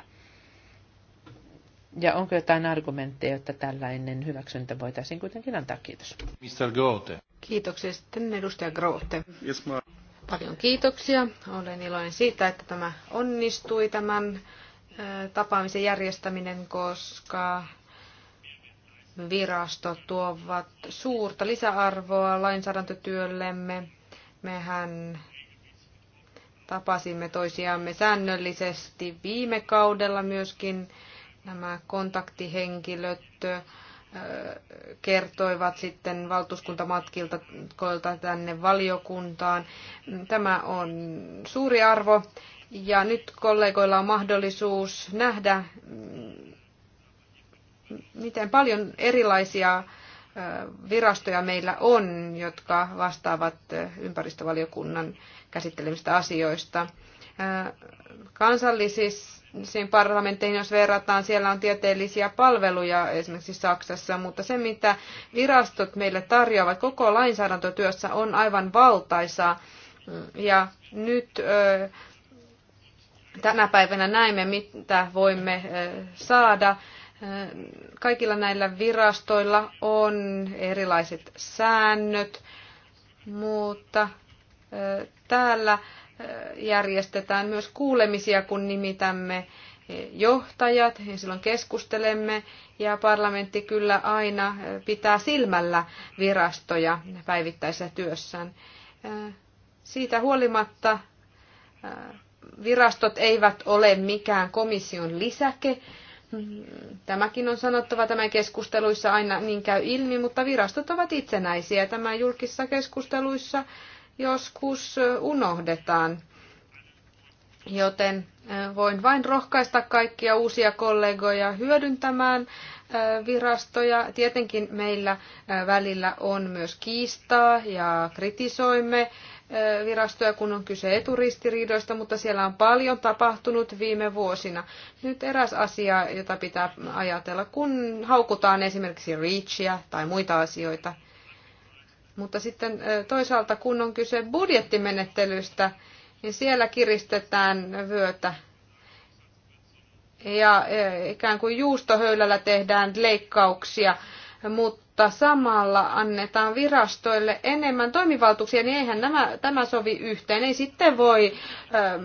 Ja onko jotain argumentteja, jotta tällainen hyväksyntä voitaisiin kuitenkin antaa? Kiitos. Mr. Grote. Kiitoksia. Sitten edustaja Grote. Yes, Paljon kiitoksia. Olen iloinen siitä, että tämä onnistui tämän tapaamisen järjestäminen, koska virastot tuovat suurta lisäarvoa lainsäädäntötyöllemme. Mehän tapasimme toisiamme säännöllisesti viime kaudella myöskin nämä kontaktihenkilöt kertoivat sitten valtuuskuntamatkilta tänne valiokuntaan. Tämä on suuri arvo ja nyt kollegoilla on mahdollisuus nähdä, miten paljon erilaisia virastoja meillä on, jotka vastaavat ympäristövaliokunnan käsittelemistä asioista. Kansallisiin parlamentteihin, jos verrataan, siellä on tieteellisiä palveluja esimerkiksi Saksassa, mutta se, mitä virastot meille tarjoavat koko lainsäädäntötyössä, on aivan valtaisa. Ja nyt tänä päivänä näemme, mitä voimme saada kaikilla näillä virastoilla on erilaiset säännöt, mutta täällä järjestetään myös kuulemisia, kun nimitämme johtajat, ja silloin keskustelemme, ja parlamentti kyllä aina pitää silmällä virastoja päivittäisessä työssään. Siitä huolimatta virastot eivät ole mikään komission lisäke, Tämäkin on sanottava, tämä keskusteluissa aina niin käy ilmi, mutta virastot ovat itsenäisiä. Tämä julkisissa keskusteluissa joskus unohdetaan. Joten voin vain rohkaista kaikkia uusia kollegoja hyödyntämään virastoja. Tietenkin meillä välillä on myös kiistaa ja kritisoimme virastoja, kun on kyse eturistiriidoista, mutta siellä on paljon tapahtunut viime vuosina. Nyt eräs asia, jota pitää ajatella, kun haukutaan esimerkiksi REACHia tai muita asioita. Mutta sitten toisaalta, kun on kyse budjettimenettelystä, niin siellä kiristetään vyötä. Ja ikään kuin juustohöylällä tehdään leikkauksia, mutta mutta samalla annetaan virastoille enemmän toimivaltuuksia, niin eihän nämä, tämä sovi yhteen. Ei sitten voi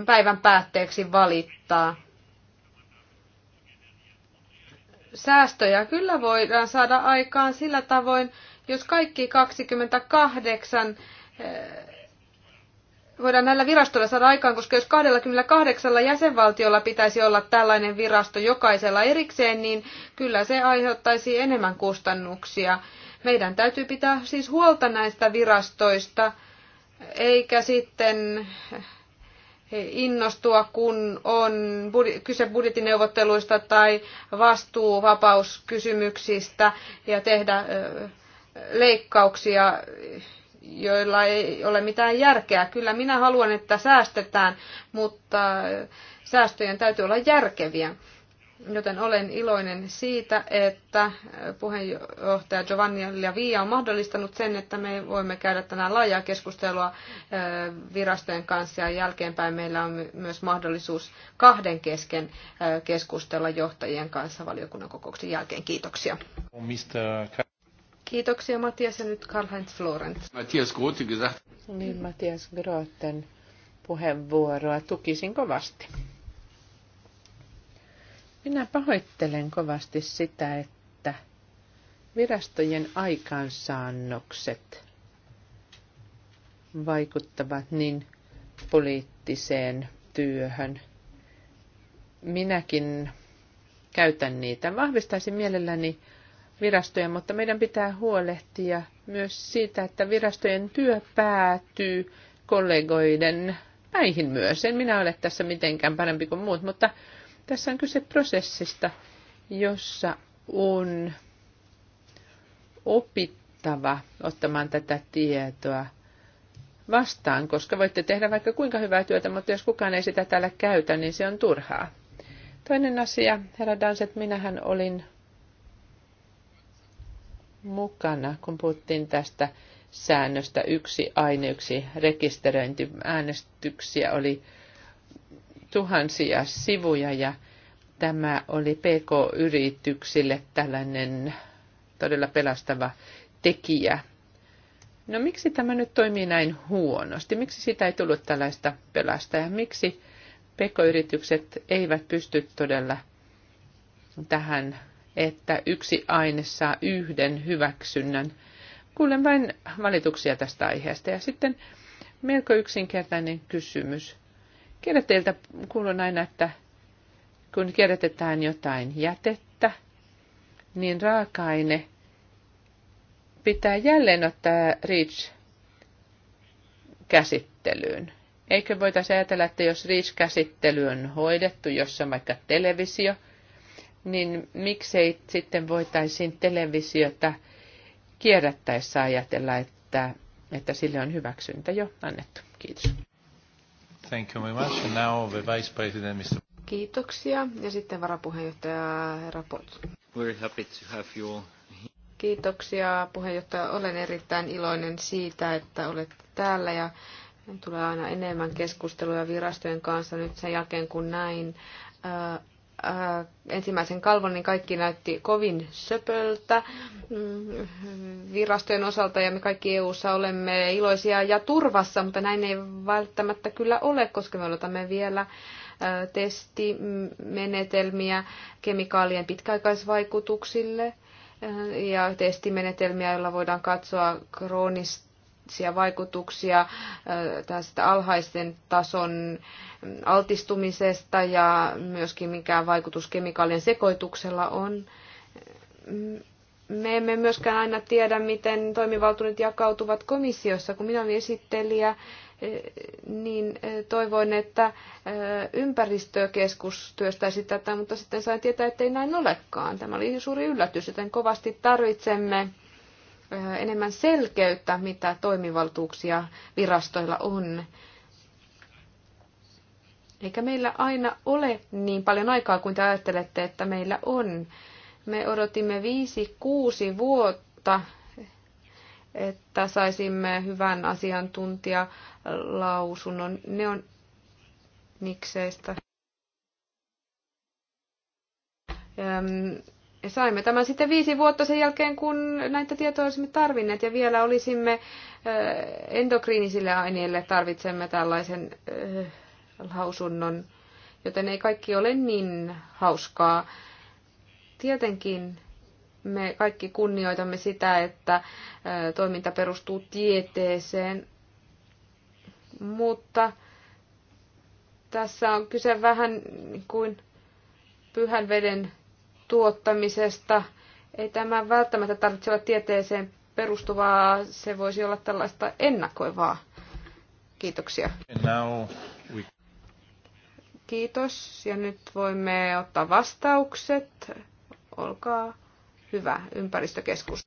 päivän päätteeksi valittaa. Säästöjä kyllä voidaan saada aikaan sillä tavoin, jos kaikki 28 voidaan näillä virastoilla saada aikaan, koska jos 28 jäsenvaltiolla pitäisi olla tällainen virasto jokaisella erikseen, niin kyllä se aiheuttaisi enemmän kustannuksia. Meidän täytyy pitää siis huolta näistä virastoista, eikä sitten eh, innostua, kun on kyse budjettineuvotteluista tai vastuuvapauskysymyksistä ja tehdä eh, leikkauksia, joilla ei ole mitään järkeä. Kyllä minä haluan, että säästetään, mutta säästöjen täytyy olla järkeviä. Joten olen iloinen siitä, että puheenjohtaja Giovanni Lavia on mahdollistanut sen, että me voimme käydä tänään laajaa keskustelua eh, virastojen kanssa ja jälkeenpäin meillä on myös mahdollisuus kahden kesken eh, keskustella johtajien kanssa valiokunnan kokouksen jälkeen. Kiitoksia. Oh, Kiitoksia Matias ja nyt Karl-Heinz Florent. Matias Grote gesagt. Niin, Matias Groten puheenvuoroa tukisin kovasti. Minä pahoittelen kovasti sitä, että virastojen aikaansaannokset vaikuttavat niin poliittiseen työhön. Minäkin käytän niitä. Vahvistaisin mielelläni virastoja, mutta meidän pitää huolehtia myös siitä, että virastojen työ päätyy kollegoiden päihin myös. En minä ole tässä mitenkään parempi kuin muut, mutta tässä on kyse prosessista, jossa on opittava ottamaan tätä tietoa vastaan, koska voitte tehdä vaikka kuinka hyvää työtä, mutta jos kukaan ei sitä täällä käytä, niin se on turhaa. Toinen asia, herra Danset, minähän olin mukana, kun puhuttiin tästä säännöstä yksi aine, yksi rekisteröinti. Äänestyksiä oli tuhansia sivuja ja tämä oli PK-yrityksille tällainen todella pelastava tekijä. No miksi tämä nyt toimii näin huonosti? Miksi sitä ei tullut tällaista pelastajaa? Miksi PK-yritykset eivät pysty todella tähän että yksi aine saa yhden hyväksynnän. Kuulen vain valituksia tästä aiheesta. Ja sitten melko yksinkertainen kysymys. teiltä kuulun aina, että kun kierrätetään jotain jätettä, niin raaka-aine pitää jälleen ottaa REACH käsittelyyn. Eikö voitaisiin ajatella, että jos REACH-käsittely on hoidettu, jossa on vaikka televisio, niin miksei sitten voitaisiin televisiota kierrättäessä ajatella, että, että sille on hyväksyntä jo annettu. Kiitos. Thank you very much. And now the Vice President, Mr. Kiitoksia. Ja sitten varapuheenjohtaja herra Pots. We're happy to have you Kiitoksia puheenjohtaja. Olen erittäin iloinen siitä, että olet täällä ja tulee aina enemmän keskusteluja virastojen kanssa nyt sen jälkeen, kun näin äh, Äh, ensimmäisen kalvon, niin kaikki näytti kovin söpöltä mm, virastojen osalta ja me kaikki EU-ssa olemme iloisia ja turvassa, mutta näin ei välttämättä kyllä ole, koska me odotamme vielä äh, testimenetelmiä kemikaalien pitkäaikaisvaikutuksille äh, ja testimenetelmiä, joilla voidaan katsoa kroonista vaikutuksia tästä alhaisten tason altistumisesta ja myöskin mikä vaikutus kemikaalien sekoituksella on. Me emme myöskään aina tiedä, miten toimivaltuudet jakautuvat komissiossa. Kun minä olin esittelijä, niin toivoin, että ympäristökeskus työstäisi tätä, mutta sitten sain tietää, että ei näin olekaan. Tämä oli suuri yllätys, joten kovasti tarvitsemme enemmän selkeyttä, mitä toimivaltuuksia virastoilla on. Eikä meillä aina ole niin paljon aikaa kuin te ajattelette, että meillä on. Me odotimme viisi, kuusi vuotta, että saisimme hyvän asiantuntijalausunnon neonikseistä. Ja saimme tämän sitten viisi vuotta sen jälkeen, kun näitä tietoja olisimme tarvinneet ja vielä olisimme eh, endokriinisille aineille tarvitsemme tällaisen eh, lausunnon, joten ei kaikki ole niin hauskaa. Tietenkin me kaikki kunnioitamme sitä, että eh, toiminta perustuu tieteeseen, mutta tässä on kyse vähän niin kuin pyhän veden tuottamisesta. Ei tämä välttämättä tarvitse olla tieteeseen perustuvaa, se voisi olla tällaista ennakoivaa. Kiitoksia. Kiitos. Ja nyt voimme ottaa vastaukset. Olkaa hyvä, ympäristökeskus.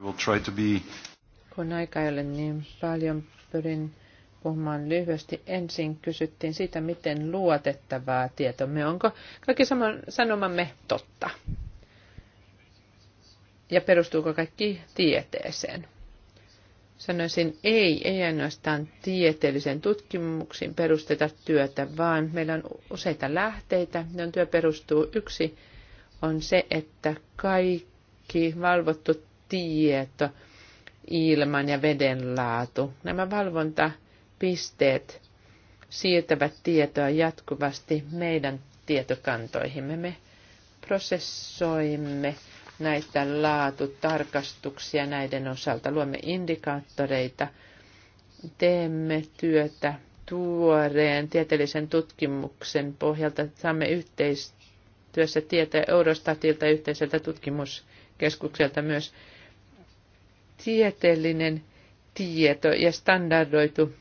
Kun aika ei ole niin paljon, pyrin puhumaan lyhyesti. Ensin kysyttiin siitä, miten luotettavaa tietomme, onko kaikki saman sanomamme totta ja perustuuko kaikki tieteeseen. Sanoisin ei, ei ainoastaan tieteellisen tutkimuksiin perusteta työtä, vaan meillä on useita lähteitä, joiden työ perustuu yksi on se, että kaikki valvottu tieto, ilman ja veden laatu, nämä valvontapisteet siirtävät tietoa jatkuvasti meidän tietokantoihimme. Me prosessoimme näitä laatutarkastuksia näiden osalta. Luomme indikaattoreita, teemme työtä tuoreen tieteellisen tutkimuksen pohjalta. Saamme yhteistyössä tietoa Eurostatilta yhteiseltä tutkimuskeskukselta myös tieteellinen tieto ja standardoitu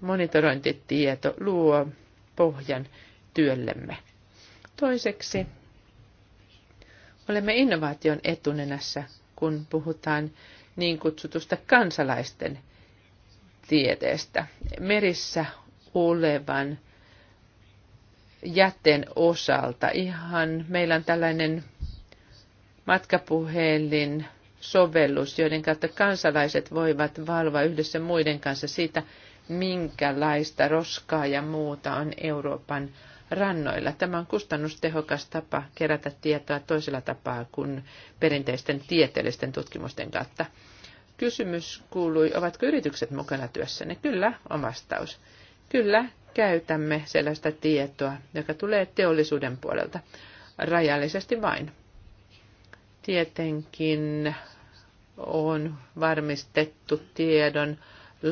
monitorointitieto luo pohjan työllemme. Toiseksi Olemme innovaation etunenässä, kun puhutaan niin kutsutusta kansalaisten tieteestä. Merissä olevan jätteen osalta ihan meillä on tällainen matkapuhelin sovellus, joiden kautta kansalaiset voivat valvoa yhdessä muiden kanssa siitä, minkälaista roskaa ja muuta on Euroopan rannoilla. Tämä on kustannustehokas tapa kerätä tietoa toisella tapaa kuin perinteisten tieteellisten tutkimusten kautta. Kysymys kuului, ovatko yritykset mukana työssäne. Kyllä, on vastaus. Kyllä, käytämme sellaista tietoa, joka tulee teollisuuden puolelta, rajallisesti vain. Tietenkin on varmistettu tiedon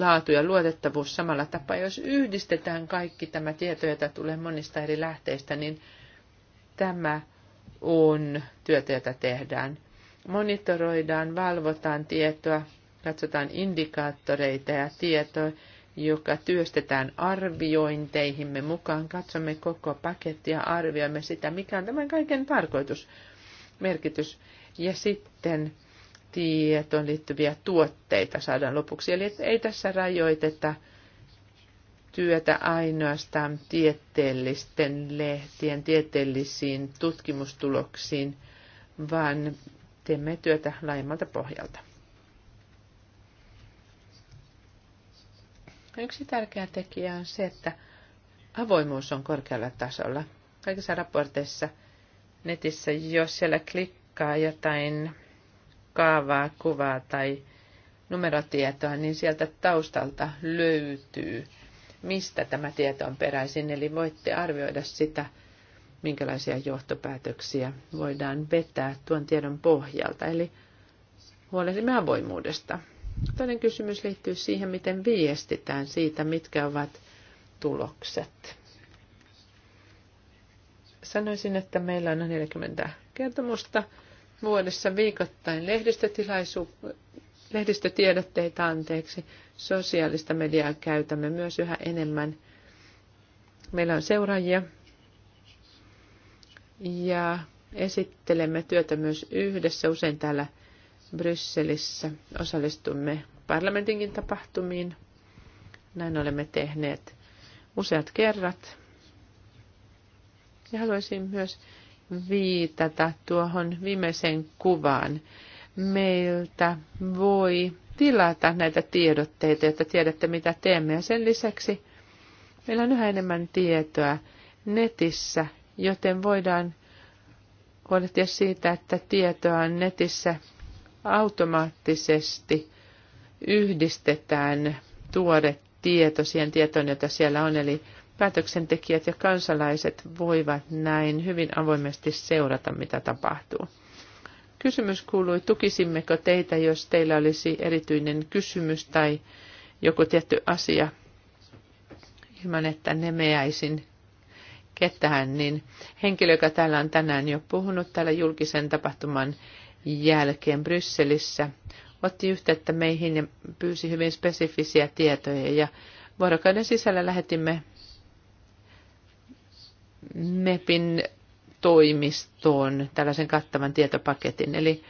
laatu ja luotettavuus samalla tapaa. Jos yhdistetään kaikki tämä tieto, jota tulee monista eri lähteistä, niin tämä on työtä, jota tehdään. Monitoroidaan, valvotaan tietoa, katsotaan indikaattoreita ja tietoa, joka työstetään arviointeihimme mukaan. Katsomme koko pakettia, arvioimme sitä, mikä on tämän kaiken tarkoitus, merkitys. Ja sitten tietoon liittyviä tuotteita saadaan lopuksi. Eli ei tässä rajoiteta työtä ainoastaan tieteellisten lehtien, tieteellisiin tutkimustuloksiin, vaan teemme työtä laajemmalta pohjalta. Yksi tärkeä tekijä on se, että avoimuus on korkealla tasolla. Kaikissa raporteissa netissä, jos siellä klikkaa jotain kaavaa, kuvaa tai numerotietoa, niin sieltä taustalta löytyy, mistä tämä tieto on peräisin. Eli voitte arvioida sitä, minkälaisia johtopäätöksiä voidaan vetää tuon tiedon pohjalta. Eli huolehdimme avoimuudesta. Toinen kysymys liittyy siihen, miten viestitään siitä, mitkä ovat tulokset. Sanoisin, että meillä on 40 kertomusta vuodessa viikoittain lehdistötilaisuuksia lehdistötiedotteita anteeksi. Sosiaalista mediaa käytämme myös yhä enemmän. Meillä on seuraajia ja esittelemme työtä myös yhdessä usein täällä Brysselissä. Osallistumme parlamentinkin tapahtumiin. Näin olemme tehneet useat kerrat. Ja haluaisin myös viitata tuohon viimeiseen kuvaan. Meiltä voi tilata näitä tiedotteita, jotta tiedätte mitä teemme. Ja sen lisäksi meillä on yhä enemmän tietoa netissä, joten voidaan huolehtia siitä, että tietoa on netissä automaattisesti yhdistetään tuore tieto siihen tietoon, jota siellä on. Eli Päätöksentekijät ja kansalaiset voivat näin hyvin avoimesti seurata, mitä tapahtuu. Kysymys kuului, tukisimmeko teitä, jos teillä olisi erityinen kysymys tai joku tietty asia, ilman että nemeäisin ketään, niin henkilö, joka täällä on tänään jo puhunut täällä julkisen tapahtuman jälkeen Brysselissä, otti yhteyttä meihin ja pyysi hyvin spesifisiä tietoja ja vuorokauden sisällä lähetimme MEPin toimistoon tällaisen kattavan tietopaketin. Eli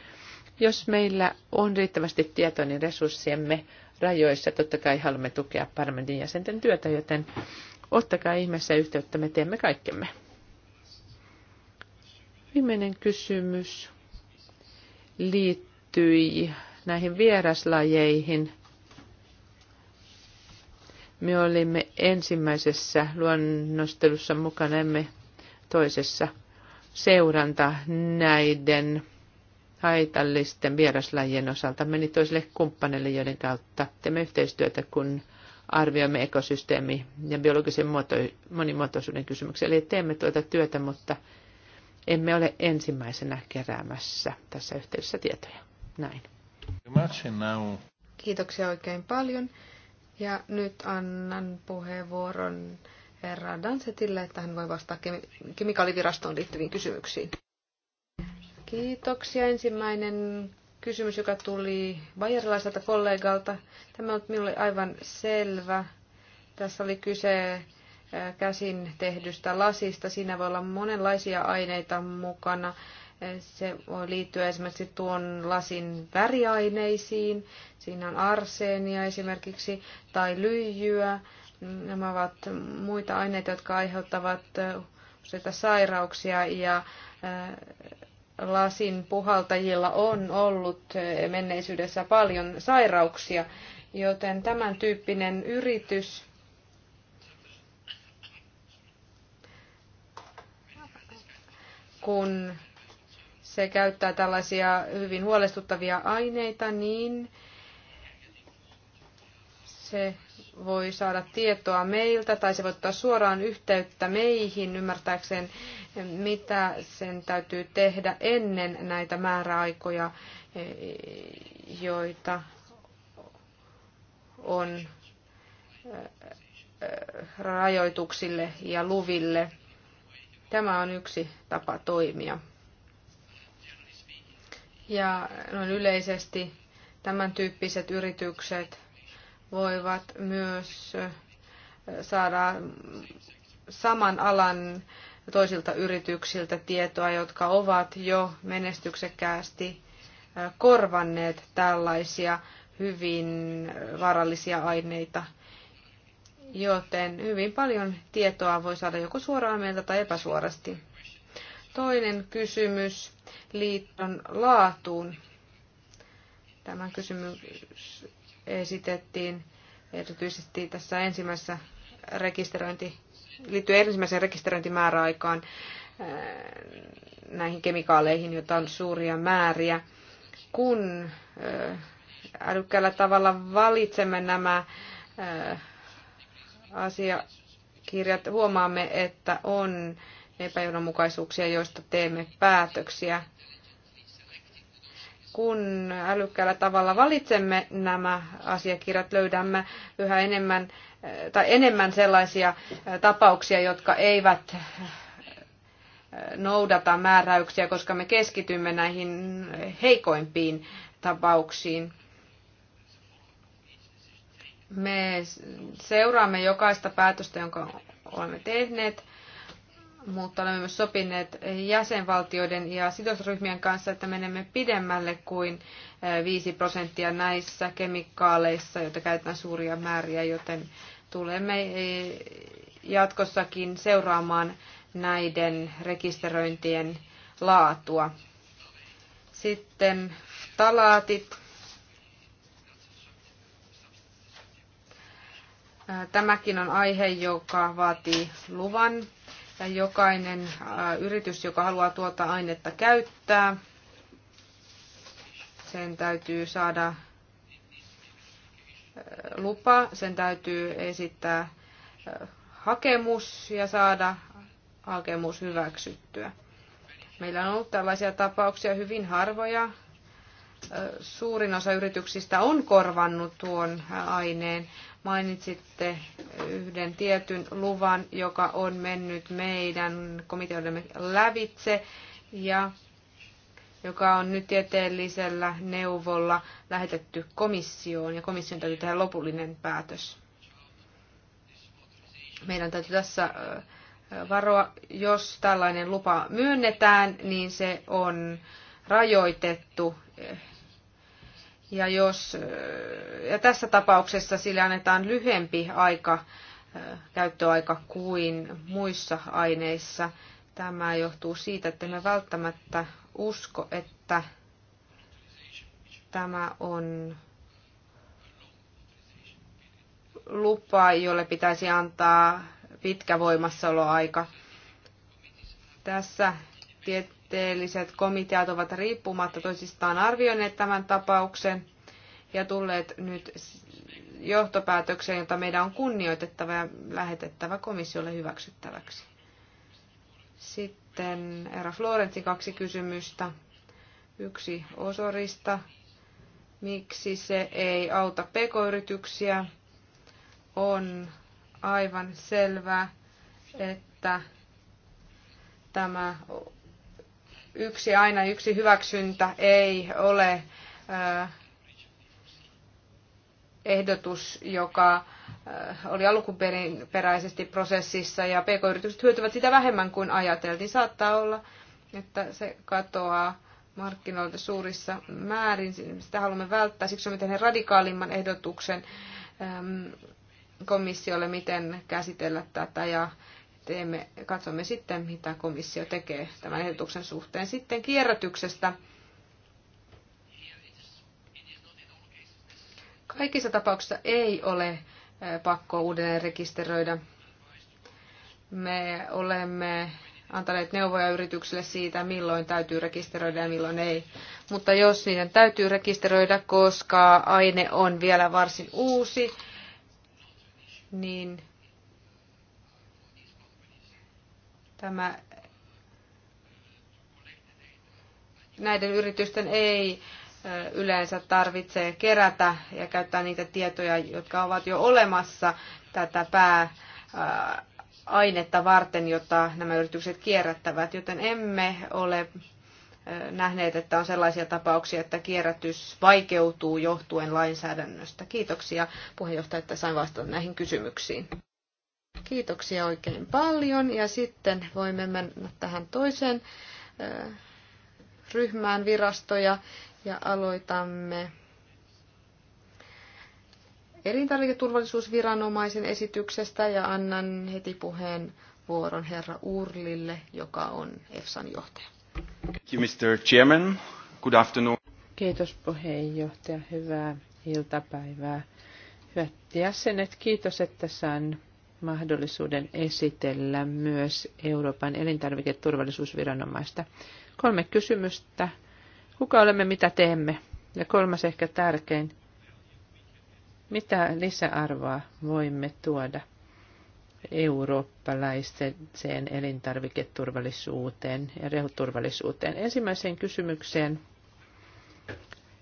jos meillä on riittävästi tietoa, niin resurssiemme rajoissa totta kai haluamme tukea parlamentin jäsenten työtä, joten ottakaa ihmeessä yhteyttä, me teemme kaikkemme. Viimeinen kysymys liittyi näihin vieraslajeihin – me olimme ensimmäisessä luonnostelussa mukana, emme toisessa seuranta näiden haitallisten vieraslajien osalta meni toiselle kumppanille, joiden kautta teemme yhteistyötä, kun arvioimme ekosysteemi- ja biologisen muoto- monimuotoisuuden kysymyksiä. Eli teemme tuota työtä, mutta emme ole ensimmäisenä keräämässä tässä yhteydessä tietoja. Näin. Kiitoksia oikein paljon. Ja nyt annan puheenvuoron herra Dansetille, että hän voi vastata kemikaalivirastoon liittyviin kysymyksiin. Kiitoksia. Ensimmäinen kysymys, joka tuli bajarilaiselta kollegalta. Tämä on minulle aivan selvä. Tässä oli kyse käsin tehdystä lasista. Siinä voi olla monenlaisia aineita mukana. Se voi liittyä esimerkiksi tuon lasin väriaineisiin, siinä on arseenia esimerkiksi, tai lyijyä. Nämä ovat muita aineita, jotka aiheuttavat useita sairauksia ja lasin puhaltajilla on ollut menneisyydessä paljon sairauksia, joten tämän tyyppinen yritys kun se käyttää tällaisia hyvin huolestuttavia aineita, niin se voi saada tietoa meiltä tai se voi ottaa suoraan yhteyttä meihin ymmärtääkseen, mitä sen täytyy tehdä ennen näitä määräaikoja, joita on rajoituksille ja luville. Tämä on yksi tapa toimia. Ja noin yleisesti tämän tyyppiset yritykset voivat myös saada saman alan toisilta yrityksiltä tietoa, jotka ovat jo menestyksekkäästi korvanneet tällaisia hyvin vaarallisia aineita. Joten hyvin paljon tietoa voi saada joko suoraan meiltä tai epäsuorasti. Toinen kysymys liiton laatuun. Tämä kysymys esitettiin erityisesti tässä ensimmäisessä rekisteröinti, liittyen ensimmäiseen rekisteröintimääräaikaan näihin kemikaaleihin, joita on suuria määriä. Kun älykkäällä tavalla valitsemme nämä asiakirjat, huomaamme, että on epäjohdonmukaisuuksia, joista teemme päätöksiä. Kun älykkäällä tavalla valitsemme nämä asiakirjat, löydämme yhä enemmän, tai enemmän sellaisia tapauksia, jotka eivät noudata määräyksiä, koska me keskitymme näihin heikoimpiin tapauksiin. Me seuraamme jokaista päätöstä, jonka olemme tehneet mutta olemme myös sopineet jäsenvaltioiden ja sidosryhmien kanssa, että menemme pidemmälle kuin 5 eh, prosenttia näissä kemikaaleissa, joita käytetään suuria määriä, joten tulemme eh, jatkossakin seuraamaan näiden rekisteröintien laatua. Sitten talaatit. Eh, tämäkin on aihe, joka vaatii luvan jokainen äh, yritys, joka haluaa tuota ainetta käyttää, sen täytyy saada äh, lupa, sen täytyy esittää äh, hakemus ja saada hakemus hyväksyttyä. Meillä on ollut tällaisia tapauksia hyvin harvoja. Suurin osa yrityksistä on korvannut tuon aineen, Mainitsitte yhden tietyn luvan, joka on mennyt meidän komiteoidemme lävitse ja joka on nyt tieteellisellä neuvolla lähetetty komissioon ja komission täytyy tehdä lopullinen päätös. Meidän täytyy tässä varoa, jos tällainen lupa myönnetään, niin se on rajoitettu ja, jos, ja tässä tapauksessa sille annetaan lyhempi aika, käyttöaika kuin muissa aineissa. Tämä johtuu siitä, että me välttämättä usko, että tämä on lupa, jolle pitäisi antaa pitkä voimassaoloaika. Tässä tietysti tieteelliset komiteat ovat riippumatta toisistaan arvioineet tämän tapauksen ja tulleet nyt johtopäätökseen, jota meidän on kunnioitettava ja lähetettävä komissiolle hyväksyttäväksi. Sitten Era Florenti kaksi kysymystä. Yksi Osorista. Miksi se ei auta pekoyrityksiä? On aivan selvää, että tämä yksi aina yksi hyväksyntä ei ole ehdotus, joka oli alkuperäisesti prosessissa ja pk-yritykset hyötyvät sitä vähemmän kuin ajateltiin. Saattaa olla, että se katoaa markkinoilta suurissa määrin. Sitä haluamme välttää. Siksi olemme tehneet radikaalimman ehdotuksen komissiolle, miten käsitellä tätä ja teemme, katsomme sitten, mitä komissio tekee tämän ehdotuksen suhteen. Sitten kierrätyksestä. Kaikissa tapauksissa ei ole pakko uudelleen rekisteröidä. Me olemme antaneet neuvoja yrityksille siitä, milloin täytyy rekisteröidä ja milloin ei. Mutta jos niiden täytyy rekisteröidä, koska aine on vielä varsin uusi, niin Tämä, näiden yritysten ei yleensä tarvitse kerätä ja käyttää niitä tietoja, jotka ovat jo olemassa tätä pääainetta varten, jota nämä yritykset kierrättävät, joten emme ole nähneet, että on sellaisia tapauksia, että kierrätys vaikeutuu johtuen lainsäädännöstä. Kiitoksia puheenjohtaja, että sain vastata näihin kysymyksiin. Kiitoksia oikein paljon ja sitten voimme mennä tähän toiseen äh, ryhmään virastoja ja aloitamme elintarviketurvallisuusviranomaisen esityksestä ja annan heti puheen vuoron herra Urlille, joka on EFSAn johtaja. Thank you, Mr. Chairman. Good afternoon. Kiitos puheenjohtaja. Hyvää iltapäivää. Hyvät jäsenet, kiitos, että saan mahdollisuuden esitellä myös Euroopan elintarviketurvallisuusviranomaista. Kolme kysymystä. Kuka olemme, mitä teemme? Ja kolmas ehkä tärkein. Mitä lisäarvoa voimme tuoda eurooppalaiseen elintarviketurvallisuuteen ja rehuturvallisuuteen? Ensimmäiseen kysymykseen.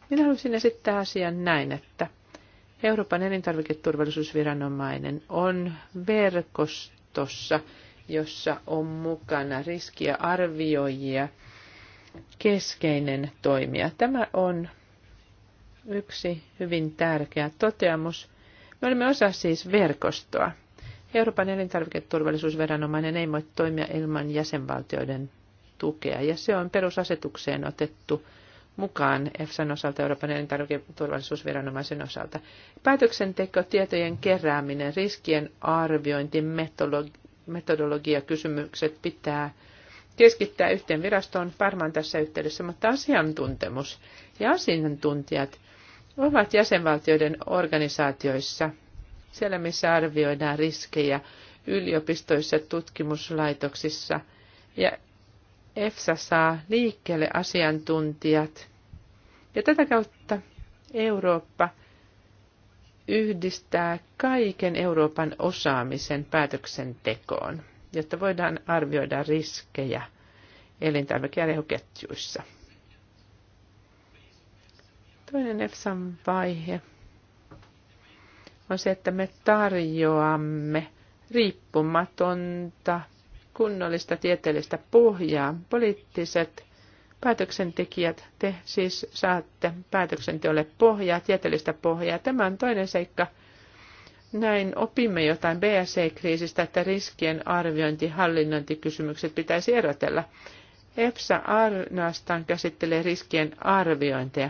Minä haluaisin esittää asian näin, että – Euroopan elintarviketurvallisuusviranomainen on verkostossa, jossa on mukana riskiä arvioijia, keskeinen toimija. Tämä on yksi hyvin tärkeä toteamus. Me olemme osa siis verkostoa. Euroopan elintarviketurvallisuusviranomainen ei voi toimia ilman jäsenvaltioiden tukea, ja se on perusasetukseen otettu mukaan EFSAn osalta, Euroopan elintarviketurvallisuusviranomaisen osalta. Päätöksenteko, tietojen kerääminen, riskien arviointi, metodologiakysymykset pitää keskittää yhteen virastoon varmaan tässä yhteydessä, mutta asiantuntemus ja asiantuntijat ovat jäsenvaltioiden organisaatioissa, siellä missä arvioidaan riskejä yliopistoissa, tutkimuslaitoksissa ja EFSA saa liikkeelle asiantuntijat. Ja tätä kautta Eurooppa yhdistää kaiken Euroopan osaamisen päätöksentekoon, jotta voidaan arvioida riskejä elintarvike- Toinen EFSAn vaihe on se, että me tarjoamme riippumatonta kunnollista tieteellistä pohjaa. Poliittiset päätöksentekijät, te siis saatte päätöksenteolle pohjaa, tieteellistä pohjaa. Tämä on toinen seikka. Näin opimme jotain BSE-kriisistä, että riskien arviointi- hallinnointikysymykset pitäisi erotella. EFSA ainoastaan käsittelee riskien arviointeja.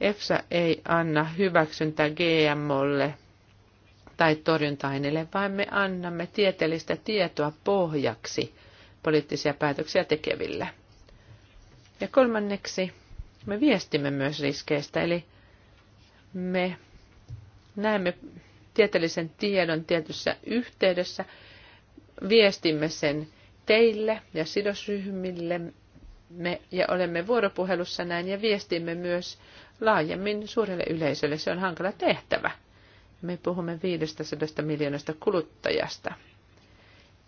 EFSA ei anna hyväksyntää GMOlle tai torjunta-aineille, vaan me annamme tieteellistä tietoa pohjaksi poliittisia päätöksiä tekeville. Ja kolmanneksi, me viestimme myös riskeistä, eli me näemme tieteellisen tiedon tietyssä yhteydessä, viestimme sen teille ja sidosryhmille me ja olemme vuoropuhelussa näin ja viestimme myös laajemmin suurelle yleisölle. Se on hankala tehtävä. Me puhumme 500 miljoonasta kuluttajasta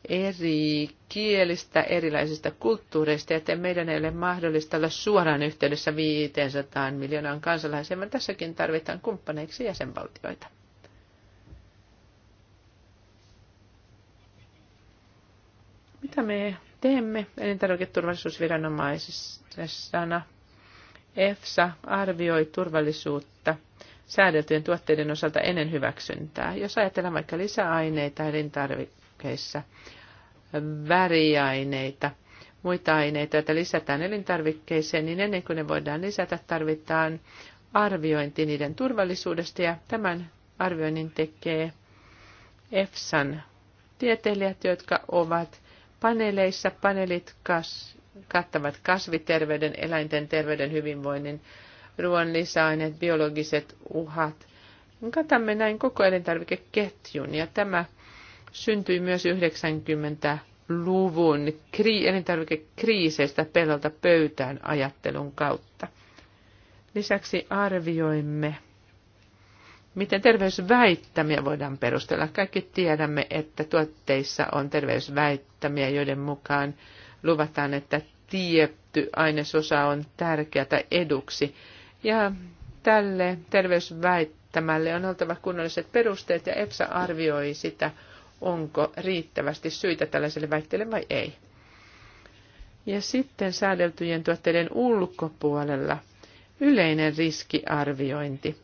eri kielistä, erilaisista kulttuureista, joten meidän ei ole mahdollista olla suoraan yhteydessä 500 miljoonaan kansalaisen. vaan tässäkin tarvitaan kumppaneiksi jäsenvaltioita. Mitä me teemme elintarviketurvallisuusviranomaisena? EFSA arvioi turvallisuutta – säädeltyjen tuotteiden osalta ennen hyväksyntää. Jos ajatellaan vaikka lisäaineita elintarvikkeissa, väriaineita, muita aineita, joita lisätään elintarvikkeeseen, niin ennen kuin ne voidaan lisätä, tarvitaan arviointi niiden turvallisuudesta ja tämän arvioinnin tekee EFSAn tieteilijät, jotka ovat paneeleissa. Paneelit kas, kattavat kasviterveyden, eläinten terveyden, hyvinvoinnin, ruoan lisäaineet, biologiset uhat. Katamme näin koko elintarvikeketjun ja tämä syntyi myös 90-luvun elintarvikekriiseistä pelolta pöytään ajattelun kautta. Lisäksi arvioimme, miten terveysväittämiä voidaan perustella. Kaikki tiedämme, että tuotteissa on terveysväittämiä, joiden mukaan luvataan, että tietty ainesosa on tärkeää eduksi ja tälle terveysväittämälle on oltava kunnolliset perusteet ja EFSA arvioi sitä, onko riittävästi syitä tällaiselle väitteelle vai ei. Ja sitten säädeltyjen tuotteiden ulkopuolella yleinen riskiarviointi.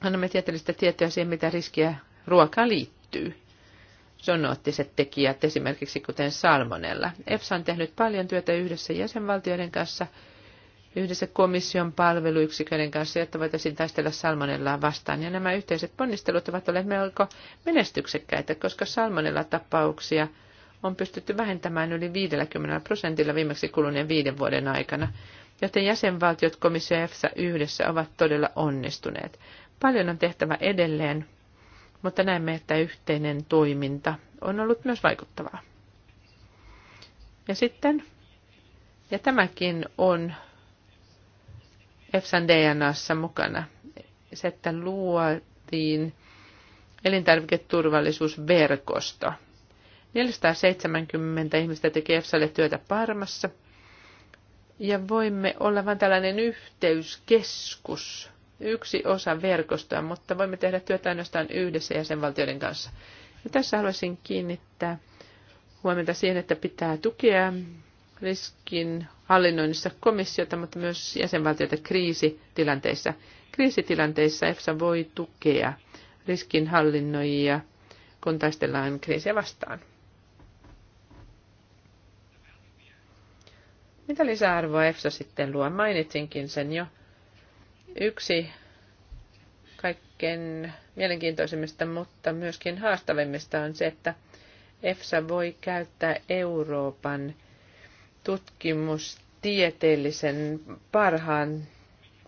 Annamme tieteellistä tietoa siihen, mitä riskiä ruokaan liittyy. Sonoottiset tekijät, esimerkiksi kuten salmonella. EFSA on tehnyt paljon työtä yhdessä jäsenvaltioiden kanssa – yhdessä komission palveluyksiköiden kanssa, jotta voitaisiin taistella salmonellaa vastaan. Ja nämä yhteiset ponnistelut ovat olleet melko menestyksekkäitä, koska salmonella-tapauksia on pystytty vähentämään yli 50 prosentilla viimeksi kuluneen viiden vuoden aikana, joten jäsenvaltiot, komissio ja EFSA yhdessä ovat todella onnistuneet. Paljon on tehtävä edelleen, mutta näemme, että yhteinen toiminta on ollut myös vaikuttavaa. Ja sitten, ja tämäkin on EFSAn DNAssa mukana. Se, että luotiin elintarviketurvallisuusverkosto. 470 ihmistä teki EFSAlle työtä Parmassa. Ja voimme olla vain tällainen yhteyskeskus, yksi osa verkostoa, mutta voimme tehdä työtä ainoastaan yhdessä jäsenvaltioiden kanssa. Ja tässä haluaisin kiinnittää huomenta siihen, että pitää tukea riskin hallinnoinnissa komissiota, mutta myös jäsenvaltioita kriisitilanteissa. Kriisitilanteissa EFSA voi tukea riskinhallinnoijia, kun taistellaan kriisiä vastaan. Mitä lisäarvoa EFSA sitten luo? Mainitsinkin sen jo. Yksi kaikkein mielenkiintoisimmista, mutta myöskin haastavimmista on se, että EFSA voi käyttää Euroopan tutkimus parhaan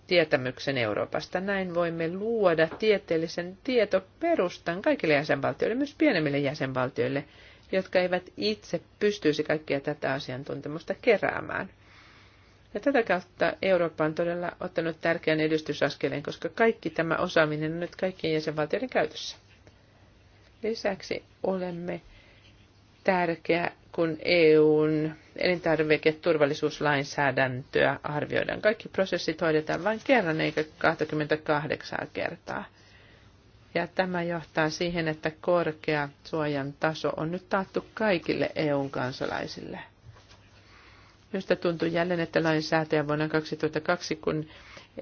tietämyksen Euroopasta. Näin voimme luoda tieteellisen tietoperustan kaikille jäsenvaltioille, myös pienemmille jäsenvaltioille, jotka eivät itse pystyisi kaikkia tätä asiantuntemusta keräämään. Ja tätä kautta Eurooppa on todella ottanut tärkeän edistysaskeleen, koska kaikki tämä osaaminen on nyt kaikkien jäsenvaltioiden käytössä. Lisäksi olemme tärkeä kun EUn elintarviketurvallisuuslainsäädäntöä arvioidaan. Kaikki prosessit hoidetaan vain kerran eikä 28 kertaa. Ja tämä johtaa siihen, että korkea suojan taso on nyt taattu kaikille EUn kansalaisille. Josta tuntuu jälleen, että lainsäätäjä vuonna 2002, kun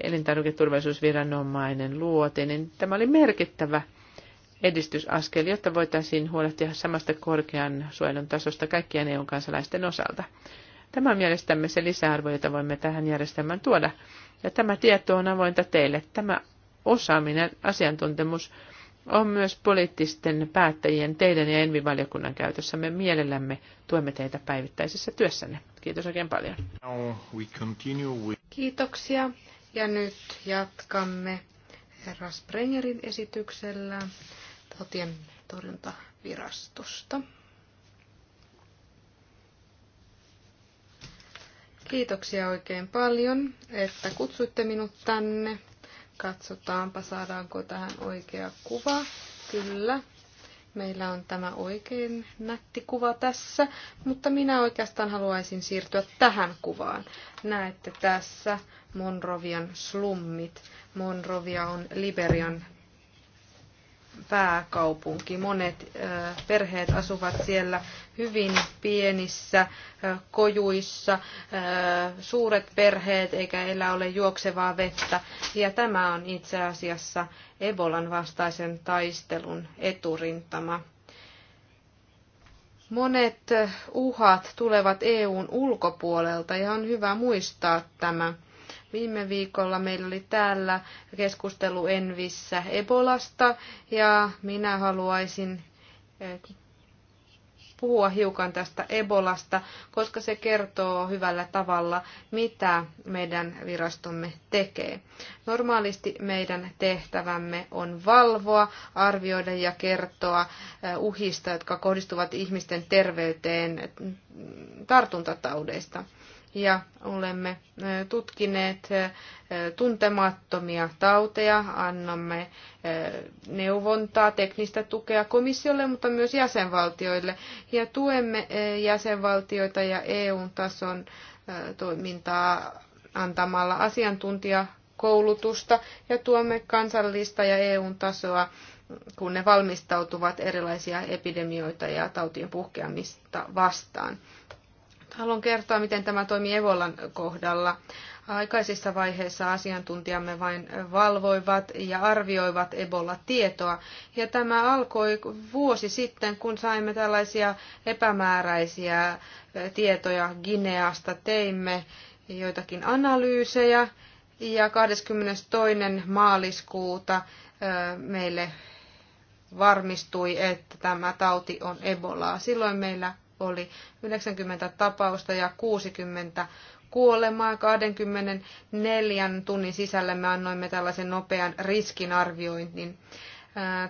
elintarviketurvallisuusviranomainen luotiin, niin tämä oli merkittävä edistysaskel, jotta voitaisiin huolehtia samasta korkean suojelun tasosta kaikkien EU-kansalaisten osalta. Tämä on mielestämme se lisäarvo, jota voimme tähän järjestelmään tuoda. Ja tämä tieto on avointa teille. Tämä osaaminen, asiantuntemus on myös poliittisten päättäjien, teidän ja Envivaliokunnan käytössä. Me mielellämme tuemme teitä päivittäisessä työssänne. Kiitos oikein paljon. Kiitoksia. Ja nyt jatkamme herra Sprengerin esityksellä sotien torjuntavirastosta. Kiitoksia oikein paljon, että kutsuitte minut tänne. Katsotaanpa, saadaanko tähän oikea kuva. Kyllä, meillä on tämä oikein nätti kuva tässä, mutta minä oikeastaan haluaisin siirtyä tähän kuvaan. Näette tässä Monrovian slummit. Monrovia on Liberian pääkaupunki. Monet perheet asuvat siellä hyvin pienissä kojuissa, suuret perheet eikä heillä ole juoksevaa vettä. Ja tämä on itse asiassa Ebolan vastaisen taistelun eturintama. Monet uhat tulevat EUn ulkopuolelta ja on hyvä muistaa tämä. Viime viikolla meillä oli täällä keskustelu Envissä Ebolasta ja minä haluaisin eh, puhua hiukan tästä Ebolasta, koska se kertoo hyvällä tavalla, mitä meidän virastomme tekee. Normaalisti meidän tehtävämme on valvoa, arvioida ja kertoa eh, uhista, jotka kohdistuvat ihmisten terveyteen mm, tartuntataudeista ja olemme tutkineet tuntemattomia tauteja, annamme neuvontaa, teknistä tukea komissiolle, mutta myös jäsenvaltioille ja tuemme jäsenvaltioita ja EU-tason toimintaa antamalla asiantuntijakoulutusta ja tuomme kansallista ja EU-tasoa kun ne valmistautuvat erilaisia epidemioita ja tautien puhkeamista vastaan. Haluan kertoa, miten tämä toimi Evolan kohdalla. Aikaisissa vaiheissa asiantuntijamme vain valvoivat ja arvioivat Ebola-tietoa. Ja tämä alkoi vuosi sitten, kun saimme tällaisia epämääräisiä tietoja Gineasta. Teimme joitakin analyysejä ja 22. maaliskuuta meille varmistui, että tämä tauti on Ebolaa. Silloin meillä oli 90 tapausta ja 60 kuolemaa. 24 tunnin sisällä me annoimme tällaisen nopean riskinarvioinnin.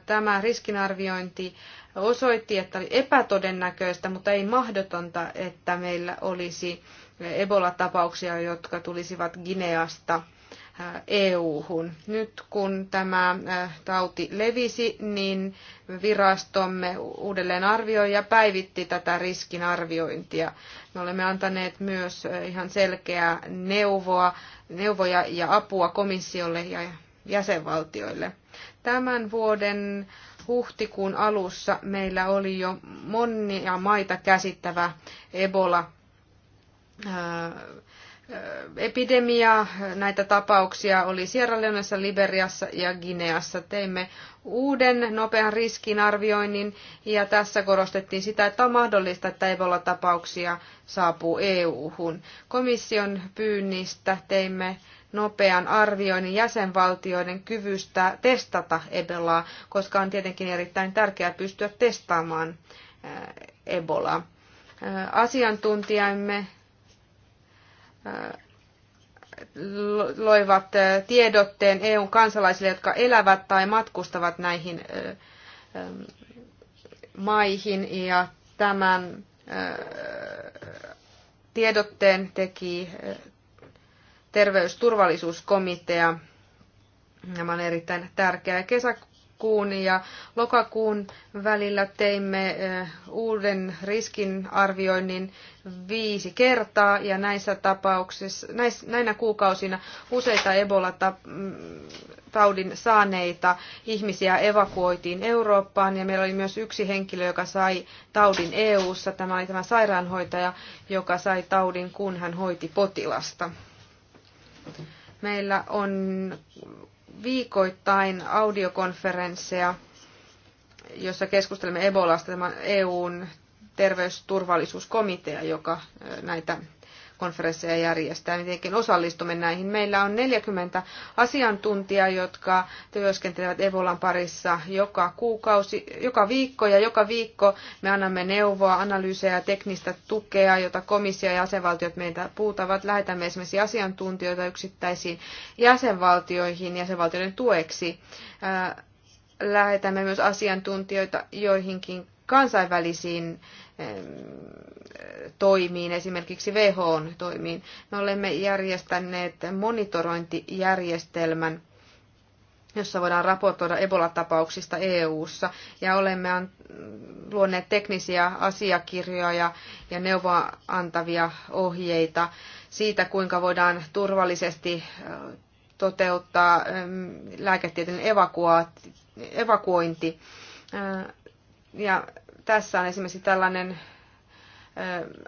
Tämä riskinarviointi osoitti, että oli epätodennäköistä, mutta ei mahdotonta, että meillä olisi Ebola-tapauksia, jotka tulisivat Gineasta – EU-hun. Nyt kun tämä tauti levisi, niin virastomme uudelleen arvioi ja päivitti tätä riskinarviointia. Me olemme antaneet myös ihan selkeää neuvoa, neuvoja ja apua komissiolle ja jäsenvaltioille. Tämän vuoden huhtikuun alussa meillä oli jo monia maita käsittävä Ebola epidemiaa, näitä tapauksia oli Sierra Leoneassa, Liberiassa ja Gineassa. Teimme uuden nopean riskinarvioinnin ja tässä korostettiin sitä, että on mahdollista, että Ebola-tapauksia saapuu EU-hun. Komission pyynnistä teimme nopean arvioinnin jäsenvaltioiden kyvystä testata Ebolaa, koska on tietenkin erittäin tärkeää pystyä testaamaan Ebolaa. Asiantuntijamme loivat äh, tiedotteen EUn kansalaisille, jotka elävät tai matkustavat näihin äh, ähm, maihin. Ja tämän äh, tiedotteen teki terveysturvallisuuskomitea. Nämä on erittäin tärkeää. Kesä, marraskuun ja lokakuun välillä teimme eh, uuden riskinarvioinnin viisi kertaa ja näissä tapauksissa, näinä kuukausina useita Ebola-taudin saaneita ihmisiä evakuoitiin Eurooppaan ja meillä oli myös yksi henkilö, joka sai taudin EU-ssa. Tämä oli tämä sairaanhoitaja, joka sai taudin, kun hän hoiti potilasta. Meillä on viikoittain audiokonferensseja, jossa keskustelemme Ebolasta, tämän EUn terveysturvallisuuskomitea, joka näitä konferensseja järjestää, mitenkin niin osallistumme näihin. Meillä on 40 asiantuntijaa, jotka työskentelevät Evolan parissa joka kuukausi, joka viikko ja joka viikko me annamme neuvoa, analyysejä ja teknistä tukea, jota komissio ja jäsenvaltiot meitä puutavat. Lähetämme esimerkiksi asiantuntijoita yksittäisiin jäsenvaltioihin jäsenvaltioiden tueksi. Lähetämme myös asiantuntijoita joihinkin kansainvälisiin toimiin, esimerkiksi WHOn toimiin. Me olemme järjestäneet monitorointijärjestelmän, jossa voidaan raportoida Ebola-tapauksista EU-ssa, ja olemme luoneet teknisiä asiakirjoja ja neuvoa antavia ohjeita siitä, kuinka voidaan turvallisesti toteuttaa lääketieteen evakuointi. Ja tässä on esimerkiksi tällainen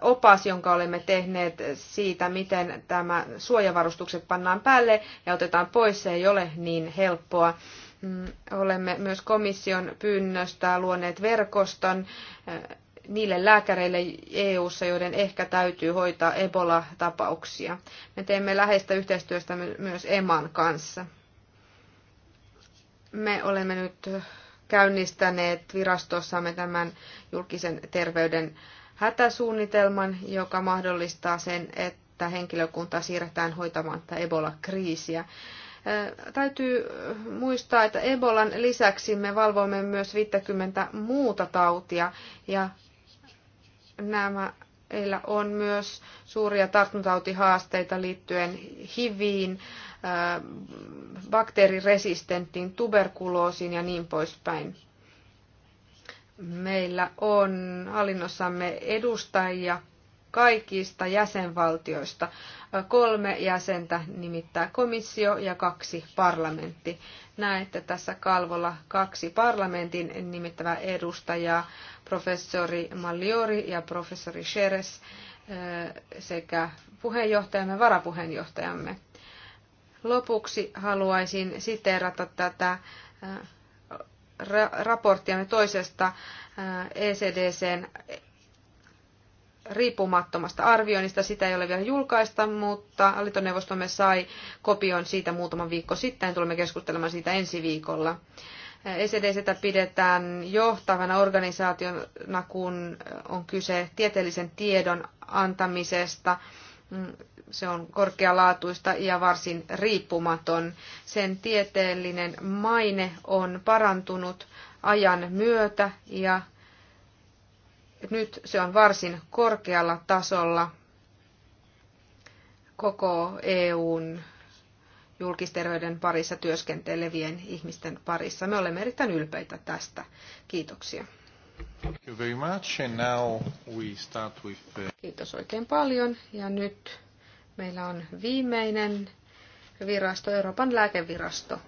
opas, jonka olemme tehneet siitä, miten tämä suojavarustukset pannaan päälle ja otetaan pois. Se ei ole niin helppoa. Mm, olemme myös komission pyynnöstä luoneet verkoston niille lääkäreille EU-ssa, joiden ehkä täytyy hoitaa Ebola-tapauksia. Me teemme läheistä yhteistyöstä myös EMAN kanssa. Me olemme nyt käynnistäneet virastossamme tämän julkisen terveyden hätäsuunnitelman, joka mahdollistaa sen, että henkilökunta siirretään hoitamaan tätä Ebola-kriisiä. Täytyy muistaa, että Ebolan lisäksi me valvomme myös 50 muuta tautia ja nämä heillä on myös suuria tartuntatautihaasteita liittyen HIViin, äh, bakteeriresistenttiin, tuberkuloosiin ja niin poispäin. Meillä on hallinnossamme edustajia kaikista jäsenvaltioista. Kolme jäsentä nimittää komissio ja kaksi parlamentti. Näette tässä kalvolla kaksi parlamentin nimittävää edustajaa, professori Malliori ja professori Sheres eh, sekä puheenjohtajamme varapuheenjohtajamme. Lopuksi haluaisin siteerata tätä eh, raporttiamme toisesta ECDCn eh, e riippumattomasta arvioinnista. Sitä ei ole vielä julkaista, mutta hallintoneuvostomme sai kopion siitä muutama viikko sitten. Tulemme keskustelemaan siitä ensi viikolla. ECDCtä pidetään johtavana organisaationa, kun on kyse tieteellisen tiedon antamisesta. Se on korkealaatuista ja varsin riippumaton. Sen tieteellinen maine on parantunut ajan myötä ja nyt se on varsin korkealla tasolla koko EUn julkisterveyden parissa työskentelevien ihmisten parissa. Me olemme erittäin ylpeitä tästä. Kiitoksia. Kiitos oikein paljon. Ja nyt meillä on viimeinen virasto, Euroopan lääkevirasto,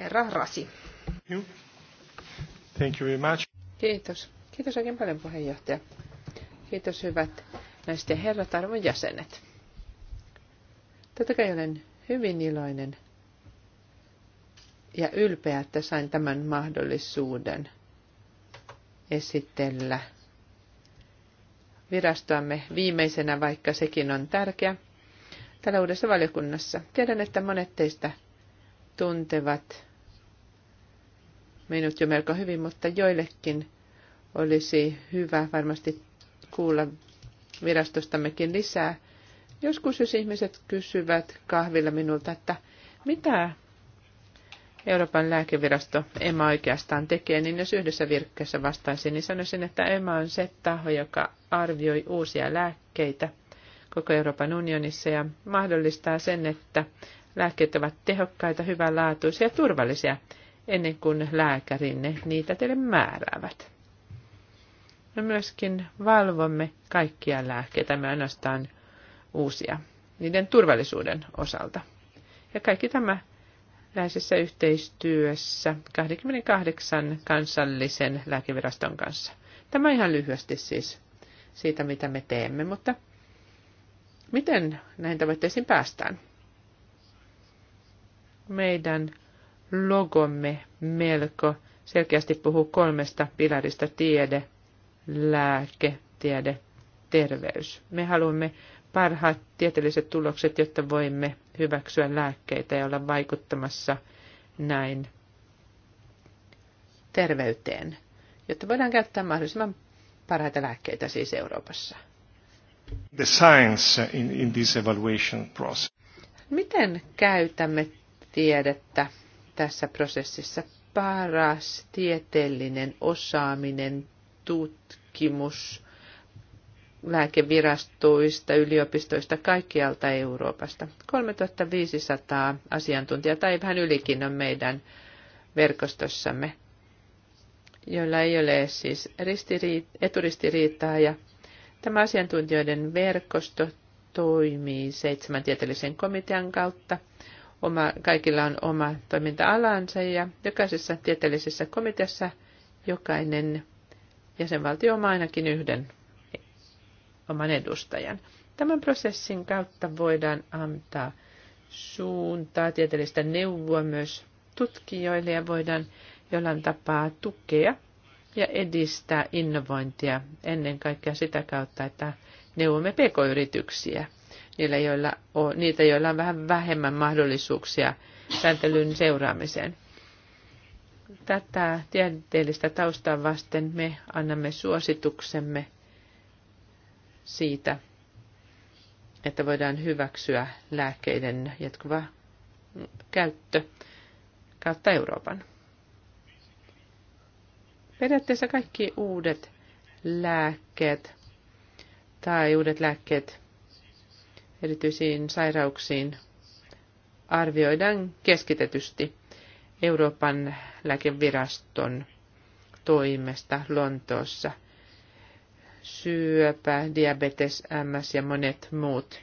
herra Rasi. Thank you very much. Kiitos. Kiitos oikein paljon puheenjohtaja. Kiitos hyvät naiset ja herrat, arvon jäsenet. Totta kai olen hyvin iloinen ja ylpeä, että sain tämän mahdollisuuden esitellä virastoamme viimeisenä, vaikka sekin on tärkeä, täällä uudessa valiokunnassa. Tiedän, että monet teistä tuntevat minut jo melko hyvin, mutta joillekin – olisi hyvä varmasti kuulla virastostammekin lisää. Joskus jos ihmiset kysyvät kahvilla minulta, että mitä Euroopan lääkevirasto EMA oikeastaan tekee, niin jos yhdessä virkkeessä vastaisin, niin sanoisin, että EMA on se taho, joka arvioi uusia lääkkeitä koko Euroopan unionissa ja mahdollistaa sen, että lääkkeet ovat tehokkaita, hyvänlaatuisia ja turvallisia ennen kuin lääkärinne niitä teille määräävät. Me myöskin valvomme kaikkia lääkkeitä, me ainoastaan uusia, niiden turvallisuuden osalta. Ja kaikki tämä läheisessä yhteistyössä 28 kansallisen lääkeviraston kanssa. Tämä ihan lyhyesti siis siitä, mitä me teemme, mutta miten näihin tavoitteisiin päästään? Meidän logomme melko selkeästi puhuu kolmesta pilarista tiede, lääke, tiede, terveys. Me haluamme parhaat tieteelliset tulokset, jotta voimme hyväksyä lääkkeitä ja olla vaikuttamassa näin terveyteen, jotta voidaan käyttää mahdollisimman parhaita lääkkeitä siis Euroopassa. The science in, in this evaluation process. Miten käytämme tiedettä tässä prosessissa? Paras tieteellinen osaaminen, tutkimus lääkevirastoista, yliopistoista, kaikkialta Euroopasta. 3500 asiantuntijaa tai vähän ylikin on meidän verkostossamme, joilla ei ole siis eturistiriitaa. Ja tämä asiantuntijoiden verkosto toimii seitsemän tieteellisen komitean kautta. Oma, kaikilla on oma toiminta-alansa ja jokaisessa tieteellisessä komiteassa jokainen jäsenvaltio oma ainakin yhden oman edustajan. Tämän prosessin kautta voidaan antaa suuntaa, tieteellistä neuvoa myös tutkijoille ja voidaan jollain tapaa tukea ja edistää innovointia ennen kaikkea sitä kautta, että neuvomme pk-yrityksiä, niillä, joilla on, niitä, joilla on vähän vähemmän mahdollisuuksia sääntelyn seuraamiseen. Tätä tieteellistä taustaa vasten me annamme suosituksemme siitä, että voidaan hyväksyä lääkkeiden jatkuva käyttö kautta Euroopan. Periaatteessa kaikki uudet lääkkeet tai uudet lääkkeet erityisiin sairauksiin arvioidaan keskitetysti Euroopan lääkeviraston toimesta Lontoossa. Syöpä, diabetes, MS ja monet muut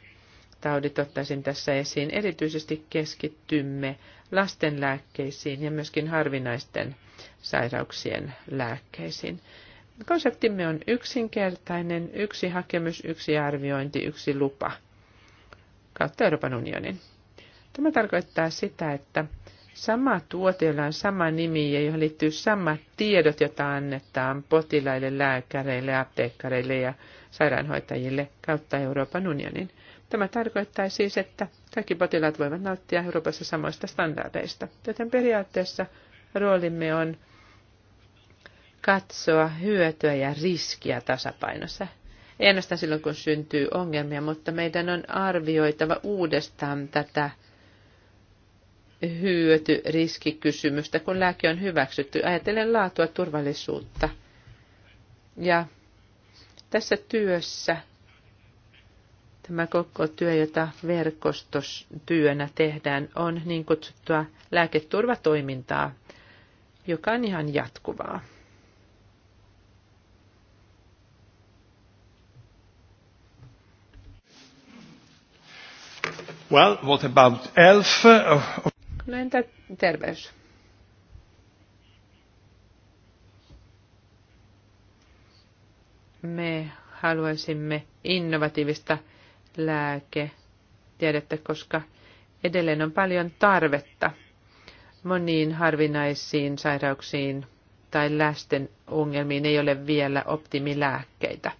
taudit ottaisin tässä esiin. Erityisesti keskittymme lääkkeisiin ja myöskin harvinaisten sairauksien lääkkeisiin. Konseptimme on yksinkertainen, yksi hakemus, yksi arviointi, yksi lupa kautta Euroopan unionin. Tämä tarkoittaa sitä, että sama tuote, jolla on sama nimi ja johon liittyy samat tiedot, joita annetaan potilaille, lääkäreille, apteekkareille ja sairaanhoitajille kautta Euroopan unionin. Tämä tarkoittaa siis, että kaikki potilaat voivat nauttia Euroopassa samoista standardeista, joten periaatteessa roolimme on katsoa hyötyä ja riskiä tasapainossa. Ei ainoastaan silloin, kun syntyy ongelmia, mutta meidän on arvioitava uudestaan tätä hyöty-riskikysymystä, kun lääke on hyväksytty. Ajatellen laatua, turvallisuutta. Ja tässä työssä, tämä koko työ, jota verkostostyönä tehdään, on niin kutsuttua lääketurvatoimintaa, joka on ihan jatkuvaa. Well, what about ELF? No entä terveys? Me haluaisimme innovatiivista lääketiedettä, koska edelleen on paljon tarvetta moniin harvinaisiin sairauksiin tai lasten ongelmiin ei ole vielä optimilääkkeitä.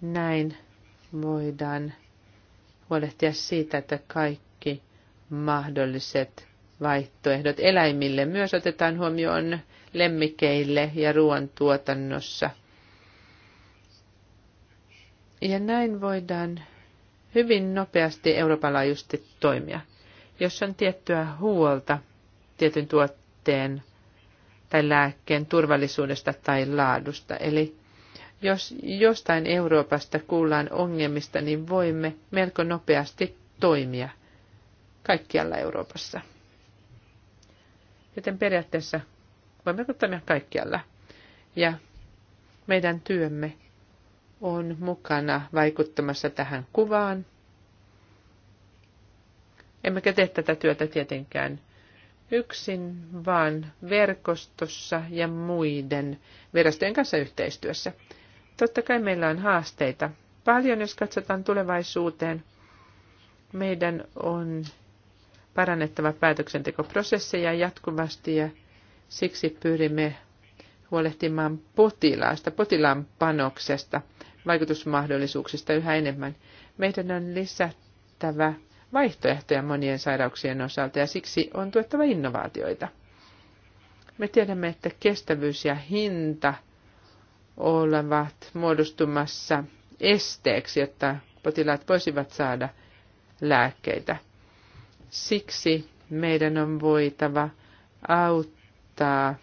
Näin voidaan huolehtia siitä, että kaikki mahdolliset vaihtoehdot eläimille myös otetaan huomioon lemmikeille ja ruoantuotannossa. Ja näin voidaan hyvin nopeasti Euroopan laajuisesti toimia. Jos on tiettyä huolta tietyn tuotteen tai lääkkeen turvallisuudesta tai laadusta, eli jos jostain Euroopasta kuullaan ongelmista, niin voimme melko nopeasti toimia – kaikkialla Euroopassa. Joten periaatteessa voimme toimia kaikkialla. Ja meidän työmme on mukana vaikuttamassa tähän kuvaan. Emmekä tee tätä työtä tietenkään yksin, vaan verkostossa ja muiden virastojen kanssa yhteistyössä. Totta kai meillä on haasteita. Paljon, jos katsotaan tulevaisuuteen, meidän on parannettava päätöksentekoprosesseja jatkuvasti ja siksi pyrimme huolehtimaan potilaasta, potilaan panoksesta, vaikutusmahdollisuuksista yhä enemmän. Meidän on lisättävä vaihtoehtoja monien sairauksien osalta ja siksi on tuettava innovaatioita. Me tiedämme, että kestävyys ja hinta ovat muodostumassa esteeksi, jotta potilaat voisivat saada lääkkeitä. Siksi meidän on voitava auttaa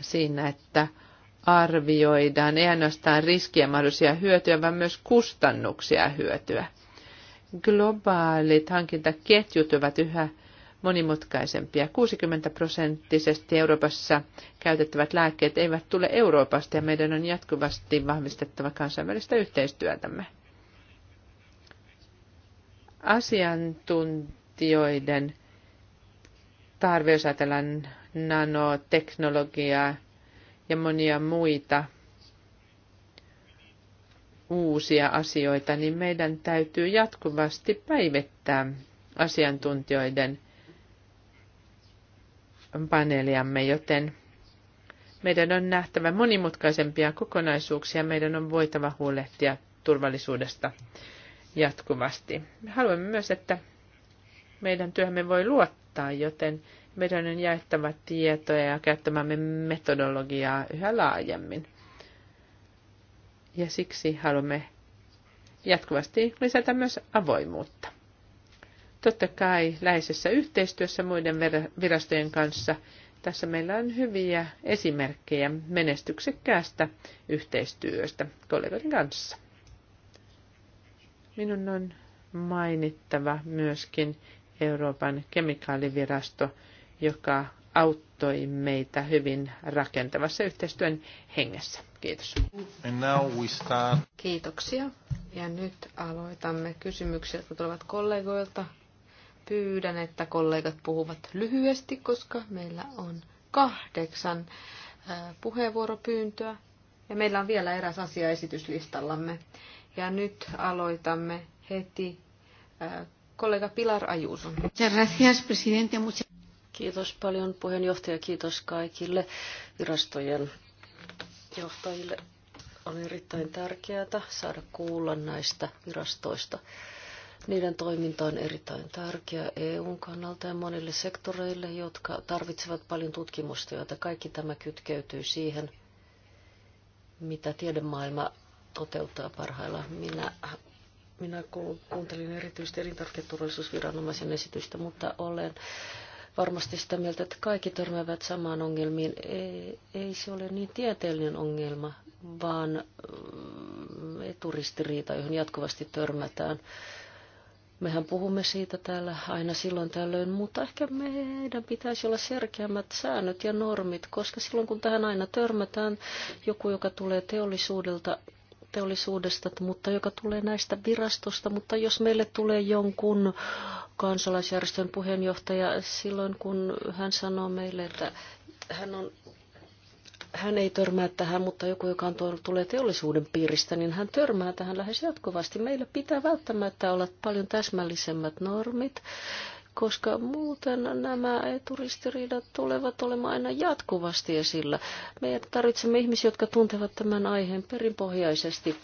siinä, että arvioidaan ei ainoastaan riskiä mahdollisia hyötyjä, vaan myös kustannuksia hyötyä. Globaalit hankintaketjut ovat yhä monimutkaisempia. 60 prosenttisesti Euroopassa käytettävät lääkkeet eivät tule Euroopasta ja meidän on jatkuvasti vahvistettava kansainvälistä yhteistyötämme asiantuntijoiden tarve, jos ajatellaan nanoteknologiaa ja monia muita uusia asioita, niin meidän täytyy jatkuvasti päivittää asiantuntijoiden paneeliamme, joten meidän on nähtävä monimutkaisempia kokonaisuuksia, meidän on voitava huolehtia turvallisuudesta jatkuvasti. Haluamme myös, että meidän työhömme voi luottaa, joten meidän on jaettava tietoja ja käyttämämme metodologiaa yhä laajemmin. Ja siksi haluamme jatkuvasti lisätä myös avoimuutta. Totta kai läheisessä yhteistyössä muiden virastojen kanssa tässä meillä on hyviä esimerkkejä menestyksekkäästä yhteistyöstä kollegoiden kanssa. Minun on mainittava myöskin Euroopan kemikaalivirasto, joka auttoi meitä hyvin rakentavassa yhteistyön hengessä. Kiitos. Kiitoksia. Ja nyt aloitamme kysymyksiä, jotka tulevat kollegoilta. Pyydän, että kollegat puhuvat lyhyesti, koska meillä on kahdeksan äh, puheenvuoropyyntöä. Ja meillä on vielä eräs asia esityslistallamme. Ja nyt aloitamme heti kollega Pilar Ajuuso. Kiitos paljon puheenjohtaja, kiitos kaikille virastojen johtajille. On erittäin tärkeää saada kuulla näistä virastoista. Niiden toiminta on erittäin tärkeä EUn kannalta ja monille sektoreille, jotka tarvitsevat paljon tutkimusta, joita kaikki tämä kytkeytyy siihen, mitä tiedemaailma toteuttaa parhaillaan. Minä, minä kuuntelin erityisesti elintarviketurvallisuusviranomaisen esitystä, mutta olen varmasti sitä mieltä, että kaikki törmäävät samaan ongelmiin. Ei, ei se ole niin tieteellinen ongelma, vaan mm, eturistiriita, johon jatkuvasti törmätään. Mehän puhumme siitä täällä aina silloin tällöin, mutta ehkä meidän pitäisi olla selkeämmät säännöt ja normit, koska silloin kun tähän aina törmätään, joku, joka tulee teollisuudelta, teollisuudesta, mutta joka tulee näistä virastosta, mutta jos meille tulee jonkun kansalaisjärjestön puheenjohtaja silloin, kun hän sanoo meille, että hän on hän ei törmää tähän, mutta joku, joka on tuonut, tulee teollisuuden piiristä, niin hän törmää tähän lähes jatkuvasti. Meillä pitää välttämättä olla paljon täsmällisemmät normit, koska muuten nämä eturistiriidat tulevat olemaan aina jatkuvasti esillä. Me tarvitsemme ihmisiä, jotka tuntevat tämän aiheen perinpohjaisesti.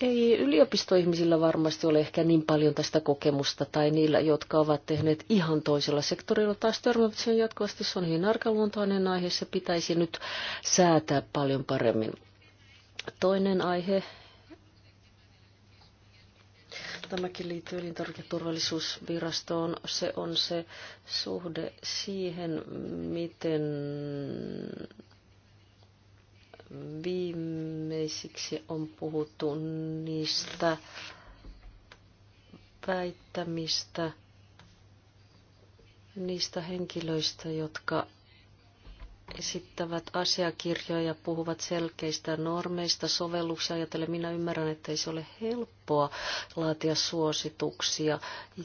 Ei yliopistoihmisillä varmasti ole ehkä niin paljon tästä kokemusta, tai niillä, jotka ovat tehneet ihan toisella sektorilla, taas törmäävät sen jatkuvasti. Se on hyvin arkaluontoinen aihe, se pitäisi nyt säätää paljon paremmin. Toinen aihe, Tämäkin liittyy elintarviketurvallisuusvirastoon. Se on se suhde siihen, miten viimeisiksi on puhuttu niistä väittämistä, niistä henkilöistä, jotka esittävät asiakirjoja ja puhuvat selkeistä normeista, sovelluksia ajatellen. Minä ymmärrän, että ei se ole helppoa laatia suosituksia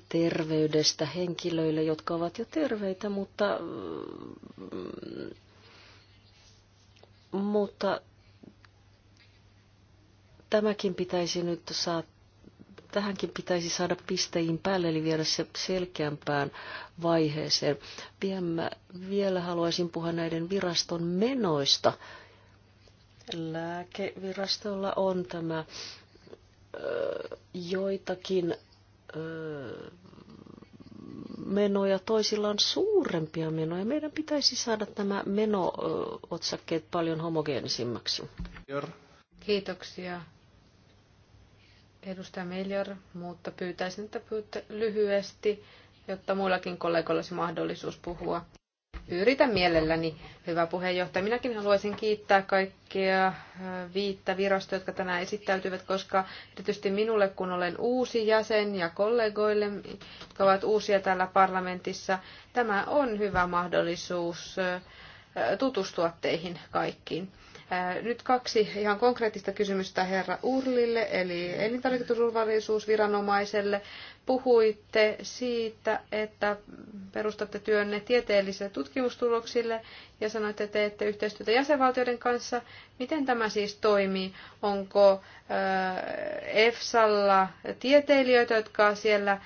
terveydestä henkilöille, jotka ovat jo terveitä, mutta, mm, mutta tämäkin pitäisi nyt saattaa tähänkin pitäisi saada pisteihin päälle, eli viedä se selkeämpään vaiheeseen. Vielä haluaisin puhua näiden viraston menoista. Lääkevirastolla on tämä joitakin menoja, toisilla on suurempia menoja. Meidän pitäisi saada tämä meno-otsakkeet paljon homogeenisimmaksi. Kiitoksia. Edustaja Melior, mutta pyytäisin, että pyytä lyhyesti, jotta muillakin kollegoilla olisi mahdollisuus puhua. Yritän mielelläni, hyvä puheenjohtaja. Minäkin haluaisin kiittää kaikkia äh, viittä virastoja, jotka tänään esittäytyvät, koska erityisesti minulle, kun olen uusi jäsen ja kollegoille, jotka ovat uusia täällä parlamentissa, tämä on hyvä mahdollisuus äh, tutustua teihin kaikkiin. Äh, nyt kaksi ihan konkreettista kysymystä herra Urlille, eli elintarviketurvallisuusviranomaiselle. Puhuitte siitä, että perustatte työnne tieteellisille tutkimustuloksille ja sanoitte, että teette yhteistyötä jäsenvaltioiden kanssa. Miten tämä siis toimii? Onko äh, EFSalla tieteilijöitä, jotka siellä äh,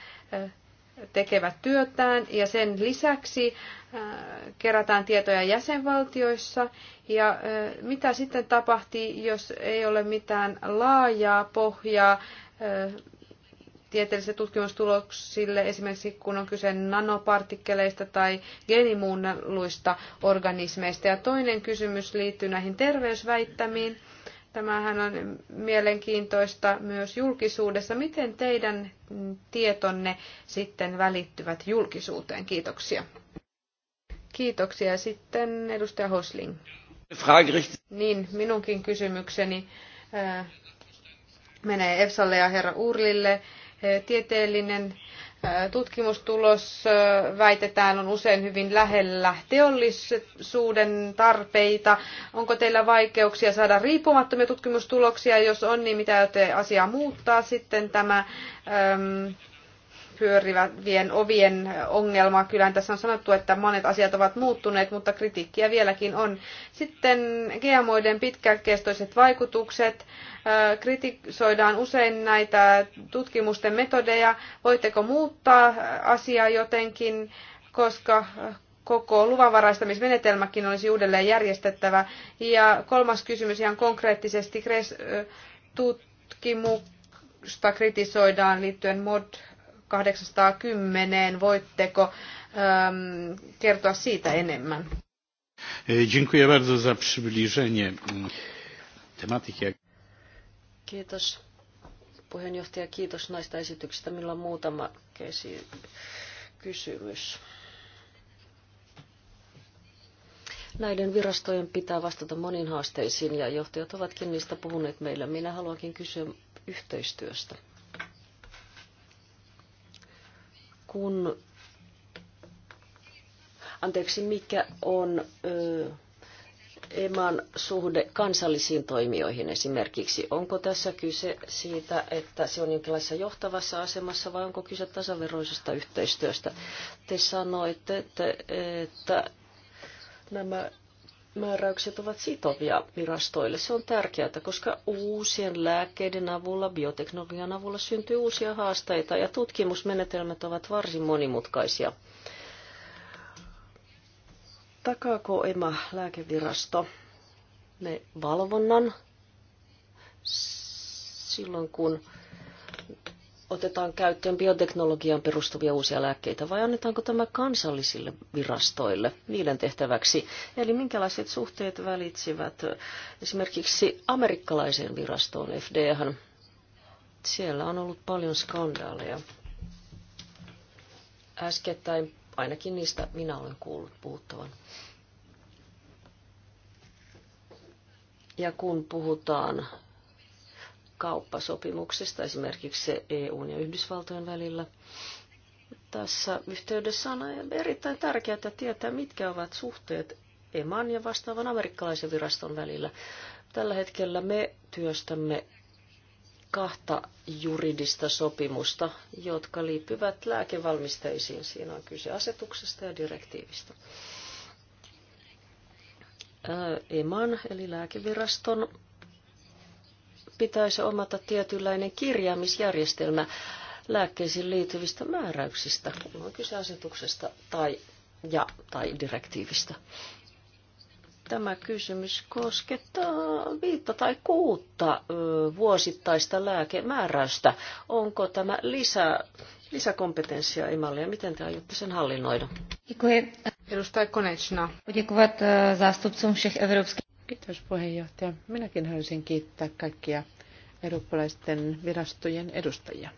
tekevät työtään ja sen lisäksi äh, kerätään tietoja jäsenvaltioissa. Ja äh, mitä sitten tapahtii, jos ei ole mitään laajaa pohjaa äh, tieteellisille tutkimustuloksille, esimerkiksi kun on kyse nanopartikkeleista tai geenimuunneluista organismeista. Ja toinen kysymys liittyy näihin terveysväittämiin. Tämähän on mielenkiintoista myös julkisuudessa. Miten teidän tietonne sitten välittyvät julkisuuteen? Kiitoksia. Kiitoksia. Sitten edustaja Hosling. Niin, minunkin kysymykseni äh, menee EFSAlle ja herra Urlille. Äh, tieteellinen Tutkimustulos väitetään on usein hyvin lähellä teollisuuden tarpeita. Onko teillä vaikeuksia saada riippumattomia tutkimustuloksia? Jos on, niin mitä te asiaa muuttaa? Sitten tämä ähm, pyörivien ovien ongelma. Kyllä tässä on sanottu, että monet asiat ovat muuttuneet, mutta kritiikkiä vieläkin on. Sitten GMOiden pitkäkestoiset vaikutukset. Kritisoidaan usein näitä tutkimusten metodeja. Voitteko muuttaa asiaa jotenkin, koska koko luvanvaraistamismenetelmäkin olisi uudelleen järjestettävä. Ja kolmas kysymys ihan konkreettisesti tutkimuksesta kritisoidaan liittyen mod 810. Voitteko äm, kertoa siitä enemmän? E, dziękuję bardzo za przybliżenie mm, tematyki. Kiitos puheenjohtaja, kiitos näistä esityksistä. Minulla on muutama kesi- kysymys. Näiden virastojen pitää vastata moniin haasteisiin ja johtajat ovatkin niistä puhuneet meillä. Minä haluankin kysyä yhteistyöstä. kun, anteeksi, mikä on ö, EMAn suhde kansallisiin toimijoihin esimerkiksi? Onko tässä kyse siitä, että se on jonkinlaisessa johtavassa asemassa vai onko kyse tasaveroisesta yhteistyöstä? Te sanoitte, että, että nämä määräykset ovat sitovia virastoille. Se on tärkeää, koska uusien lääkkeiden avulla, bioteknologian avulla syntyy uusia haasteita ja tutkimusmenetelmät ovat varsin monimutkaisia. Takaako EMA lääkevirasto ne valvonnan silloin, kun otetaan käyttöön bioteknologiaan perustuvia uusia lääkkeitä vai annetaanko tämä kansallisille virastoille niiden tehtäväksi? Eli minkälaiset suhteet välitsivät esimerkiksi amerikkalaiseen virastoon FDHan? Siellä on ollut paljon skandaaleja. Äskettäin ainakin niistä minä olen kuullut puhuttavan. Ja kun puhutaan kauppasopimuksesta, esimerkiksi EUn e ja Yhdysvaltojen välillä. Tässä yhteydessä on erittäin tärkeää tietää, mitkä ovat suhteet EMAN ja vastaavan amerikkalaisen viraston välillä. Tällä hetkellä me työstämme kahta juridista sopimusta, jotka liittyvät lääkevalmisteisiin. Siinä on kyse asetuksesta ja direktiivistä. EMAN eli lääkeviraston pitäisi omata tietynlainen kirjaamisjärjestelmä lääkkeisiin liittyvistä määräyksistä, kun on kyse asetuksesta tai, ja, tai direktiivistä. Tämä kysymys koskettaa viittä tai kuutta vuosittaista lääkemääräystä. Onko tämä lisä, lisäkompetenssia emalle ja miten te aiotte sen hallinnoida? Děkuji. Edustaja Konečná. Kiitos zástupcům všech evropských Kiitos puheenjohtaja. Minäkin haluaisin kiittää kaikkia eurooppalaisten virastojen edustajia.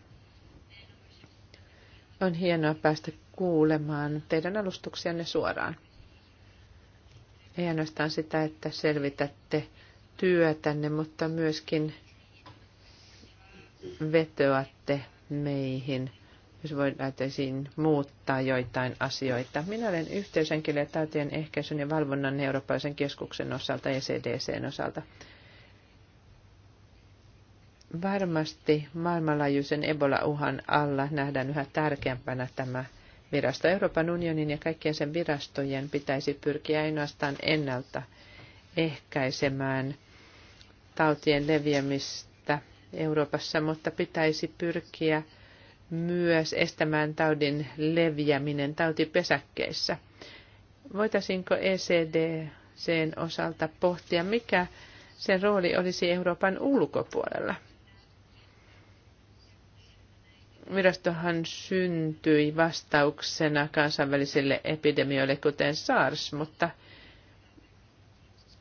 On hienoa päästä kuulemaan teidän alustuksianne suoraan. Ei ainoastaan sitä, että selvitätte työtänne, mutta myöskin vetoatte meihin jos voitaisiin muuttaa joitain asioita. Minä olen yhteyshenkilö tautien ehkäisyn ja valvonnan eurooppalaisen keskuksen osalta, e CDCn osalta. Varmasti maailmanlaajuisen Ebola-uhan alla nähdään yhä tärkeämpänä tämä virasto. Euroopan unionin ja kaikkien sen virastojen pitäisi pyrkiä ainoastaan ennalta ehkäisemään tautien leviämistä Euroopassa, mutta pitäisi pyrkiä – myös estämään taudin leviäminen tautipesäkkeissä. Voitaisinko ECDCn osalta pohtia, mikä sen rooli olisi Euroopan ulkopuolella? Virastohan syntyi vastauksena kansainvälisille epidemioille, kuten SARS, mutta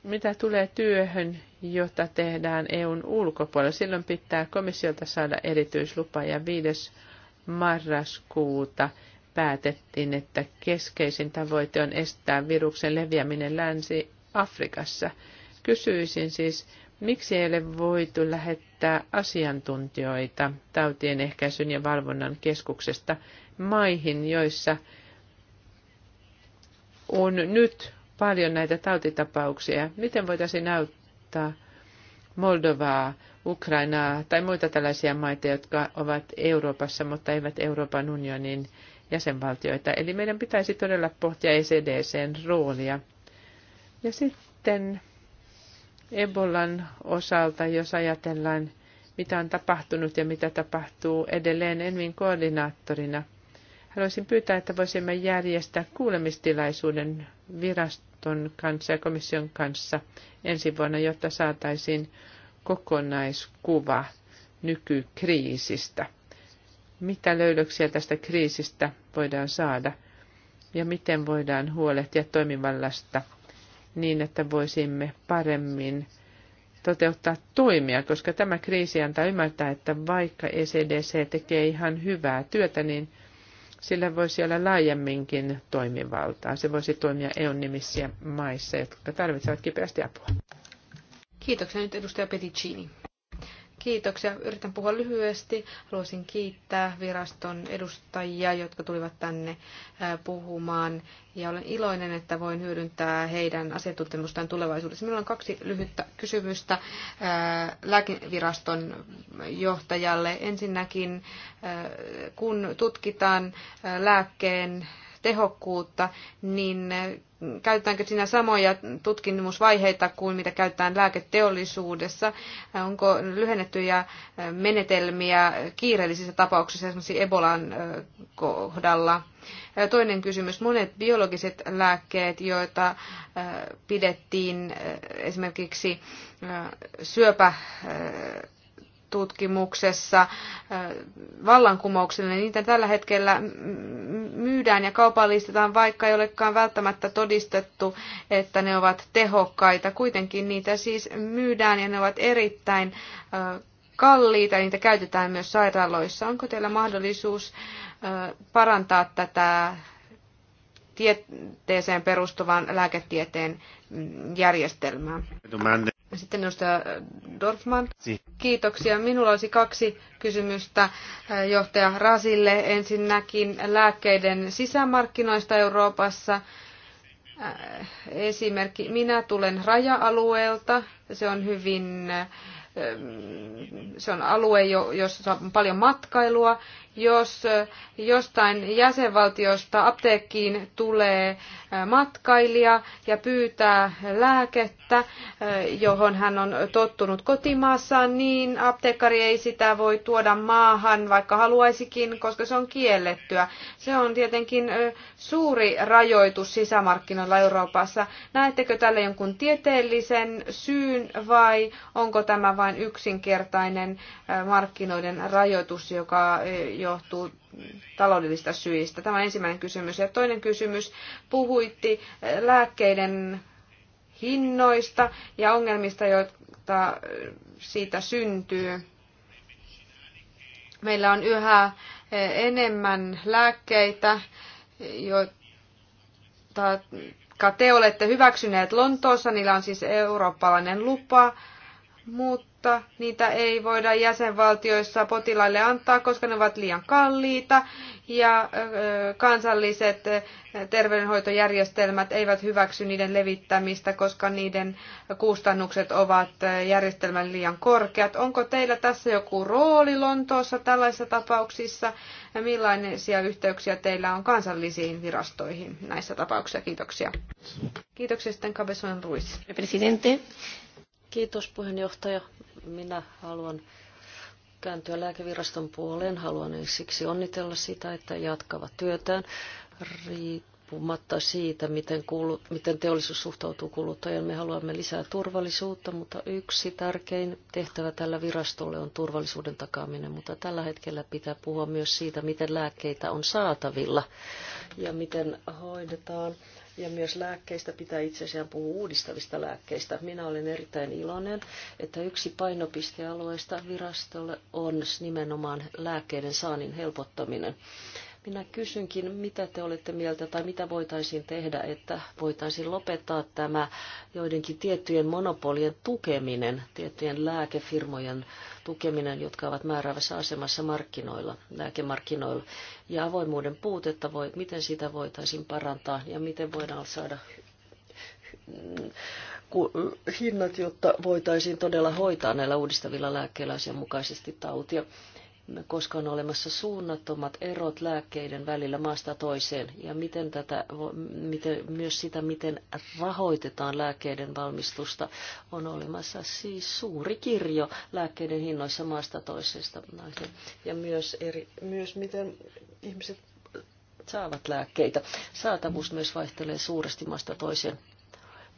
mitä tulee työhön, jota tehdään EUn ulkopuolella. Silloin pitää komissiolta saada erityislupa ja viides marraskuuta päätettiin, että keskeisin tavoite on estää viruksen leviäminen Länsi-Afrikassa. Kysyisin siis, miksi ei ole voitu lähettää asiantuntijoita tautien ehkäisyn ja valvonnan keskuksesta maihin, joissa on nyt paljon näitä tautitapauksia. Miten voitaisiin auttaa Moldovaa, Ukrainaa tai muita tällaisia maita, jotka ovat Euroopassa, mutta eivät Euroopan unionin jäsenvaltioita. Eli meidän pitäisi todella pohtia ECDCn roolia. Ja sitten Ebolan osalta, jos ajatellaan, mitä on tapahtunut ja mitä tapahtuu edelleen Envin koordinaattorina, haluaisin pyytää, että voisimme järjestää kuulemistilaisuuden viraston kanssa ja komission kanssa ensi vuonna, jotta saataisiin kokonaiskuva nykykriisistä. Mitä löydöksiä tästä kriisistä voidaan saada ja miten voidaan huolehtia toimivallasta niin, että voisimme paremmin toteuttaa toimia, koska tämä kriisi antaa ymmärtää, että vaikka ECDC tekee ihan hyvää työtä, niin sillä voisi olla laajemminkin toimivaltaa. Se voisi toimia EUn nimissä maissa, jotka tarvitsevat kipeästi apua. Kiitoksia nyt edustaja Peticini. Kiitoksia. Yritän puhua lyhyesti. Haluaisin kiittää viraston edustajia, jotka tulivat tänne puhumaan. Ja olen iloinen, että voin hyödyntää heidän asiantuntemustaan tulevaisuudessa. Minulla on kaksi lyhyttä kysymystä lääkeviraston johtajalle. Ensinnäkin, kun tutkitaan lääkkeen tehokkuutta, niin käytetäänkö siinä samoja tutkimusvaiheita kuin mitä käytetään lääketeollisuudessa? Onko lyhennettyjä menetelmiä kiireellisissä tapauksissa, esimerkiksi Ebolan kohdalla? Toinen kysymys. Monet biologiset lääkkeet, joita pidettiin esimerkiksi syöpä tutkimuksessa vallankumouksellinen. Niin niitä tällä hetkellä myydään ja kaupallistetaan, vaikka ei olekaan välttämättä todistettu, että ne ovat tehokkaita. Kuitenkin niitä siis myydään ja ne ovat erittäin kalliita ja niitä käytetään myös sairaaloissa. Onko teillä mahdollisuus parantaa tätä tieteeseen perustuvan lääketieteen järjestelmää? Sitten edustaja Dorfman. Kiitoksia. Minulla olisi kaksi kysymystä johtaja Rasille. Ensinnäkin lääkkeiden sisämarkkinoista Euroopassa. Esimerkki, minä tulen raja-alueelta. Se on hyvin se on alue, jossa on paljon matkailua. Jos jostain jäsenvaltiosta apteekkiin tulee matkailija ja pyytää lääkettä, johon hän on tottunut kotimaassaan, niin apteekkari ei sitä voi tuoda maahan, vaikka haluaisikin, koska se on kiellettyä. Se on tietenkin suuri rajoitus sisämarkkinoilla Euroopassa. Näettekö tälle jonkun tieteellisen syyn vai onko tämä vain vain yksinkertainen markkinoiden rajoitus, joka johtuu taloudellista syistä? Tämä on ensimmäinen kysymys. Ja toinen kysymys, puhuitti lääkkeiden hinnoista ja ongelmista, joita siitä syntyy. Meillä on yhä enemmän lääkkeitä, joita te olette hyväksyneet Lontoossa. Niillä on siis eurooppalainen lupa, mutta mutta niitä ei voida jäsenvaltioissa potilaille antaa, koska ne ovat liian kalliita ja kansalliset terveydenhoitojärjestelmät eivät hyväksy niiden levittämistä, koska niiden kustannukset ovat järjestelmän liian korkeat. Onko teillä tässä joku rooli Lontoossa tällaisissa tapauksissa? ja Millaisia yhteyksiä teillä on kansallisiin virastoihin näissä tapauksissa? Kiitoksia. Kiitoksia sitten Cabeson Ruiz. Presidente, Kiitos puheenjohtaja. Minä haluan kääntyä lääkeviraston puoleen. Haluan siksi onnitella sitä, että jatkavat työtään riippumatta siitä, miten, kuulu, miten teollisuus suhtautuu kuluttajien. Me haluamme lisää turvallisuutta, mutta yksi tärkein tehtävä tällä virastolle on turvallisuuden takaaminen. Mutta tällä hetkellä pitää puhua myös siitä, miten lääkkeitä on saatavilla ja miten hoidetaan ja myös lääkkeistä pitää itse asiassa puhua uudistavista lääkkeistä. Minä olen erittäin iloinen, että yksi painopistealueista virastolle on nimenomaan lääkkeiden saannin helpottaminen. Minä kysynkin, mitä te olette mieltä tai mitä voitaisiin tehdä, että voitaisiin lopettaa tämä joidenkin tiettyjen monopolien tukeminen, tiettyjen lääkefirmojen tukeminen, jotka ovat määräävässä asemassa markkinoilla, lääkemarkkinoilla. Ja avoimuuden puutetta, voi, miten sitä voitaisiin parantaa ja miten voidaan saada hinnat, jotta voitaisiin todella hoitaa näillä uudistavilla lääkkeillä asianmukaisesti tautia koska on olemassa suunnattomat erot lääkkeiden välillä maasta toiseen ja miten tätä, miten, myös sitä, miten rahoitetaan lääkkeiden valmistusta, on olemassa siis suuri kirjo lääkkeiden hinnoissa maasta toisesta. Ja myös, eri, myös miten ihmiset saavat lääkkeitä. Saatavuus myös vaihtelee suuresti maasta toiseen.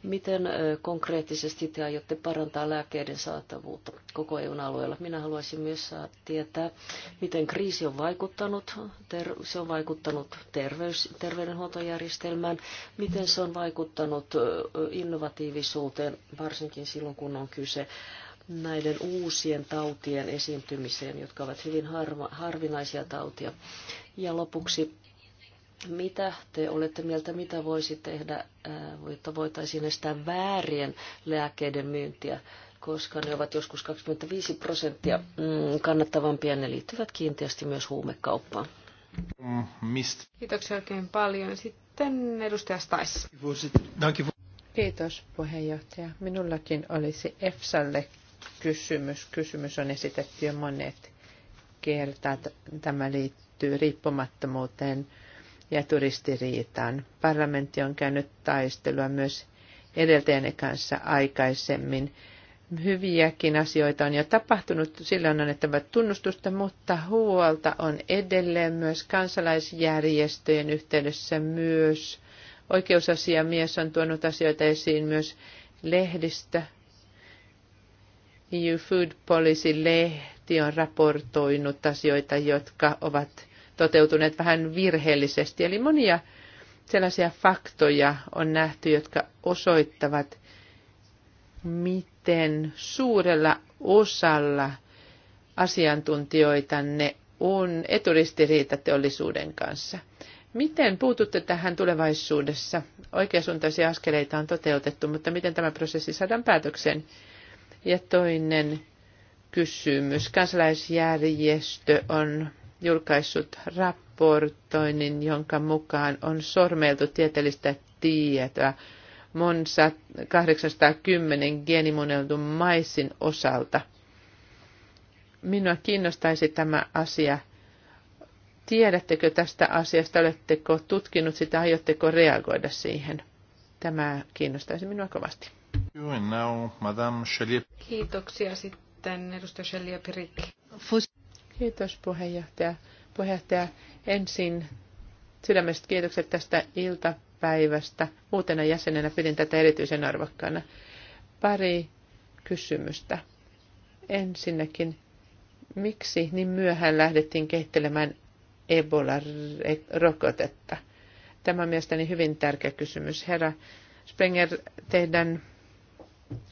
Miten konkreettisesti te aiotte parantaa lääkkeiden saatavuutta koko EUn alueella? Minä haluaisin myös tietää, miten kriisi on vaikuttanut, se on vaikuttanut terveys, terveydenhuoltojärjestelmään, miten se on vaikuttanut innovatiivisuuteen, varsinkin silloin kun on kyse näiden uusien tautien esiintymiseen, jotka ovat hyvin harvinaisia tautia. Ja lopuksi mitä te olette mieltä, mitä voisi tehdä, että voitaisiin estää väärien lääkkeiden myyntiä, koska ne ovat joskus 25 prosenttia mm, kannattavampia, ne liittyvät kiinteästi myös huumekauppaan. Mist. Kiitoksia oikein paljon. Sitten edustaja Stais. Kiitos puheenjohtaja. Minullakin olisi EFSAlle kysymys. Kysymys on esitetty jo monet kertaa. Tämä liittyy riippumattomuuteen ja turistiriitaan. Parlamentti on käynyt taistelua myös edeltäjänne kanssa aikaisemmin. Hyviäkin asioita on jo tapahtunut, sillä on annettava tunnustusta, mutta huolta on edelleen myös kansalaisjärjestöjen yhteydessä myös. Oikeusasiamies on tuonut asioita esiin myös lehdistä. EU Food Policy-lehti on raportoinut asioita, jotka ovat toteutuneet vähän virheellisesti. Eli monia sellaisia faktoja on nähty, jotka osoittavat, miten suurella osalla asiantuntijoitanne on eturistiriita teollisuuden kanssa. Miten puututte tähän tulevaisuudessa? Oikeasuuntaisia askeleita on toteutettu, mutta miten tämä prosessi saadaan päätökseen? Ja toinen kysymys. Kansalaisjärjestö on julkaissut raportoinnin, jonka mukaan on sormeltu tieteellistä tietoa Monsa 810 geenimuunneltun maisin osalta. Minua kiinnostaisi tämä asia. Tiedättekö tästä asiasta? Oletteko tutkinut sitä? Aiotteko reagoida siihen? Tämä kiinnostaisi minua kovasti. Kiitoksia sitten edustaja Shelia Pirik. Kiitos puheenjohtaja. Puheenjohtaja, ensin sydämestä kiitokset tästä iltapäivästä. Uutena jäsenenä pidin tätä erityisen arvokkaana. Pari kysymystä. Ensinnäkin, miksi niin myöhään lähdettiin kehittelemään Ebola-rokotetta? Tämä on mielestäni hyvin tärkeä kysymys. Herra Sprenger, teidän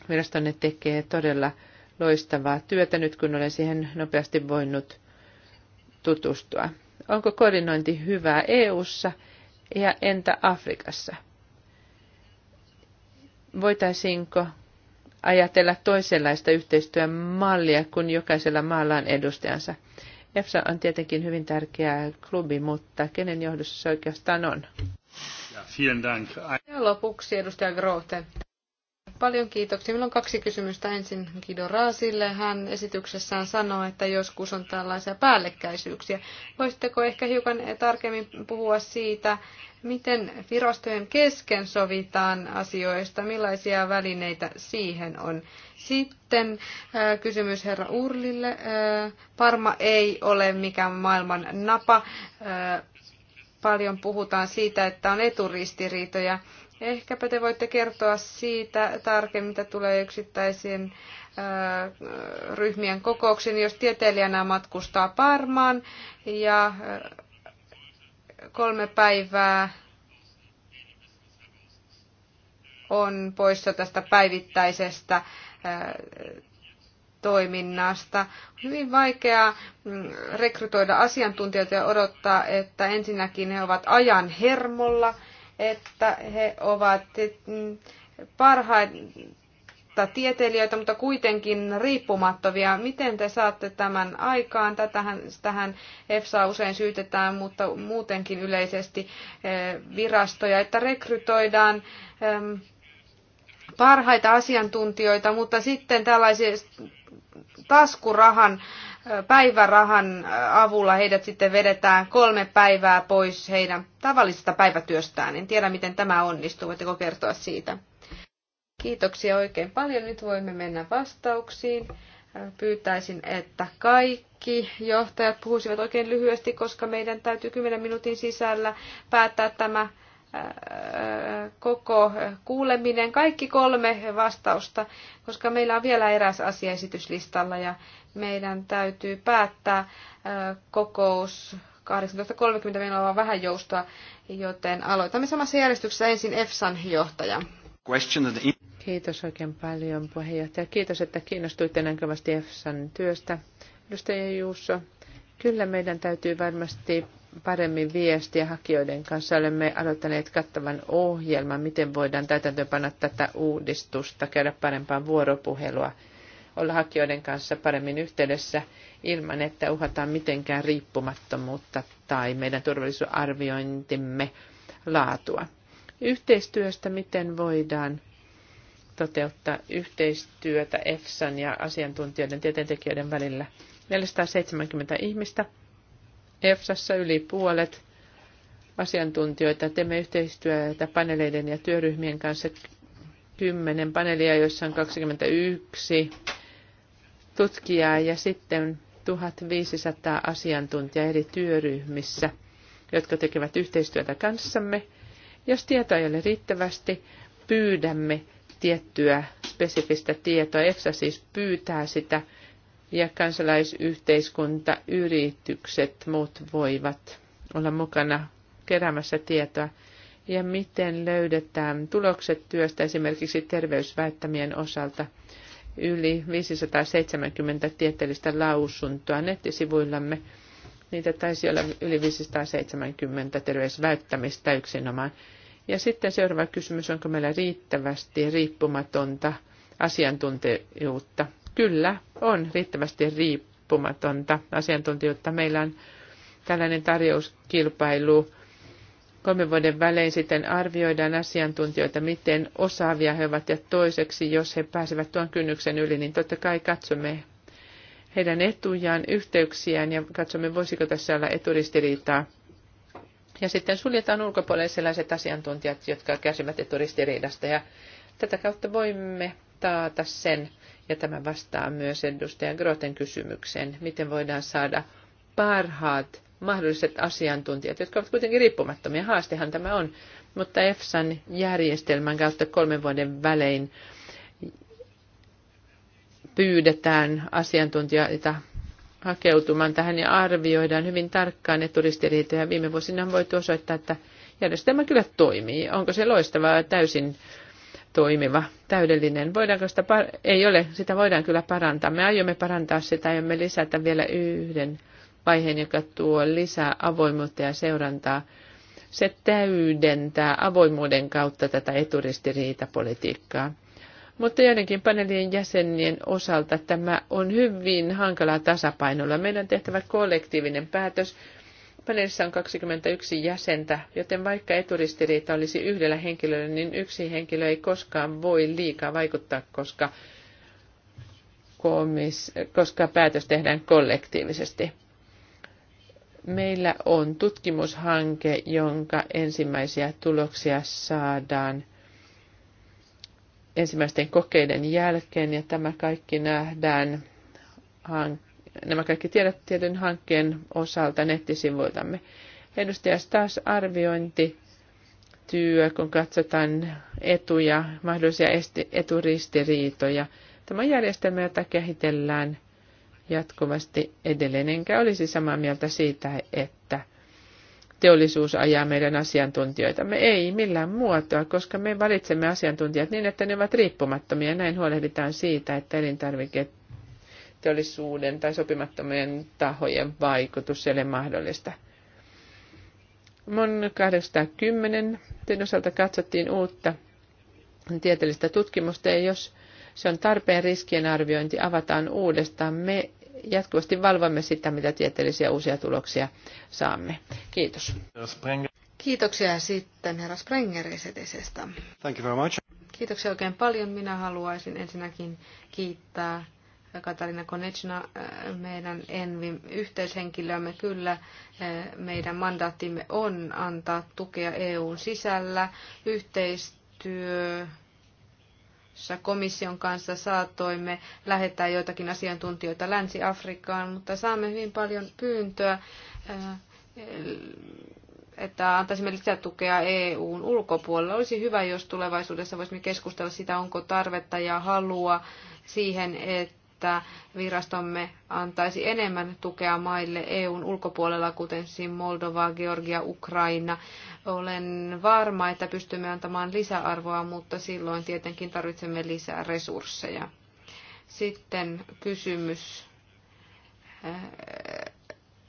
virastonne tekee todella loistavaa työtä nyt, kun olen siihen nopeasti voinut tutustua. Onko koordinointi hyvää EU:ssa ja entä Afrikassa? Voitaisiinko ajatella toisenlaista yhteistyön mallia, kun jokaisella maalla on edustajansa? EFSA on tietenkin hyvin tärkeä klubi, mutta kenen johdossa se oikeastaan on? Ja, ja lopuksi edustaja Grote. Paljon kiitoksia. Minulla on kaksi kysymystä ensin Kido Raasille. Hän esityksessään sanoo, että joskus on tällaisia päällekkäisyyksiä. Voisitteko ehkä hiukan tarkemmin puhua siitä, miten virastojen kesken sovitaan asioista, millaisia välineitä siihen on. Sitten äh, kysymys herra Urlille. Äh, Parma ei ole mikään maailman napa. Äh, paljon puhutaan siitä, että on eturistiriitoja. Ehkäpä te voitte kertoa siitä tarkemmin, mitä tulee yksittäisiin äh, ryhmien kokouksiin, jos tieteilijänä matkustaa Parmaan ja äh, kolme päivää on poissa tästä päivittäisestä äh, toiminnasta. On hyvin vaikea mm, rekrytoida asiantuntijoita ja odottaa, että ensinnäkin he ovat ajan hermolla – että he ovat mm, parhaita tieteilijöitä, mutta kuitenkin riippumattomia. Miten te saatte tämän aikaan? Tätähän, tähän EFSA usein syytetään, mutta muutenkin yleisesti eh, virastoja, että rekrytoidaan parhaita asiantuntijoita, mutta sitten tällaisia taskurahan päivärahan avulla heidät sitten vedetään kolme päivää pois heidän tavallisesta päivätyöstään. En tiedä, miten tämä onnistuu. Voitteko kertoa siitä? Kiitoksia oikein paljon. Nyt voimme mennä vastauksiin. Pyytäisin, että kaikki johtajat puhuisivat oikein lyhyesti, koska meidän täytyy 10 minuutin sisällä päättää tämä koko kuuleminen, kaikki kolme vastausta, koska meillä on vielä eräs asiaesityslistalla ja meidän täytyy päättää kokous 18.30 meillä on vähän joustoa, joten aloitamme samassa järjestyksessä ensin EFSAn johtaja. Kiitos oikein paljon puheenjohtaja. Kiitos, että kiinnostuitte näkövästi kovasti EFSAn työstä. Edustaja Juuso, kyllä meidän täytyy varmasti paremmin viestiä hakijoiden kanssa. Olemme aloittaneet kattavan ohjelman, miten voidaan täytäntöönpanna tätä uudistusta, käydä parempaa vuoropuhelua olla hakijoiden kanssa paremmin yhteydessä ilman, että uhataan mitenkään riippumattomuutta tai meidän turvallisuusarviointimme laatua. Yhteistyöstä, miten voidaan toteuttaa yhteistyötä EFSAn ja asiantuntijoiden tieteentekijöiden välillä. 470 ihmistä, EFSassa yli puolet asiantuntijoita. Teemme yhteistyötä paneleiden ja työryhmien kanssa 10 paneelia, joissa on 21 tutkijaa ja sitten 1500 asiantuntijaa eri työryhmissä, jotka tekevät yhteistyötä kanssamme. Jos tietoa ei ole riittävästi, pyydämme tiettyä spesifistä tietoa. EFSA siis pyytää sitä ja kansalaisyhteiskunta, yritykset, muut voivat olla mukana keräämässä tietoa. Ja miten löydetään tulokset työstä esimerkiksi terveysväittämien osalta – yli 570 tieteellistä lausuntoa nettisivuillamme. Niitä taisi olla yli 570 terveysväyttämistä yksinomaan. Ja sitten seuraava kysymys, onko meillä riittävästi riippumatonta asiantuntijuutta? Kyllä, on riittävästi riippumatonta asiantuntijuutta. Meillä on tällainen tarjouskilpailu Kolmen vuoden välein sitten arvioidaan asiantuntijoita, miten osaavia he ovat ja toiseksi, jos he pääsevät tuon kynnyksen yli, niin totta kai katsomme heidän etujaan, yhteyksiään ja katsomme, voisiko tässä olla eturistiriitaa. Ja sitten suljetaan ulkopuolelle sellaiset asiantuntijat, jotka kärsivät eturistiriidasta ja tätä kautta voimme taata sen, ja tämä vastaa myös edustaja Groten kysymykseen, miten voidaan saada parhaat mahdolliset asiantuntijat, jotka ovat kuitenkin riippumattomia. Haastehan tämä on, mutta EFSAn järjestelmän kautta kolmen vuoden välein pyydetään asiantuntijoita hakeutumaan tähän ja arvioidaan hyvin tarkkaan ne turistiriitoja. Viime vuosina on voitu osoittaa, että järjestelmä kyllä toimii. Onko se loistava ja täysin toimiva, täydellinen? Voidaanko sitä par- Ei ole, sitä voidaan kyllä parantaa. Me aiomme parantaa sitä, aiomme lisätä vielä yhden vaiheen, joka tuo lisää avoimuutta ja seurantaa. Se täydentää avoimuuden kautta tätä eturistiriitapolitiikkaa. Mutta joidenkin paneelien jäsenien osalta tämä on hyvin hankalaa tasapainolla. Meidän tehtävä kollektiivinen päätös. Paneelissa on 21 jäsentä, joten vaikka eturistiriita olisi yhdellä henkilöllä, niin yksi henkilö ei koskaan voi liikaa vaikuttaa, koska koska päätös tehdään kollektiivisesti. Meillä on tutkimushanke, jonka ensimmäisiä tuloksia saadaan ensimmäisten kokeiden jälkeen, ja tämä kaikki nähdään, nämä kaikki tiedot tietyn hankkeen osalta nettisivuiltamme. Edustaja taas arviointi työ, kun katsotaan etuja, mahdollisia eturistiriitoja. Tämä on järjestelmä, jota kehitellään jatkuvasti edelleen. Enkä olisi samaa mieltä siitä, että teollisuus ajaa meidän asiantuntijoitamme. Ei millään muotoa, koska me valitsemme asiantuntijat niin, että ne ovat riippumattomia. Näin huolehditaan siitä, että elintarvike teollisuuden tai sopimattomien tahojen vaikutus ei ole mahdollista. Mon 810 osalta katsottiin uutta tieteellistä tutkimusta ja jos se on tarpeen riskien arviointi, avataan uudestaan. Me jatkuvasti valvomme sitä, mitä tieteellisiä uusia tuloksia saamme. Kiitos. Kiitoksia sitten herra Sprenger esitisestä. Thank you very much. Kiitoksia oikein paljon. Minä haluaisin ensinnäkin kiittää Katarina Konechna, äh, meidän Envin yhteishenkilöämme Kyllä äh, meidän mandaattimme on antaa tukea EUn sisällä yhteistyö komission kanssa saatoimme lähettää joitakin asiantuntijoita Länsi-Afrikkaan, mutta saamme hyvin paljon pyyntöä, eh, että antaisimme lisätukea EUn ulkopuolella. Olisi hyvä, jos tulevaisuudessa voisimme keskustella sitä, onko tarvetta ja halua siihen, että että virastomme antaisi enemmän tukea maille EUn ulkopuolella, kuten siis Moldova, Georgia, Ukraina. Olen varma, että pystymme antamaan lisäarvoa, mutta silloin tietenkin tarvitsemme lisää resursseja. Sitten kysymys eh,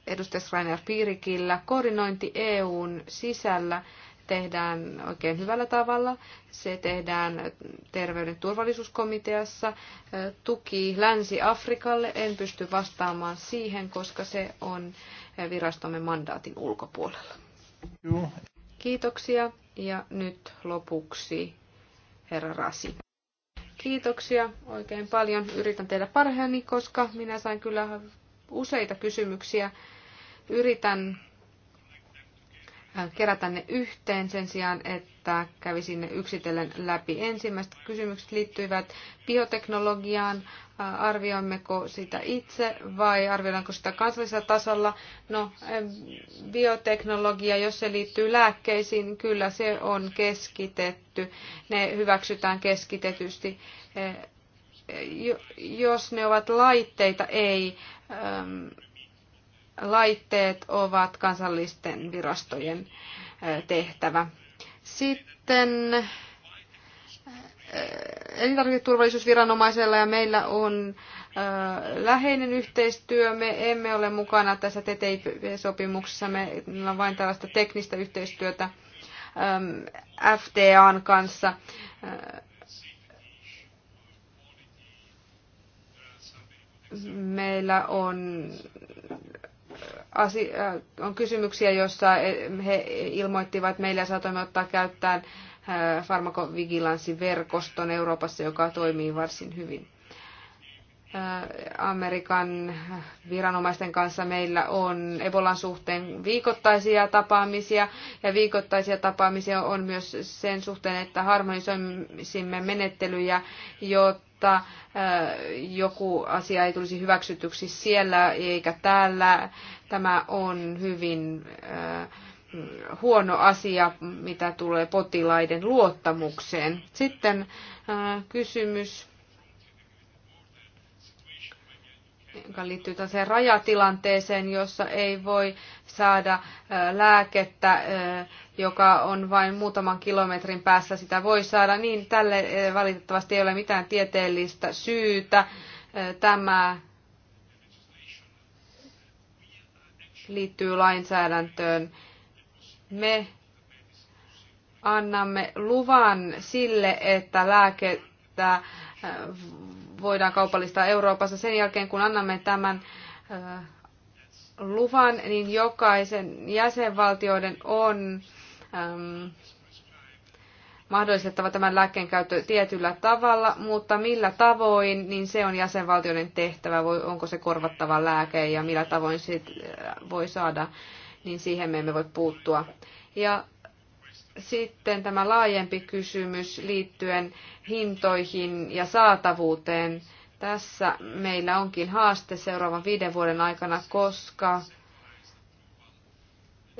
edustaja Rainer Piirikillä. Koordinointi EUn sisällä tehdään oikein hyvällä tavalla. Se tehdään terveyden turvallisuuskomiteassa. Tuki Länsi-Afrikalle, en pysty vastaamaan siihen, koska se on virastomme mandaatin ulkopuolella. Joo. Kiitoksia ja nyt lopuksi herra Rasi. Kiitoksia oikein paljon. Yritän tehdä parhaani, koska minä sain kyllä useita kysymyksiä. Yritän Äh, kerätä ne yhteen sen sijaan, että kävisin ne yksitellen läpi. Ensimmäiset kysymykset liittyivät bioteknologiaan. Äh, arvioimmeko sitä itse vai arvioidaanko sitä kansallisella tasolla? No, bioteknologia, jos se liittyy lääkkeisiin, kyllä se on keskitetty. Ne hyväksytään keskitetysti. Äh, jos ne ovat laitteita, ei ähm, laitteet ovat kansallisten virastojen tehtävä. Sitten elintarviketurvallisuusviranomaisella ja meillä on läheinen yhteistyö. Me emme ole mukana tässä TTIP-sopimuksessa, meillä on vain tällaista teknistä yhteistyötä FTAn kanssa. Meillä on Äh, on kysymyksiä, joissa e, he ilmoittivat meille ja saatoimme ottaa käyttöön äh, farmakovigilanssiverkoston Euroopassa, joka toimii varsin hyvin. Äh, Amerikan viranomaisten kanssa meillä on Ebolan suhteen viikoittaisia tapaamisia ja viikoittaisia tapaamisia on myös sen suhteen, että harmonisoisimme menettelyjä, jotta jotta joku asia ei tulisi hyväksytyksi siellä eikä täällä. Tämä on hyvin huono asia, mitä tulee potilaiden luottamukseen. Sitten kysymys joka liittyy rajatilanteeseen, jossa ei voi saada lääkettä, joka on vain muutaman kilometrin päässä sitä voi saada, niin tälle valitettavasti ei ole mitään tieteellistä syytä. Tämä liittyy lainsäädäntöön. Me annamme luvan sille, että lääkettä voidaan kaupallistaa Euroopassa. Sen jälkeen, kun annamme tämän luvan, niin jokaisen jäsenvaltioiden on mahdollistettava tämän lääkkeen käyttö tietyllä tavalla, mutta millä tavoin, niin se on jäsenvaltioiden tehtävä, voi, onko se korvattava lääke ja millä tavoin se voi saada, niin siihen me emme voi puuttua. Ja sitten tämä laajempi kysymys liittyen hintoihin ja saatavuuteen. Tässä meillä onkin haaste seuraavan viiden vuoden aikana, koska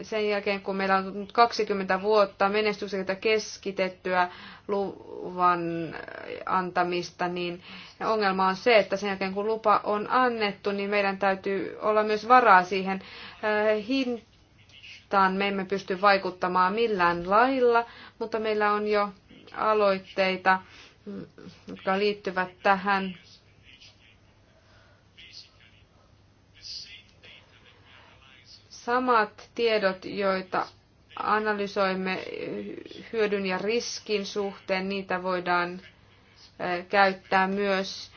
sen jälkeen, kun meillä on 20 vuotta menestykseltä keskitettyä luvan antamista, niin ongelma on se, että sen jälkeen kun lupa on annettu, niin meidän täytyy olla myös varaa siihen äh, hintaan vastaan me emme pysty vaikuttamaan millään lailla, mutta meillä on jo aloitteita, mm, jotka liittyvät tähän. Samat tiedot, joita analysoimme hyödyn ja riskin suhteen, niitä voidaan käyttää myös,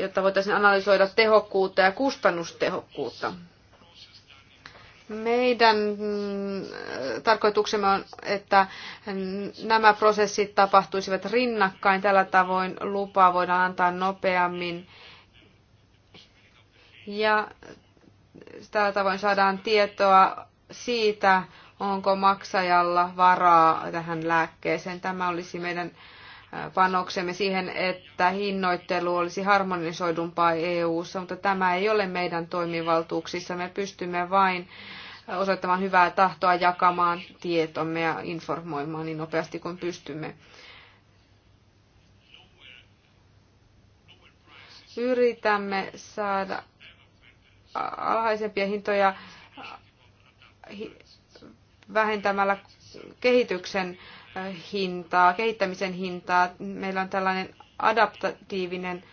jotta voitaisiin analysoida tehokkuutta ja kustannustehokkuutta. Meidän mm, tarkoituksemme on, että nämä prosessit tapahtuisivat rinnakkain. Tällä tavoin lupaa voidaan antaa nopeammin. Ja tällä tavoin saadaan tietoa siitä, onko maksajalla varaa tähän lääkkeeseen. Tämä olisi meidän panoksemme siihen, että hinnoittelu olisi harmonisoidumpaa EU-ssa, mutta tämä ei ole meidän toimivaltuuksissa. Me pystymme vain äh, osoittamaan hyvää tahtoa, jakamaan tietomme ja informoimaan niin nopeasti kuin pystymme. Yritämme saada alhaisempia hintoja vähentämällä kehityksen hintaa, kehittämisen hintaa. Meillä on tällainen adaptatiivinen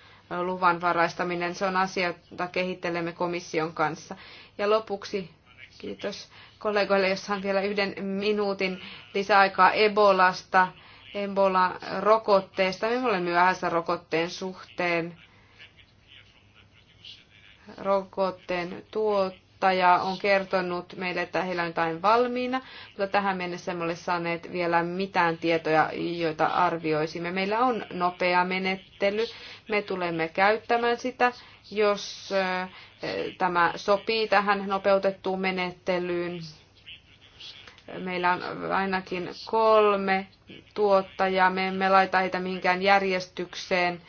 luvan varaistaminen. Se on asia, jota kehittelemme komission kanssa. Ja lopuksi Kiitos kollegoille, jos saan vielä yhden minuutin lisäaikaa Ebolasta, Ebola-rokotteesta. Me olemme myöhässä rokotteen suhteen. Rokotteen tuot tuottaja on kertonut meille, että heillä on jotain valmiina, mutta tähän mennessä emme ole saaneet vielä mitään tietoja, joita arvioisimme. Meillä on nopea menettely, me tulemme käyttämään sitä, jos tämä sopii tähän nopeutettuun menettelyyn. Meillä on ainakin kolme tuottajaa, me emme laita heitä mihinkään järjestykseen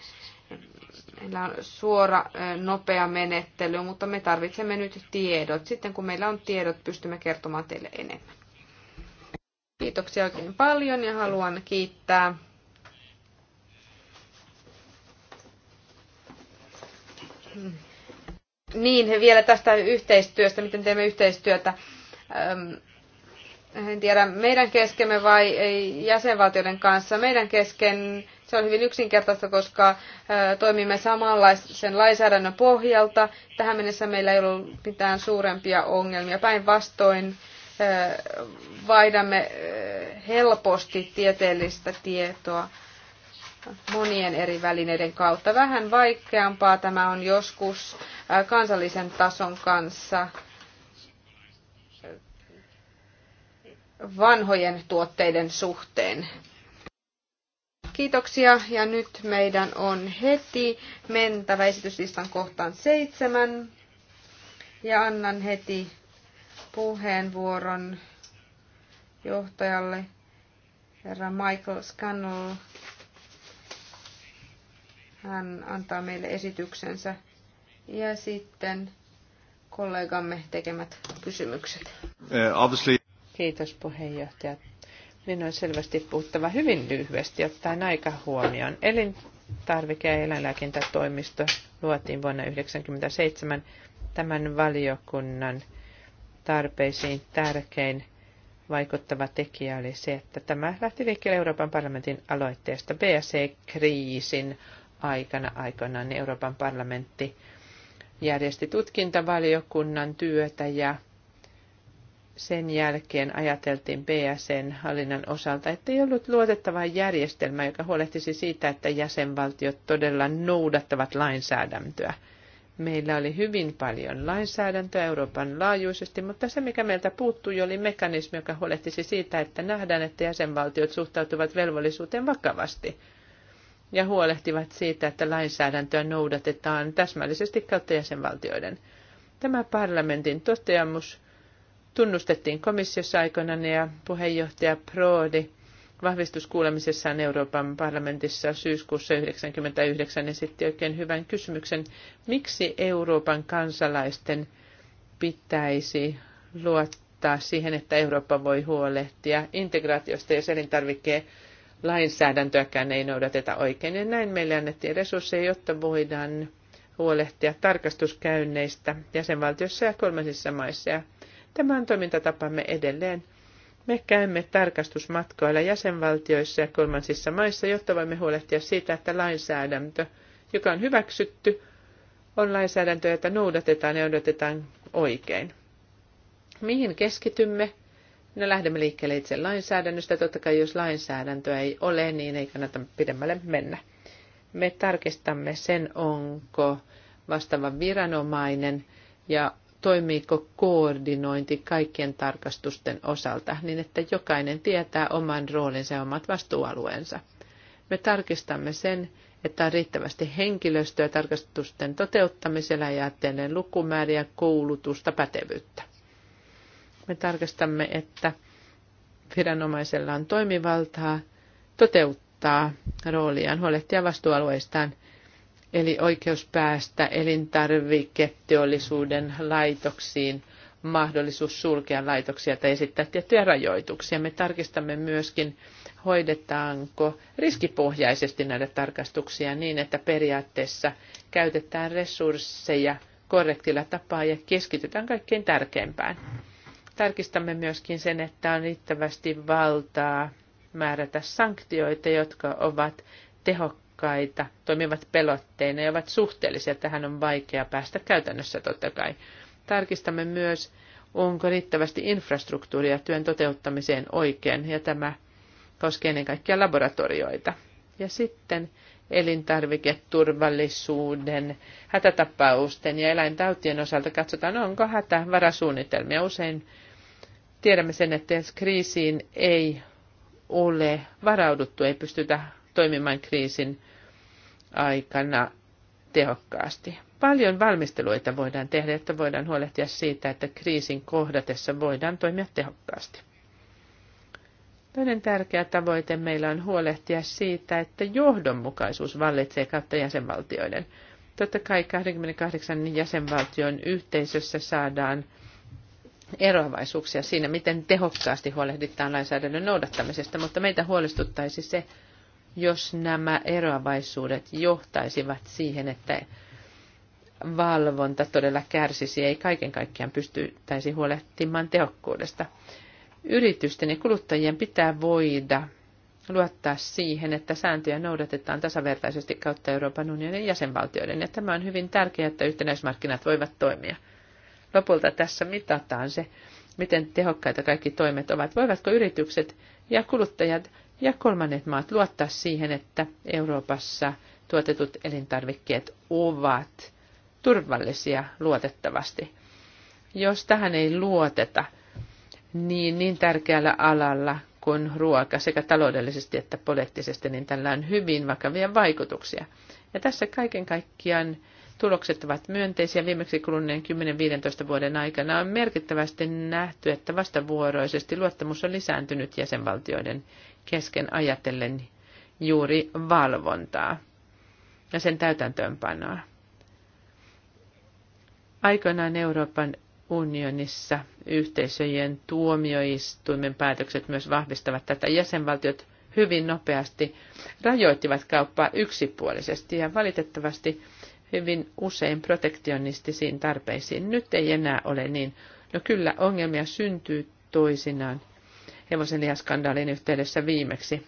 Meillä on suora, nopea menettely, mutta me tarvitsemme nyt tiedot. Sitten kun meillä on tiedot, pystymme kertomaan teille enemmän. Kiitoksia oikein paljon ja haluan kiittää Niin, vielä tästä yhteistyöstä, miten teemme yhteistyötä. En tiedä, meidän keskemme vai jäsenvaltioiden kanssa. Meidän kesken se on hyvin yksinkertaista, koska toimimme samanlaisen lainsäädännön pohjalta. Tähän mennessä meillä ei ollut mitään suurempia ongelmia. Päinvastoin vaihdamme helposti tieteellistä tietoa monien eri välineiden kautta. Vähän vaikeampaa tämä on joskus kansallisen tason kanssa vanhojen tuotteiden suhteen. Kiitoksia ja nyt meidän on heti mentävä esityslistan kohtaan seitsemän. Ja annan heti puheenvuoron johtajalle, herra Michael Scannell. Hän antaa meille esityksensä ja sitten kollegamme tekemät kysymykset. Uh, Kiitos puheenjohtaja niin on selvästi puhuttava hyvin lyhyesti ottaen aika huomioon. Elintarvike- ja eläinlääkintätoimisto luotiin vuonna 1997 tämän valiokunnan tarpeisiin tärkein vaikuttava tekijä oli se, että tämä lähti liikkeelle Euroopan parlamentin aloitteesta BSE-kriisin aikana aikanaan Euroopan parlamentti järjesti tutkintavaliokunnan työtä ja sen jälkeen ajateltiin BSN hallinnan osalta, että ei ollut luotettava järjestelmä, joka huolehtisi siitä, että jäsenvaltiot todella noudattavat lainsäädäntöä. Meillä oli hyvin paljon lainsäädäntöä Euroopan laajuisesti, mutta se mikä meiltä puuttui oli mekanismi, joka huolehtisi siitä, että nähdään, että jäsenvaltiot suhtautuvat velvollisuuteen vakavasti ja huolehtivat siitä, että lainsäädäntöä noudatetaan täsmällisesti kautta jäsenvaltioiden. Tämä parlamentin toteamus tunnustettiin komissiossa aikoinaan ja puheenjohtaja Prodi vahvistuskuulemisessaan Euroopan parlamentissa syyskuussa 1999 esitti oikein hyvän kysymyksen, miksi Euroopan kansalaisten pitäisi luottaa siihen, että Eurooppa voi huolehtia integraatiosta, jos elintarvikkeen lainsäädäntöäkään ei noudateta oikein. Ja näin meille annettiin resursseja, jotta voidaan huolehtia tarkastuskäynneistä jäsenvaltiossa ja kolmansissa maissa. Ja Tämä on toimintatapamme edelleen. Me käymme tarkastusmatkoilla jäsenvaltioissa ja kolmansissa maissa, jotta voimme huolehtia siitä, että lainsäädäntö, joka on hyväksytty, on lainsäädäntö, jota noudatetaan ja odotetaan oikein. Mihin keskitymme? No lähdemme liikkeelle itse lainsäädännöstä. Totta kai jos lainsäädäntöä ei ole, niin ei kannata pidemmälle mennä. Me tarkistamme sen, onko vastaava viranomainen ja toimiiko koordinointi kaikkien tarkastusten osalta niin, että jokainen tietää oman roolinsa ja omat vastuualueensa. Me tarkistamme sen, että on riittävästi henkilöstöä tarkastusten toteuttamisella ajatellen lukumääriä, koulutusta, pätevyyttä. Me tarkistamme, että viranomaisella on toimivaltaa toteuttaa rooliaan, huolehtia vastuualueistaan – Eli oikeus päästä elintarviketeollisuuden laitoksiin, mahdollisuus sulkea laitoksia tai esittää tiettyjä rajoituksia. Me tarkistamme myöskin, hoidetaanko riskipohjaisesti näitä tarkastuksia niin, että periaatteessa käytetään resursseja korrektilla tapaa ja keskitytään kaikkein tärkeimpään. Tarkistamme myöskin sen, että on riittävästi valtaa määrätä sanktioita, jotka ovat tehokkaita tehokkaita, toimivat pelotteina ja ovat suhteellisia. Tähän on vaikea päästä käytännössä totta kai. Tarkistamme myös, onko riittävästi infrastruktuuria työn toteuttamiseen oikein, ja tämä koskee ennen kaikkea laboratorioita. Ja sitten elintarviketurvallisuuden, hätätapausten ja eläintautien osalta katsotaan, onko hätävarasuunnitelmia. Usein tiedämme sen, että jos kriisiin ei ole varauduttu, ei pystytä toimimaan kriisin aikana tehokkaasti. Paljon valmisteluita voidaan tehdä, että voidaan huolehtia siitä, että kriisin kohdatessa voidaan toimia tehokkaasti. Toinen tärkeä tavoite meillä on huolehtia siitä, että johdonmukaisuus vallitsee kautta jäsenvaltioiden. Totta kai 28 jäsenvaltion yhteisössä saadaan eroavaisuuksia siinä, miten tehokkaasti huolehditaan lainsäädännön noudattamisesta, mutta meitä huolestuttaisi se, jos nämä eroavaisuudet johtaisivat siihen, että valvonta todella kärsisi, ei kaiken kaikkiaan pystyttäisi huolehtimaan tehokkuudesta. Yritysten ja kuluttajien pitää voida luottaa siihen, että sääntöjä noudatetaan tasavertaisesti kautta Euroopan unionin jäsenvaltioiden, ja tämä on hyvin tärkeää, että yhtenäismarkkinat voivat toimia. Lopulta tässä mitataan se, miten tehokkaita kaikki toimet ovat. Voivatko yritykset ja kuluttajat ja kolmannet maat luottaa siihen, että Euroopassa tuotetut elintarvikkeet ovat turvallisia luotettavasti. Jos tähän ei luoteta, niin niin tärkeällä alalla kuin ruoka sekä taloudellisesti että poliittisesti, niin tällä on hyvin vakavia vaikutuksia. Ja tässä kaiken kaikkiaan Tulokset ovat myönteisiä. Viimeksi kuluneen 10-15 vuoden aikana on merkittävästi nähty, että vastavuoroisesti luottamus on lisääntynyt jäsenvaltioiden kesken ajatellen juuri valvontaa ja sen täytäntöönpanoa. Aikoinaan Euroopan unionissa yhteisöjen tuomioistuimen päätökset myös vahvistavat tätä. Jäsenvaltiot hyvin nopeasti rajoittivat kauppaa yksipuolisesti ja valitettavasti hyvin usein protektionistisiin tarpeisiin. Nyt ei enää ole niin. No kyllä, ongelmia syntyy toisinaan. lihaskandaalin yhteydessä viimeksi.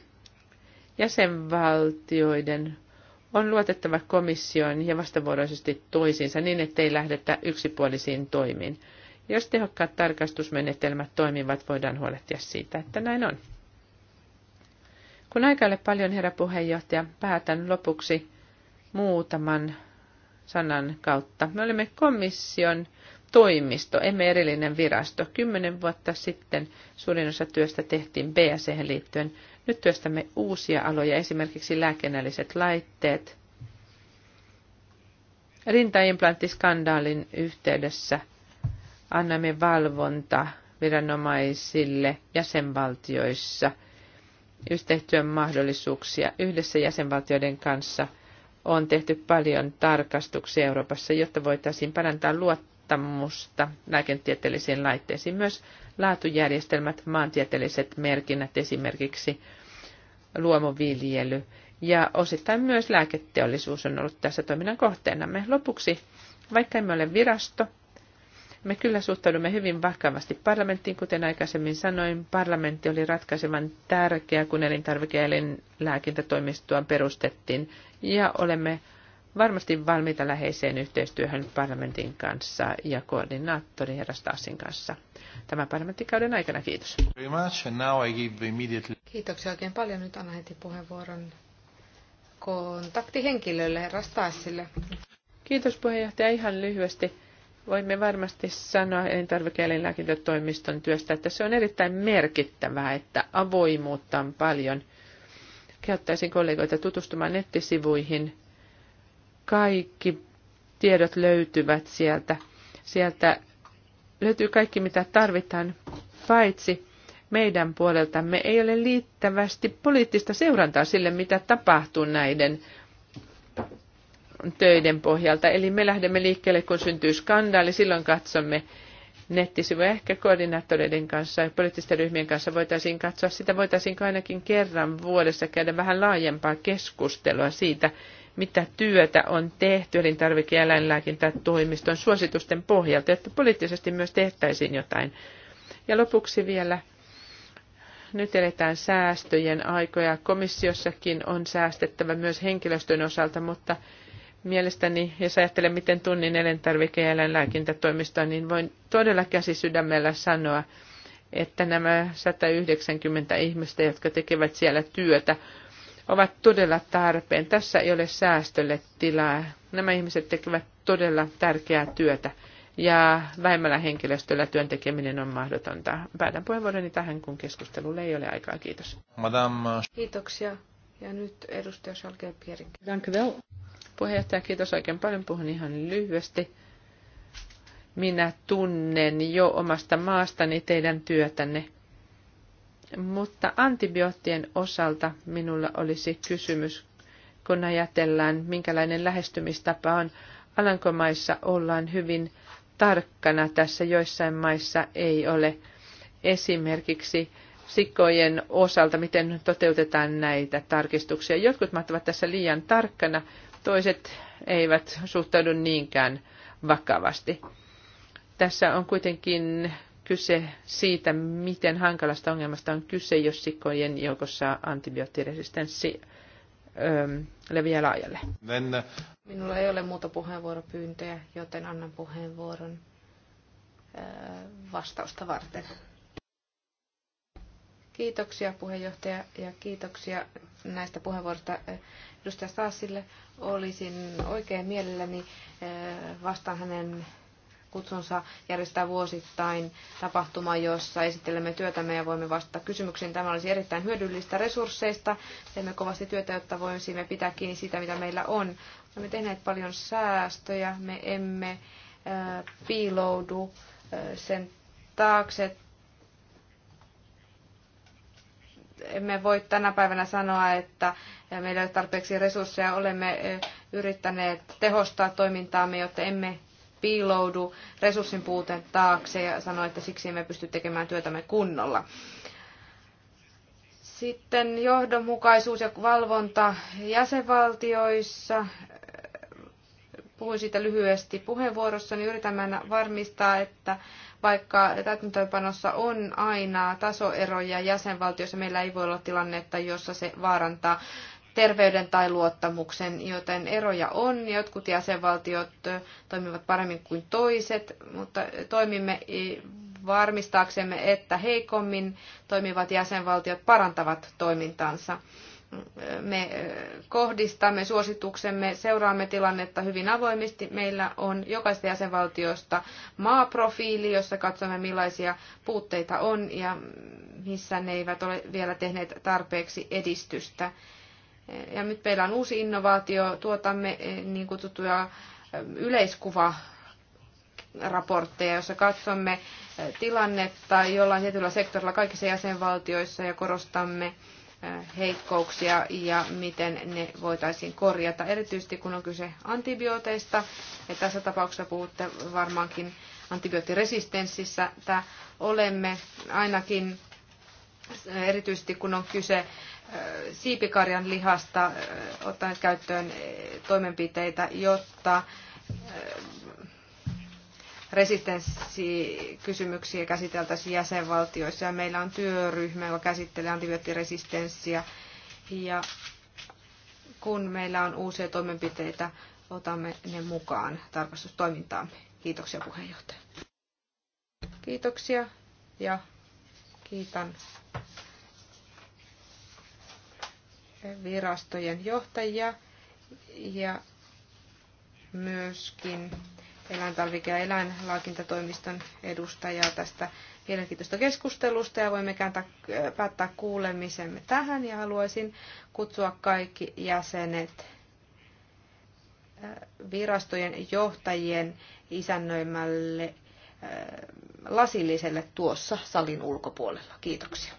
Jäsenvaltioiden on luotettava komissioon ja vastavuoroisesti toisiinsa niin, ettei lähdetä yksipuolisiin toimiin. Jos tehokkaat tarkastusmenetelmät toimivat, voidaan huolehtia siitä, että näin on. Kun aika ole paljon, herra puheenjohtaja, päätän lopuksi muutaman sanan kautta. Me olemme komission toimisto, emme erillinen virasto. Kymmenen vuotta sitten suurin osa työstä tehtiin BSC liittyen. Nyt työstämme uusia aloja, esimerkiksi lääkennälliset laitteet. Rintaimplanttiskandaalin yhteydessä annamme valvonta viranomaisille jäsenvaltioissa yhteistyön mahdollisuuksia yhdessä jäsenvaltioiden kanssa – on tehty paljon tarkastuksia Euroopassa, jotta voitaisiin parantaa luottamusta lääketieteellisiin laitteisiin. Myös laatujärjestelmät, maantieteelliset merkinnät esimerkiksi, luomuviljely ja osittain myös lääketeollisuus on ollut tässä toiminnan kohteenamme. Lopuksi, vaikka emme ole virasto, me kyllä suhtaudumme hyvin vakavasti parlamenttiin, kuten aikaisemmin sanoin. Parlamentti oli ratkaisevan tärkeä, kun elintarvike- ja elinlääkintätoimistoa perustettiin, ja olemme varmasti valmiita läheiseen yhteistyöhön parlamentin kanssa ja koordinaattori herra Stassin kanssa tämän parlamenttikauden aikana. Kiitos. Kiitoksia oikein paljon. Nyt annan heti puheenvuoron kontaktihenkilölle herra Stassille. Kiitos puheenjohtaja. Ihan lyhyesti voimme varmasti sanoa elintarvikeelinlääkintätoimiston työstä, että se on erittäin merkittävää, että avoimuutta on paljon. Käyttäisin kollegoita tutustumaan nettisivuihin. Kaikki tiedot löytyvät sieltä. Sieltä löytyy kaikki, mitä tarvitaan, paitsi meidän puoleltamme ei ole liittävästi poliittista seurantaa sille, mitä tapahtuu näiden töiden pohjalta. Eli me lähdemme liikkeelle, kun syntyy skandaali, silloin katsomme nettisivuja ehkä koordinaattoreiden kanssa ja poliittisten ryhmien kanssa voitaisiin katsoa sitä, Voitaisiin ainakin kerran vuodessa käydä vähän laajempaa keskustelua siitä, mitä työtä on tehty elintarvike- ja eläinlääkintätoimiston suositusten pohjalta, että poliittisesti myös tehtäisiin jotain. Ja lopuksi vielä, nyt eletään säästöjen aikoja. Komissiossakin on säästettävä myös henkilöstön osalta, mutta mielestäni, jos ajattelen, miten tunnin elintarvike- ja eläinlääkintätoimistoa, niin voin todella käsi sydämellä sanoa, että nämä 190 ihmistä, jotka tekevät siellä työtä, ovat todella tarpeen. Tässä ei ole säästölle tilaa. Nämä ihmiset tekevät todella tärkeää työtä ja vähemmällä henkilöstöllä työn tekeminen on mahdotonta. Päätän puheenvuoroni tähän, kun keskustelulle ei ole aikaa. Kiitos. Madame. Kiitoksia. Ja nyt edustaja Salkeen Pierik. Dank wel puheenjohtaja, kiitos oikein paljon. Puhun ihan lyhyesti. Minä tunnen jo omasta maastani teidän työtänne. Mutta antibioottien osalta minulla olisi kysymys, kun ajatellaan, minkälainen lähestymistapa on. Alankomaissa ollaan hyvin tarkkana tässä, joissain maissa ei ole. Esimerkiksi sikojen osalta, miten toteutetaan näitä tarkistuksia. Jotkut maat ovat tässä liian tarkkana, toiset eivät suhtaudu niinkään vakavasti. Tässä on kuitenkin kyse siitä, miten hankalasta ongelmasta on kyse, jos sikojen joukossa antibioottiresistenssi leviää laajalle. Mennä. Uh, Minulla ei ole muuta puheenvuoropyyntöjä, joten annan puheenvuoron ö, vastausta varten. Kiitoksia puheenjohtaja ja kiitoksia näistä puheenvuoroista edustaja Staasille. Olisin oikein mielelläni eh, vastaan hänen kutsunsa järjestää vuosittain tapahtuma, jossa esittelemme työtämme ja voimme vastata kysymyksiin. Tämä olisi erittäin hyödyllistä resursseista. Teemme kovasti työtä, jotta voisimme pitää kiinni siitä, mitä meillä on. Olemme tehneet paljon säästöjä, me emme eh, piiloudu eh, sen taakse emme voi tänä päivänä sanoa, että meillä ei ole tarpeeksi resursseja. Olemme eh, yrittäneet tehostaa toimintaamme, jotta emme piiloudu resurssin puutteen taakse ja sanoa, että siksi emme pysty tekemään työtämme kunnolla. Sitten johdonmukaisuus ja valvonta jäsenvaltioissa. Puhuin siitä lyhyesti puheenvuorossani. Yritämme varmistaa, että vaikka täytäntöönpanossa on aina tasoeroja jäsenvaltiossa, meillä ei voi olla tilannetta, jossa se vaarantaa terveyden tai luottamuksen, joten eroja on. Jotkut jäsenvaltiot toimivat paremmin kuin toiset, mutta toimimme varmistaaksemme, että heikommin toimivat jäsenvaltiot parantavat toimintansa me kohdistamme suosituksemme, seuraamme tilannetta hyvin avoimesti. Meillä on jokaista jäsenvaltiosta maaprofiili, jossa katsomme millaisia puutteita on ja missä ne eivät ole vielä tehneet tarpeeksi edistystä. Ja nyt meillä on uusi innovaatio, tuotamme niin kutsuttuja yleiskuva raportteja, jossa katsomme tilannetta jollain tietyllä sektorilla kaikissa jäsenvaltioissa ja korostamme Äh, heikkouksia ja miten ne voitaisiin korjata, erityisesti kun on kyse antibiooteista. Ja tässä tapauksessa puhutte varmaankin antibioottiresistenssissä, että olemme ainakin, äh, erityisesti kun on kyse äh, siipikarjan lihasta, ottaneet käyttöön toimenpiteitä, jotta resistenssikysymyksiä käsiteltäisiin jäsenvaltioissa. Ja meillä on työryhmä, joka käsittelee antibioottiresistenssiä. Ja kun meillä on uusia toimenpiteitä, otamme ne mukaan tarkastustoimintaamme. Kiitoksia puheenjohtaja. Kiitoksia ja kiitän virastojen johtajia ja myöskin eläintalvike- ja eläinlaakintatoimiston edustajaa tästä mielenkiintoista keskustelusta ja voimme kääntää, äh, päättää kuulemisemme tähän ja haluaisin kutsua kaikki jäsenet äh, virastojen johtajien isännöimälle äh, lasilliselle tuossa salin ulkopuolella. Kiitoksia.